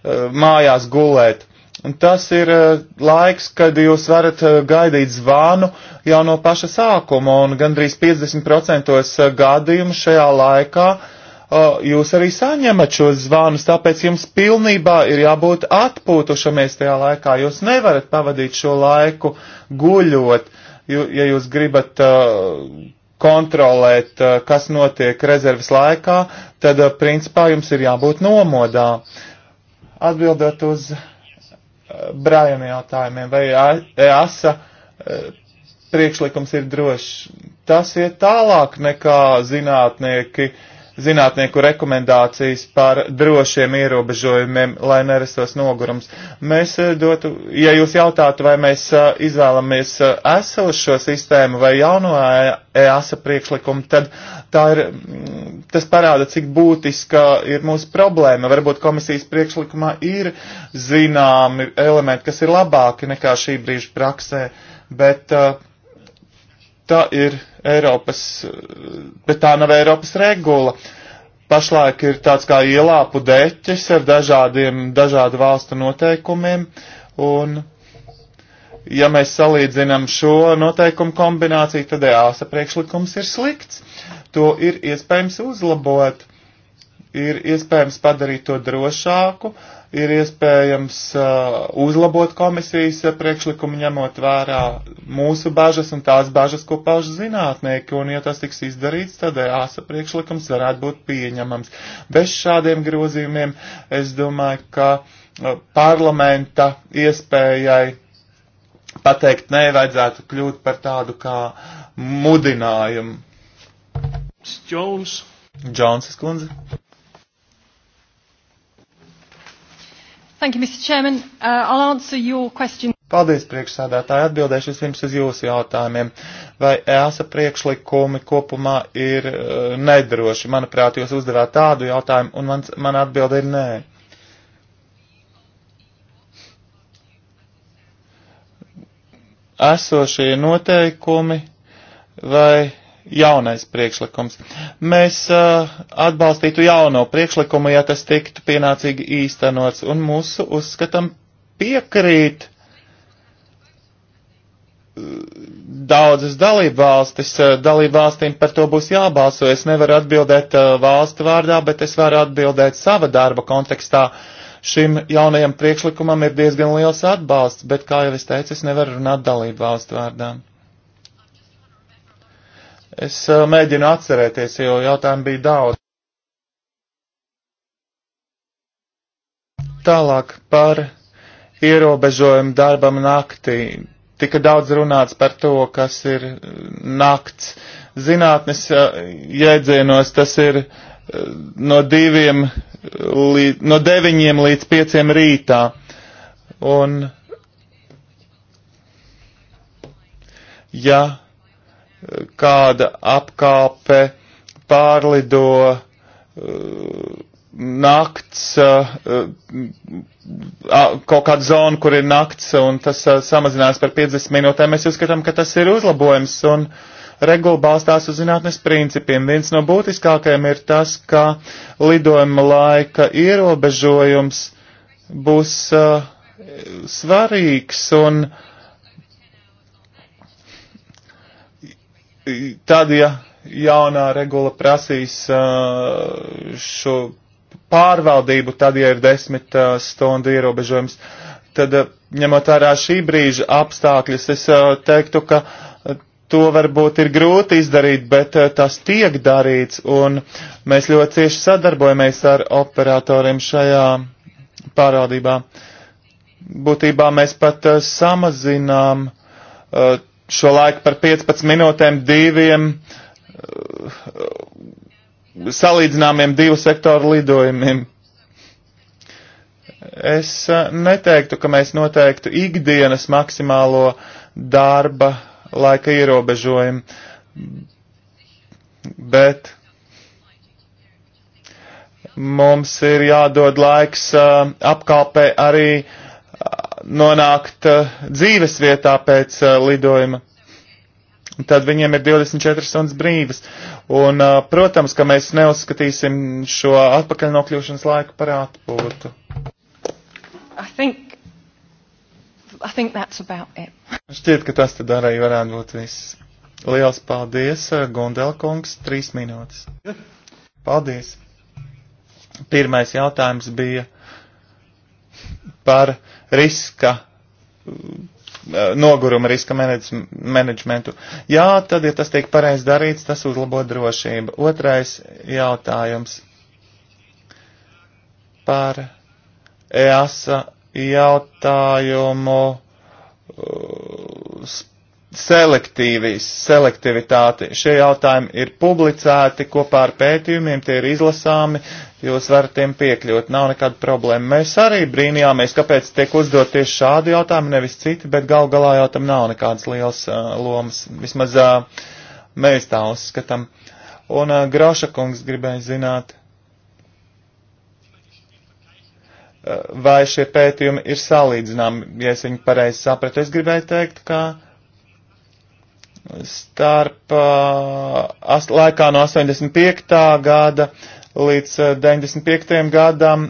Eh, mājās gulēt. Un tas ir eh, laiks, kad jūs varat eh, gaidīt zvanu jau no paša sākuma, un gandrīz 50% gadījumu šajā laikā jūs arī saņemat šos zvanus, tāpēc jums pilnībā ir jābūt atpūtušamies tajā laikā. Jūs nevarat pavadīt šo laiku guļot, ja jūs gribat kontrolēt, kas notiek rezerves laikā, tad principā jums ir jābūt nomodā. Uh, Atbildot uz eh, Brājana jautājumiem, vai EASA e, eh, priekšlikums ir drošs, tas iet tālāk nekā zinātnieki zinātnieku rekomendācijas par drošiem ierobežojumiem, lai nerastos nogurums. Mēs eh, dotu, ja jūs jautātu, vai mēs eh, izvēlamies eh, eselu šo sistēmu vai jauno EASA e priekšlikumu, tad tā ir, mm, tas parāda, cik būtiska ir mūsu problēma. Varbūt komisijas priekšlikumā ir zināmi elementi, kas ir labāki nekā šī brīža praksē, bet tā ir Eiropas, bet tā nav Eiropas regula. Pašlaik ir tāds kā ielāpu deķis ar dažādiem, dažādu valstu noteikumiem, un ja mēs salīdzinām šo noteikumu kombināciju, tad EASA priekšlikums ir slikts. To ir iespējams uzlabot, ir iespējams padarīt to drošāku, uh, ir iespējams uh, uzlabot komisijas uh, priekšlikumu, ņemot vērā mūsu bažas un tās bažas, ko pauž zinātnieki, un ja tas tiks izdarīts, tad EASA priekšlikums varētu būt pieņemams. Bez šādiem grozījumiem es domāju, ka uh, parlamenta iespējai pateikt nē, vajadzētu kļūt par tādu kā mudinājumu. Jones. Džonsas kundze. Thank you, Mr. Chairman. Uh, I'll answer your question. Paldies, priekšsādātāji. Atbildēšu vispirms uz jūsu jautājumiem. Vai EASA priekšlikumi kopumā ir uh, nedroši? Manuprāt, jūs uzdevāt tādu jautājumu, un mans, man atbilde ir nē. Esošie noteikumi vai jaunais priekšlikums. Mēs uh, atbalstītu jauno priekšlikumu, ja tas tiktu pienācīgi īstenots, un mūsu uzskatam piekrīt uh, daudzas dalībvalstis, uh, dalībvalstīm par to būs jābalso. Es nevaru atbildēt uh, valstu vārdā, bet es varu atbildēt sava darba kontekstā. Šim jaunajam priekšlikumam ir diezgan liels atbalsts, bet, kā jau es teicu, es nevaru runāt dalībvalstu vārdām. Es eh, mēģinu atcerēties, jo jautājumu bija daudz. Tālāk par ierobežojumu darbam naktī. Tika daudz runāts par to, kas ir eh, nakts. Zinātnes eh, jēdzienos tas ir no, diviem, no deviņiem līdz pieciem rītā. Un, ja kāda apkāpe pārlido uh, nakts, uh, uh, kaut kādu zonu, kur ir nakts, un tas samazinās par 50 minūtēm. Mēs uzskatām, ka tas ir uzlabojums, un regula balstās uz zinātnes principiem. Viens no būtiskākajiem ir tas, ka lidojuma laika ierobežojums būs svarīgs, un uh, Tad, ja jaunā regula prasīs uh, šo pārvaldību, tad, ja ir desmit uh, stundu ierobežojums, tad, uh, ņemot vērā šī brīža apstākļus, es teiktu, ka to varbūt ir grūti izdarīt, bet tas tiek darīts, un mēs ļoti cieši sadarbojamies ar operatoriem šajā pārvaldībā. Būtībā mēs pat samazinām uh, šo laiku par 15 minūtēm diviem uh, salīdzināmiem divu sektoru lidojumiem. Es uh, neteiktu, ka mēs noteiktu ikdienas maksimālo darba laika ierobežojumu, bet mums ir jādod laiks uh, apkalpē arī uh, nonākt eh, dzīves vietā pēc eh, lidojuma. Tad viņiem ir 24 stundas brīvas. Un, eh, protams, ka mēs neuzskatīsim šo atpakaļ nokļūšanas laiku par atpūtu. I think, I think Šķiet, ka tas tad arī varētu būt viss. Liels paldies, Gondelkungs, trīs minūtes. Paldies. Pirmais jautājums bija par riska, eh, noguruma riska menedžmentu. Jā, tad, ja tas tiek pareizi darīts, tas uzlabo drošību. Otrais jautājums par EASA jautājumu eh, selektīvis, selektivitāti. Šie jautājumi ir publicēti kopā ar pētījumiem, tie ir izlasāmi, Jūs varat tiem piekļūt, nav nekāda problēma. Mēs arī brīnījāmies, kāpēc tiek uzdot tieši šādi jautājumi, nevis citi, bet gal galā jau tam nav nekādas liels uh, lomas. Vismaz uh, mēs tā uzskatām. Un uh, Grauša kungs gribēja zināt, uh, vai šie pētījumi ir salīdzināmi, ja es viņu pareizi sapratu. Es gribēju teikt, ka starp uh, as, laikā no 85. gada Līdz 95. Eh, gadam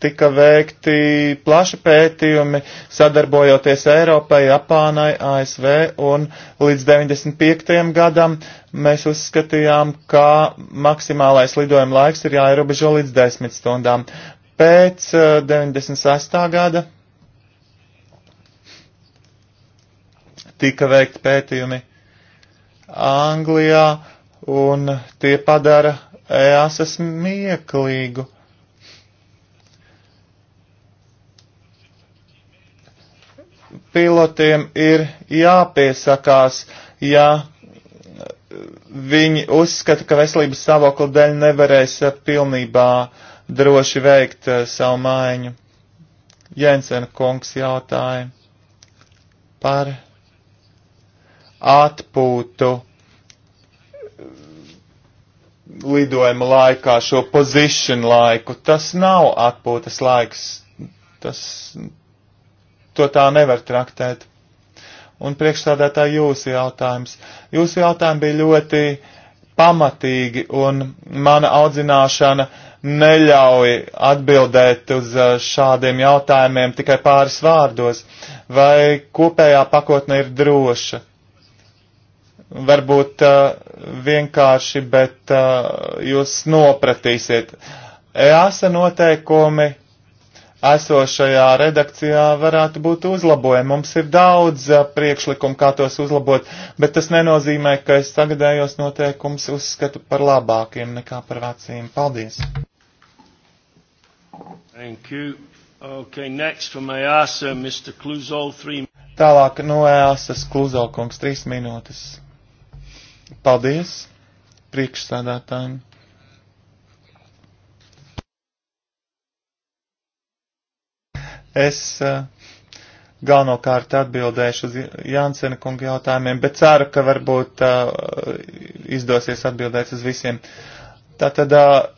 tika veikti plaši pētījumi, sadarbojoties Eiropai, Japānai, ASV, un līdz 95. gadam mēs uzskatījām, ka maksimālais lidojuma laiks ir jāierobežo līdz 10 stundām. Pēc 96. Eh, gada tika veikti pētījumi Anglijā, un tie padara es esmu mieklīgu. Pilotiem ir jāpiesakās, ja viņi uzskata, ka veselības stāvokļa dēļ nevarēs pilnībā droši veikt eh, savu mājiņu. Jensena kungs jautāja par atpūtu lidojuma laikā, šo position laiku. Tas nav atpūtas laiks. Tas, to tā nevar traktēt. Un priekšstādētā jūsu jautājums. Jūsu jautājumi bija ļoti pamatīgi, un mana audzināšana neļauj atbildēt uz uh, šādiem jautājumiem tikai pāris vārdos. Vai kopējā pakotne ir droša? varbūt uh, vienkārši, bet uh, jūs nopratīsiet. EASA noteikumi esošajā redakcijā varētu būt uzlabojumi. Mums ir daudz uh, priekšlikumu, kā tos uzlabot, bet tas nenozīmē, ka es tagadējos noteikumus uzskatu par labākiem nekā par veciem. Paldies! Thank you. Okay, next from EASA, Mr. Cluzo, three. Tālāk no EASAS Kluzo kungs, trīs minūtes. Paldies priekšsādātājiem. Es uh, galvenokārt atbildēšu uz Jānsena kunga jautājumiem, bet ceru, ka varbūt uh, izdosies atbildēt uz visiem. Uh, Tātad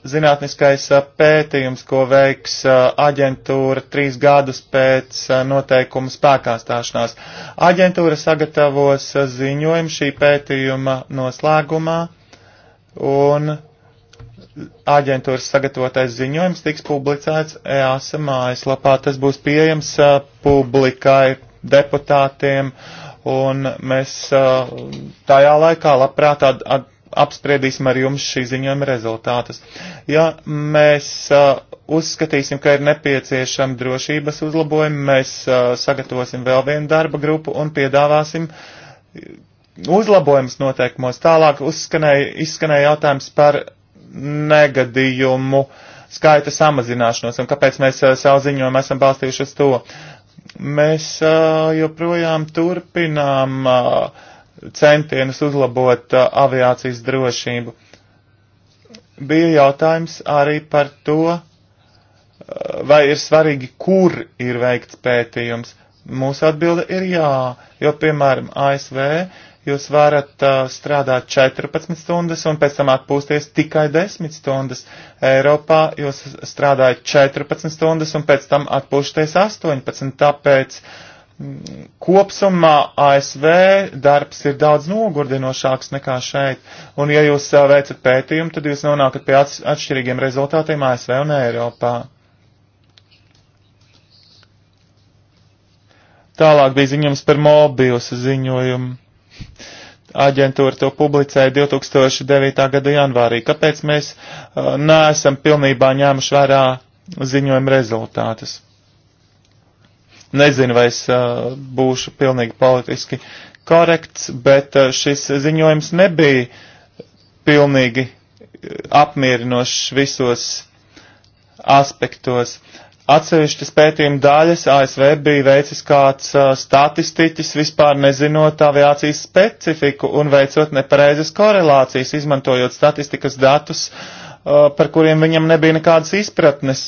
zinātniskais pētījums, ko veiks aģentūra trīs gadus pēc noteikuma spēkā stāšanās. Aģentūra sagatavos ziņojumu šī pētījuma noslēgumā, un aģentūras sagatavotais ziņojums tiks publicēts EASA mājaslapā. Tas būs pieejams publikai, deputātiem, un mēs tajā laikā labprāt at apspriedīsim ar jums šī ziņojuma rezultātus. Ja mēs uh, uzskatīsim, ka ir nepieciešama drošības uzlabojuma, mēs uh, sagatavosim vēl vienu darba grupu un piedāvāsim uh, uzlabojums noteikumos. Tālāk uzskanēja, izskanēja jautājums par negadījumu skaita samazināšanos un kāpēc mēs uh, savu ziņojumu esam balstījuši uz to. Mēs uh, joprojām turpinām uh, centienus uzlabot uh, aviācijas drošību. Bija jautājums arī par to, uh, vai ir svarīgi, kur ir veikts pētījums. Mūsu atbilde ir jā, jo, piemēram, ASV jūs varat uh, strādāt 14 stundas un pēc tam atpūsties tikai 10 stundas. Eiropā jūs strādājat 14 stundas un pēc tam atpūšaties 18, tāpēc uh, Kopsumā ASV darbs ir daudz nogurdinošāks nekā šeit, un ja jūs eh, veicat pētījumu, tad jūs nonākat pie atšķirīgiem rezultātiem ASV un Eiropā. Tālāk bija ziņojums par mobīlas ziņojumu. Aģentūra to publicēja 2009. gada janvārī. Kāpēc mēs uh, neesam pilnībā ņēmuši vērā ziņojuma rezultātus? Nezinu, vai es uh, būšu pilnīgi politiski korekts, bet uh, šis ziņojums nebija pilnīgi apmierinošs visos aspektos. Atsevišķas pētījuma daļas ASV bija veicis kāds uh, statistiķis, vispār nezinot aviācijas specifiku un veicot nepareizas korelācijas, izmantojot statistikas datus, uh, par kuriem viņam nebija nekādas izpratnes.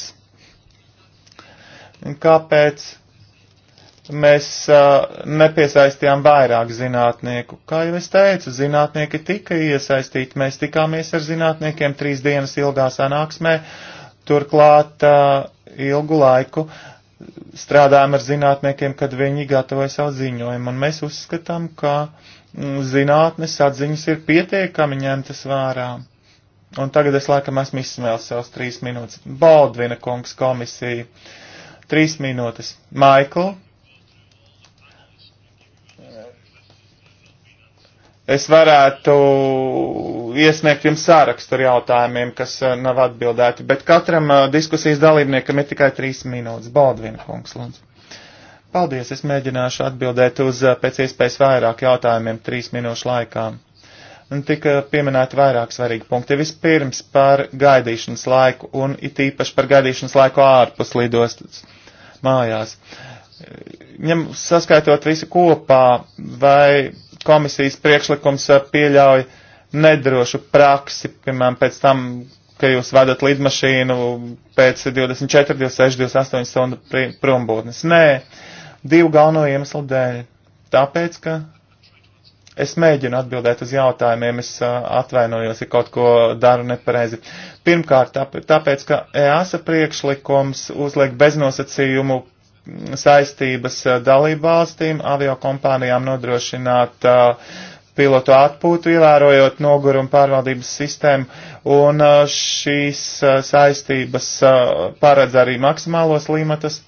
Kāpēc? mēs uh, nepiesaistījām vairāk zinātnieku. Kā jau es teicu, zinātnieki tika iesaistīti, mēs tikāmies ar zinātniekiem trīs dienas ilgā sanāksmē, turklāt uh, ilgu laiku strādājām ar zinātniekiem, kad viņi gatavoja savu ziņojumu, un mēs uzskatām, ka mm, zinātnes atziņas ir pietiekami ņemtas vērā. Un tagad es laikam esmu izsmēlis savus trīs minūtes. Baldvina kungs komisija. Trīs minūtes. Maikl, es varētu iesniegt jums sārakstu ar jautājumiem, kas eh, nav atbildēti, bet katram eh, diskusijas dalībniekam ir tikai trīs minūtes. Baldvin kungs, lūdzu. Paldies, es mēģināšu atbildēt uz eh, pēc iespējas vairāk jautājumiem trīs minūšu laikā. Un tika pieminēti vairāk svarīgi punkti. Vispirms par gaidīšanas laiku un it īpaši par gaidīšanas laiku ārpus lidostas mājās. Ņem saskaitot visu kopā, vai komisijas priekšlikums eh, pieļauj nedrošu praksi, piemēram, pēc tam, ka jūs vedat lidmašīnu pēc 24, 26, 28 stundu prombūtnes. Nē, divu galveno iemeslu dēļ. Tāpēc, ka es mēģinu atbildēt uz jautājumiem, es eh, atvainojos, ja kaut ko daru nepareizi. Pirmkārt, tāpēc, ka EASA priekšlikums uzliek beznosacījumu saistības eh, dalībvalstīm aviokompānijām nodrošināt uh, pilotu atpūtu, ievērojot noguruma pārvaldības sistēmu, un eh, šīs saistības paredz arī maksimālos līmetus.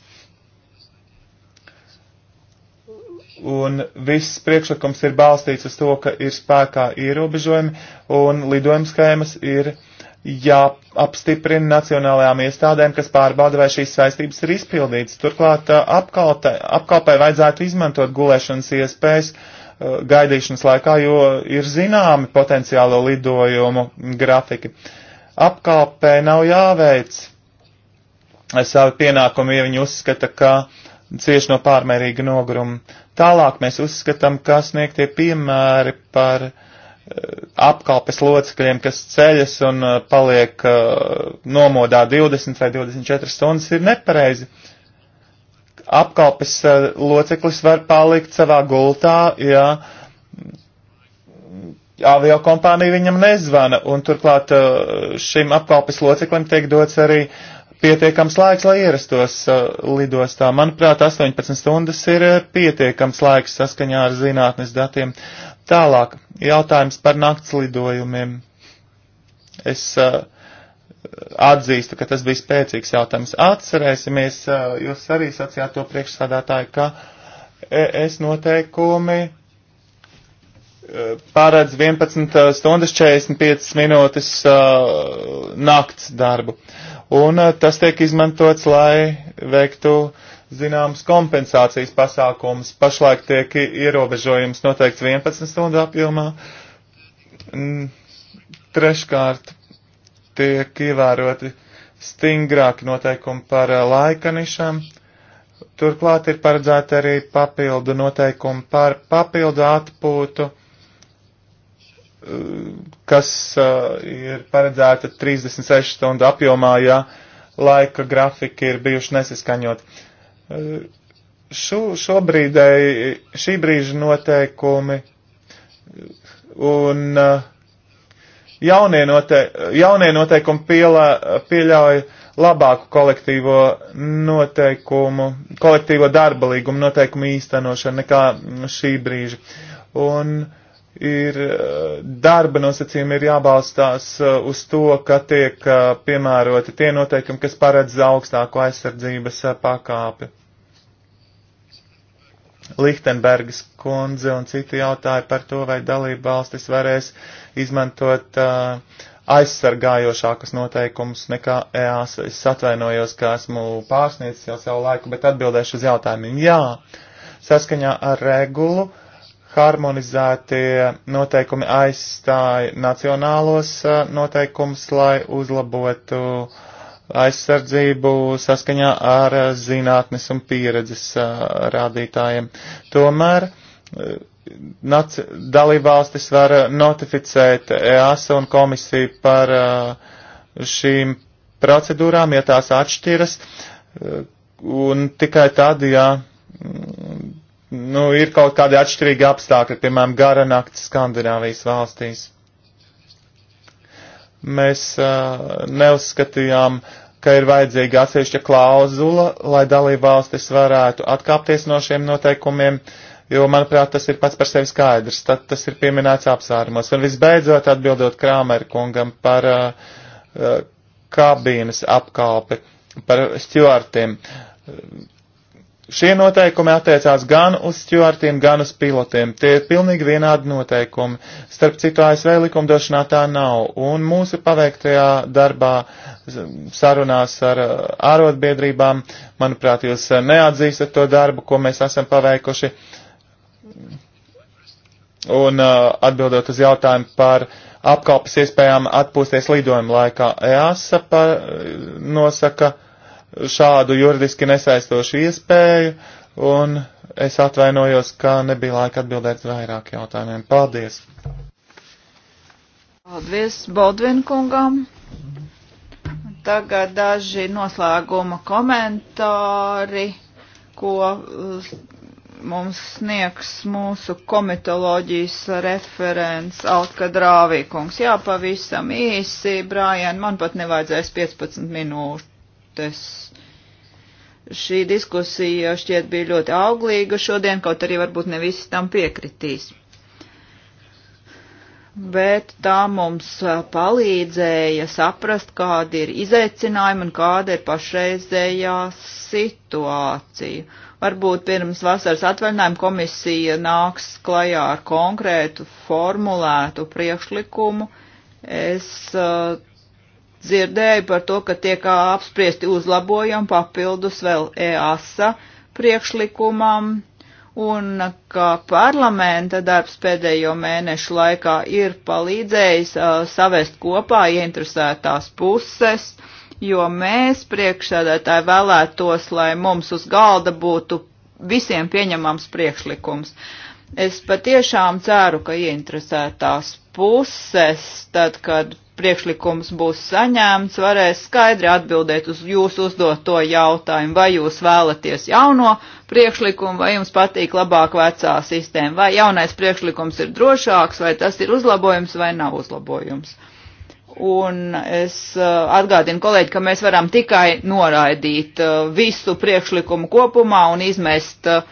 Un viss priekšlikums ir balstīts uz to, ka ir spēkā ierobežojumi un lidojuma skēmas ir uh, jāapstiprina nacionālajām iestādēm, kas pārbauda, vai šīs saistības ir izpildītas. Turklāt apkalpe, apkalpai vajadzētu izmantot gulēšanas iespējas gaidīšanas laikā, jo ir zināmi potenciālo lidojumu grafiki. Apkalpē nav jāveic savu pienākumu, ja viņi uzskata, ka cieši no pārmērīga nogruma. Tālāk mēs uzskatām, ka sniegtie piemēri par uh, Uh, apkalpes locekļiem, kas ceļas un uh, paliek uh, nomodā 20 vai 24 stundas, ir nepareizi. Apkalpes loceklis var palikt savā gultā, ja avio kompānija viņam nezvana, un turklāt šim apkalpes loceklim tiek dots arī pietiekams laiks, lai ierastos uh, lidostā. Manuprāt, 18 stundas ir uh, pietiekams laiks saskaņā ar zinātnes datiem. Tālāk, jautājums par nakts lidojumiem. Es uh, atzīstu, ka tas bija spēcīgs jautājums. Atcerēsimies, jūs arī sacījāt to priekšsādātāju, ka e, es noteikumi e, pārēdz 11 stundas 45 minūtes nakts darbu. Uh, un eh, tas tiek izmantots, lai veiktu zināmas kompensācijas pasākumus. Pašlaik tiek ierobežojums noteikts 11 stundu apjomā. Treškārt tiek ievēroti stingrāki noteikumi par eh, laikanišām. Turklāt ir paredzēta arī papildu noteikumi par papildu atpūtu kas eh, ir paredzēta 36 stundu apjomā, ja laika grafiki ir bijuši nesaskaņot. Eh, šo, šobrīd eh, šī brīža noteikumi un jaunie, note, jaunie noteikumi pielā, pieļauj labāku kolektīvo noteikumu, kolektīvo darba līgumu noteikumu īstenošanu nekā šī brīža. Un uh, ir eh, darba nosacījumi ir jābalstās eh, uz to, ka tiek eh, piemēroti tie noteikumi, kas paredz augstāko aizsardzības pakāpi. Lichtenbergas kundze un citi jautāja par to, vai dalība valstis varēs izmantot uh, aizsargājošākus noteikumus nekā EAS. Es atvainojos, ka esmu pārsniedzis jau savu laiku, bet atbildēšu uz jautājumiem. Jā, saskaņā ar regulu uh, harmonizētie noteikumi aizstāja nacionālos noteikumus, lai uzlabotu aizsardzību saskaņā ar zinātnes un pieredzes rādītājiem. Tomēr dalībvalstis var notificēt EASA un komisiju par šīm procedūrām, ja tās atšķiras, un tikai tad, ja nu, ir kaut kādi atšķirīgi apstākļi, piemēram, gara nakts Skandināvijas valstīs. Mēs uh, neuzskatījām, ka ir vajadzīga atsevišķa klauzula, lai dalībvalstis varētu atkāpties no šiem noteikumiem, jo, manuprāt, tas ir pats par sevi skaidrs. Tad tas ir pieminēts apsvērumos. Un visbeidzot, atbildot Krāmerkungam par uh, uh, kabīnes apkalpi, par stjuartiem. Uh, Šie noteikumi attiecās gan uz stjuartiem, gan uz pilotiem. Tie ir pilnīgi vienādi noteikumi. Starp citu, ASV likumdošanā tā nav. Un mūsu paveiktajā darbā sarunās ar uh, ārotbiedrībām, manuprāt, jūs uh, neatzīstat to darbu, ko mēs esam paveikuši. Un uh, atbildot uz jautājumu par apkalpas iespējām atpūsties lidojuma laikā, EASA par, nosaka, šādu juridiski nesaistošu iespēju, un es atvainojos, ka nebija laika atbildēt vairāk jautājumiem. Paldies! Paldies Baldvinkungam! Tagad daži noslēguma komentāri, ko uh, mums sniegs mūsu komitoloģijas referents Alka Drāvīkungs. Jā, pavisam īsi, Brājan, man pat nevajadzēs 15 minūtes minūtes. Šī diskusija šķiet bija ļoti auglīga šodien, kaut arī varbūt ne visi tam piekritīs. Bet tā mums palīdzēja saprast, kādi ir izaicinājumi un kāda ir pašreizējā situācija. Varbūt pirms vasaras atvaļinājuma komisija nāks klajā ar konkrētu formulētu priekšlikumu. Es uh, dzirdēju par to, ka tiek apspriesti uzlabojumi papildus vēl EASA priekšlikumam un ka parlamenta darbs pēdējo mēnešu laikā ir palīdzējis uh, savest kopā ieinteresētās puses, jo mēs priekšsēdētāji vēlētos, lai mums uz galda būtu visiem pieņemams priekšlikums. Es patiešām ceru, ka ieinteresētās puses, tad, kad priekšlikums būs saņēmts, varēs skaidri atbildēt uz jūsu uzdoto jautājumu, vai jūs vēlaties jauno priekšlikumu, vai jums patīk labāk vecā sistēma, vai jaunais priekšlikums ir drošāks, vai tas ir uzlabojums vai nav uzlabojums. Un es uh, atgādinu kolēģi, ka mēs varam tikai noraidīt uh, visu priekšlikumu kopumā un izmest uh,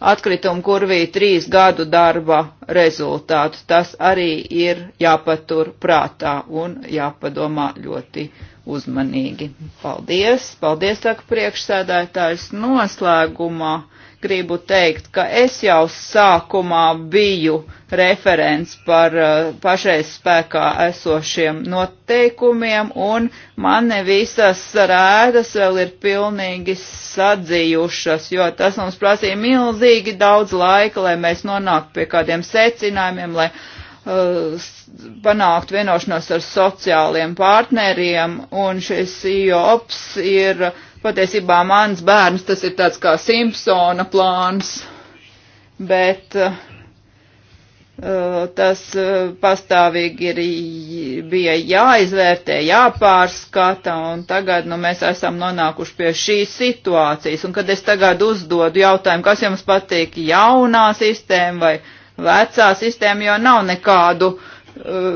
atkritumu kurvī trīs gadu darba rezultātu. Tas arī ir jāpatur prātā un jāpadomā ļoti uzmanīgi. Paldies, paldies, saka priekšsēdētājs noslēgumā gribu teikt, ka es jau sākumā biju referents par uh, pašreiz spēkā esošiem noteikumiem, un man ne visas rēdas vēl ir pilnīgi sadzījušas, jo tas mums prasīja milzīgi daudz laika, lai mēs nonāktu pie kādiem secinājumiem, lai uh, panākt vienošanos ar sociāliem partneriem, un šis IOPS ir uh, Patiesībā mans bērns tas ir tāds kā Simpsona plāns, bet uh, uh tas uh, pastāvīgi ir, bija jāizvērtē, jāpārskata, un tagad nu, mēs esam nonākuši pie šīs situācijas. Un kad es tagad uzdodu jautājumu, kas jums patīk jaunā sistēma vai vecā sistēma, jo nav nekādu uh,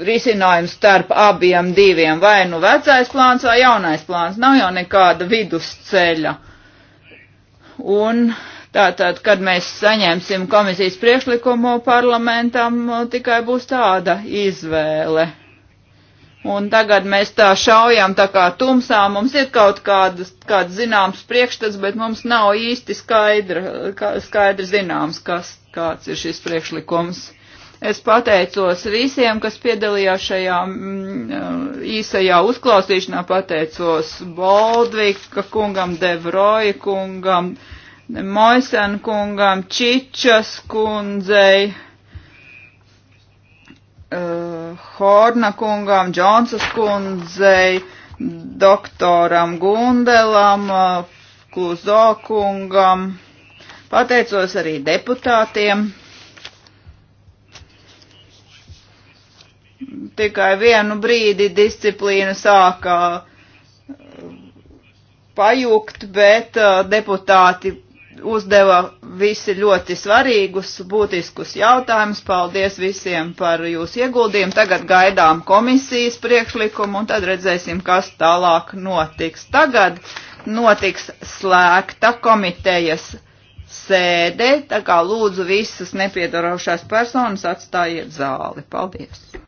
risinājums starp abiem diviem, vai nu vecais plāns vai jaunais plāns, nav jau nekāda vidusceļa. Un tātad, kad mēs saņemsim komisijas priekšlikumu parlamentam, tikai būs tāda izvēle. Un tagad mēs tā šaujam tā kā tumsā, mums ir kaut kādas, kāds zināms priekšstats, bet mums nav īsti skaidra, skaidri zināms, kas, kāds ir šis priekšlikums. Es pateicos visiem, kas piedalījās šajā mm, uh, īsajā uzklausīšanā, pateicos Boldvika kungam, Devroja kungam, Moisen kungam, Čičas kundzei, uh, Horna kungam, Džonsas kundzei, doktoram Gundelam, uh, Kluzo kungam. Pateicos arī deputātiem. tikai vienu brīdi disciplīna sāka eh, pajukt, bet eh, deputāti uzdeva visi ļoti svarīgus, būtiskus jautājumus. Paldies visiem par jūsu ieguldījumu. Tagad gaidām komisijas priekšlikumu un tad redzēsim, kas tālāk notiks. Tagad notiks slēgta komitejas sēde, tā kā lūdzu visas nepiedarošās personas atstājiet zāli. Paldies!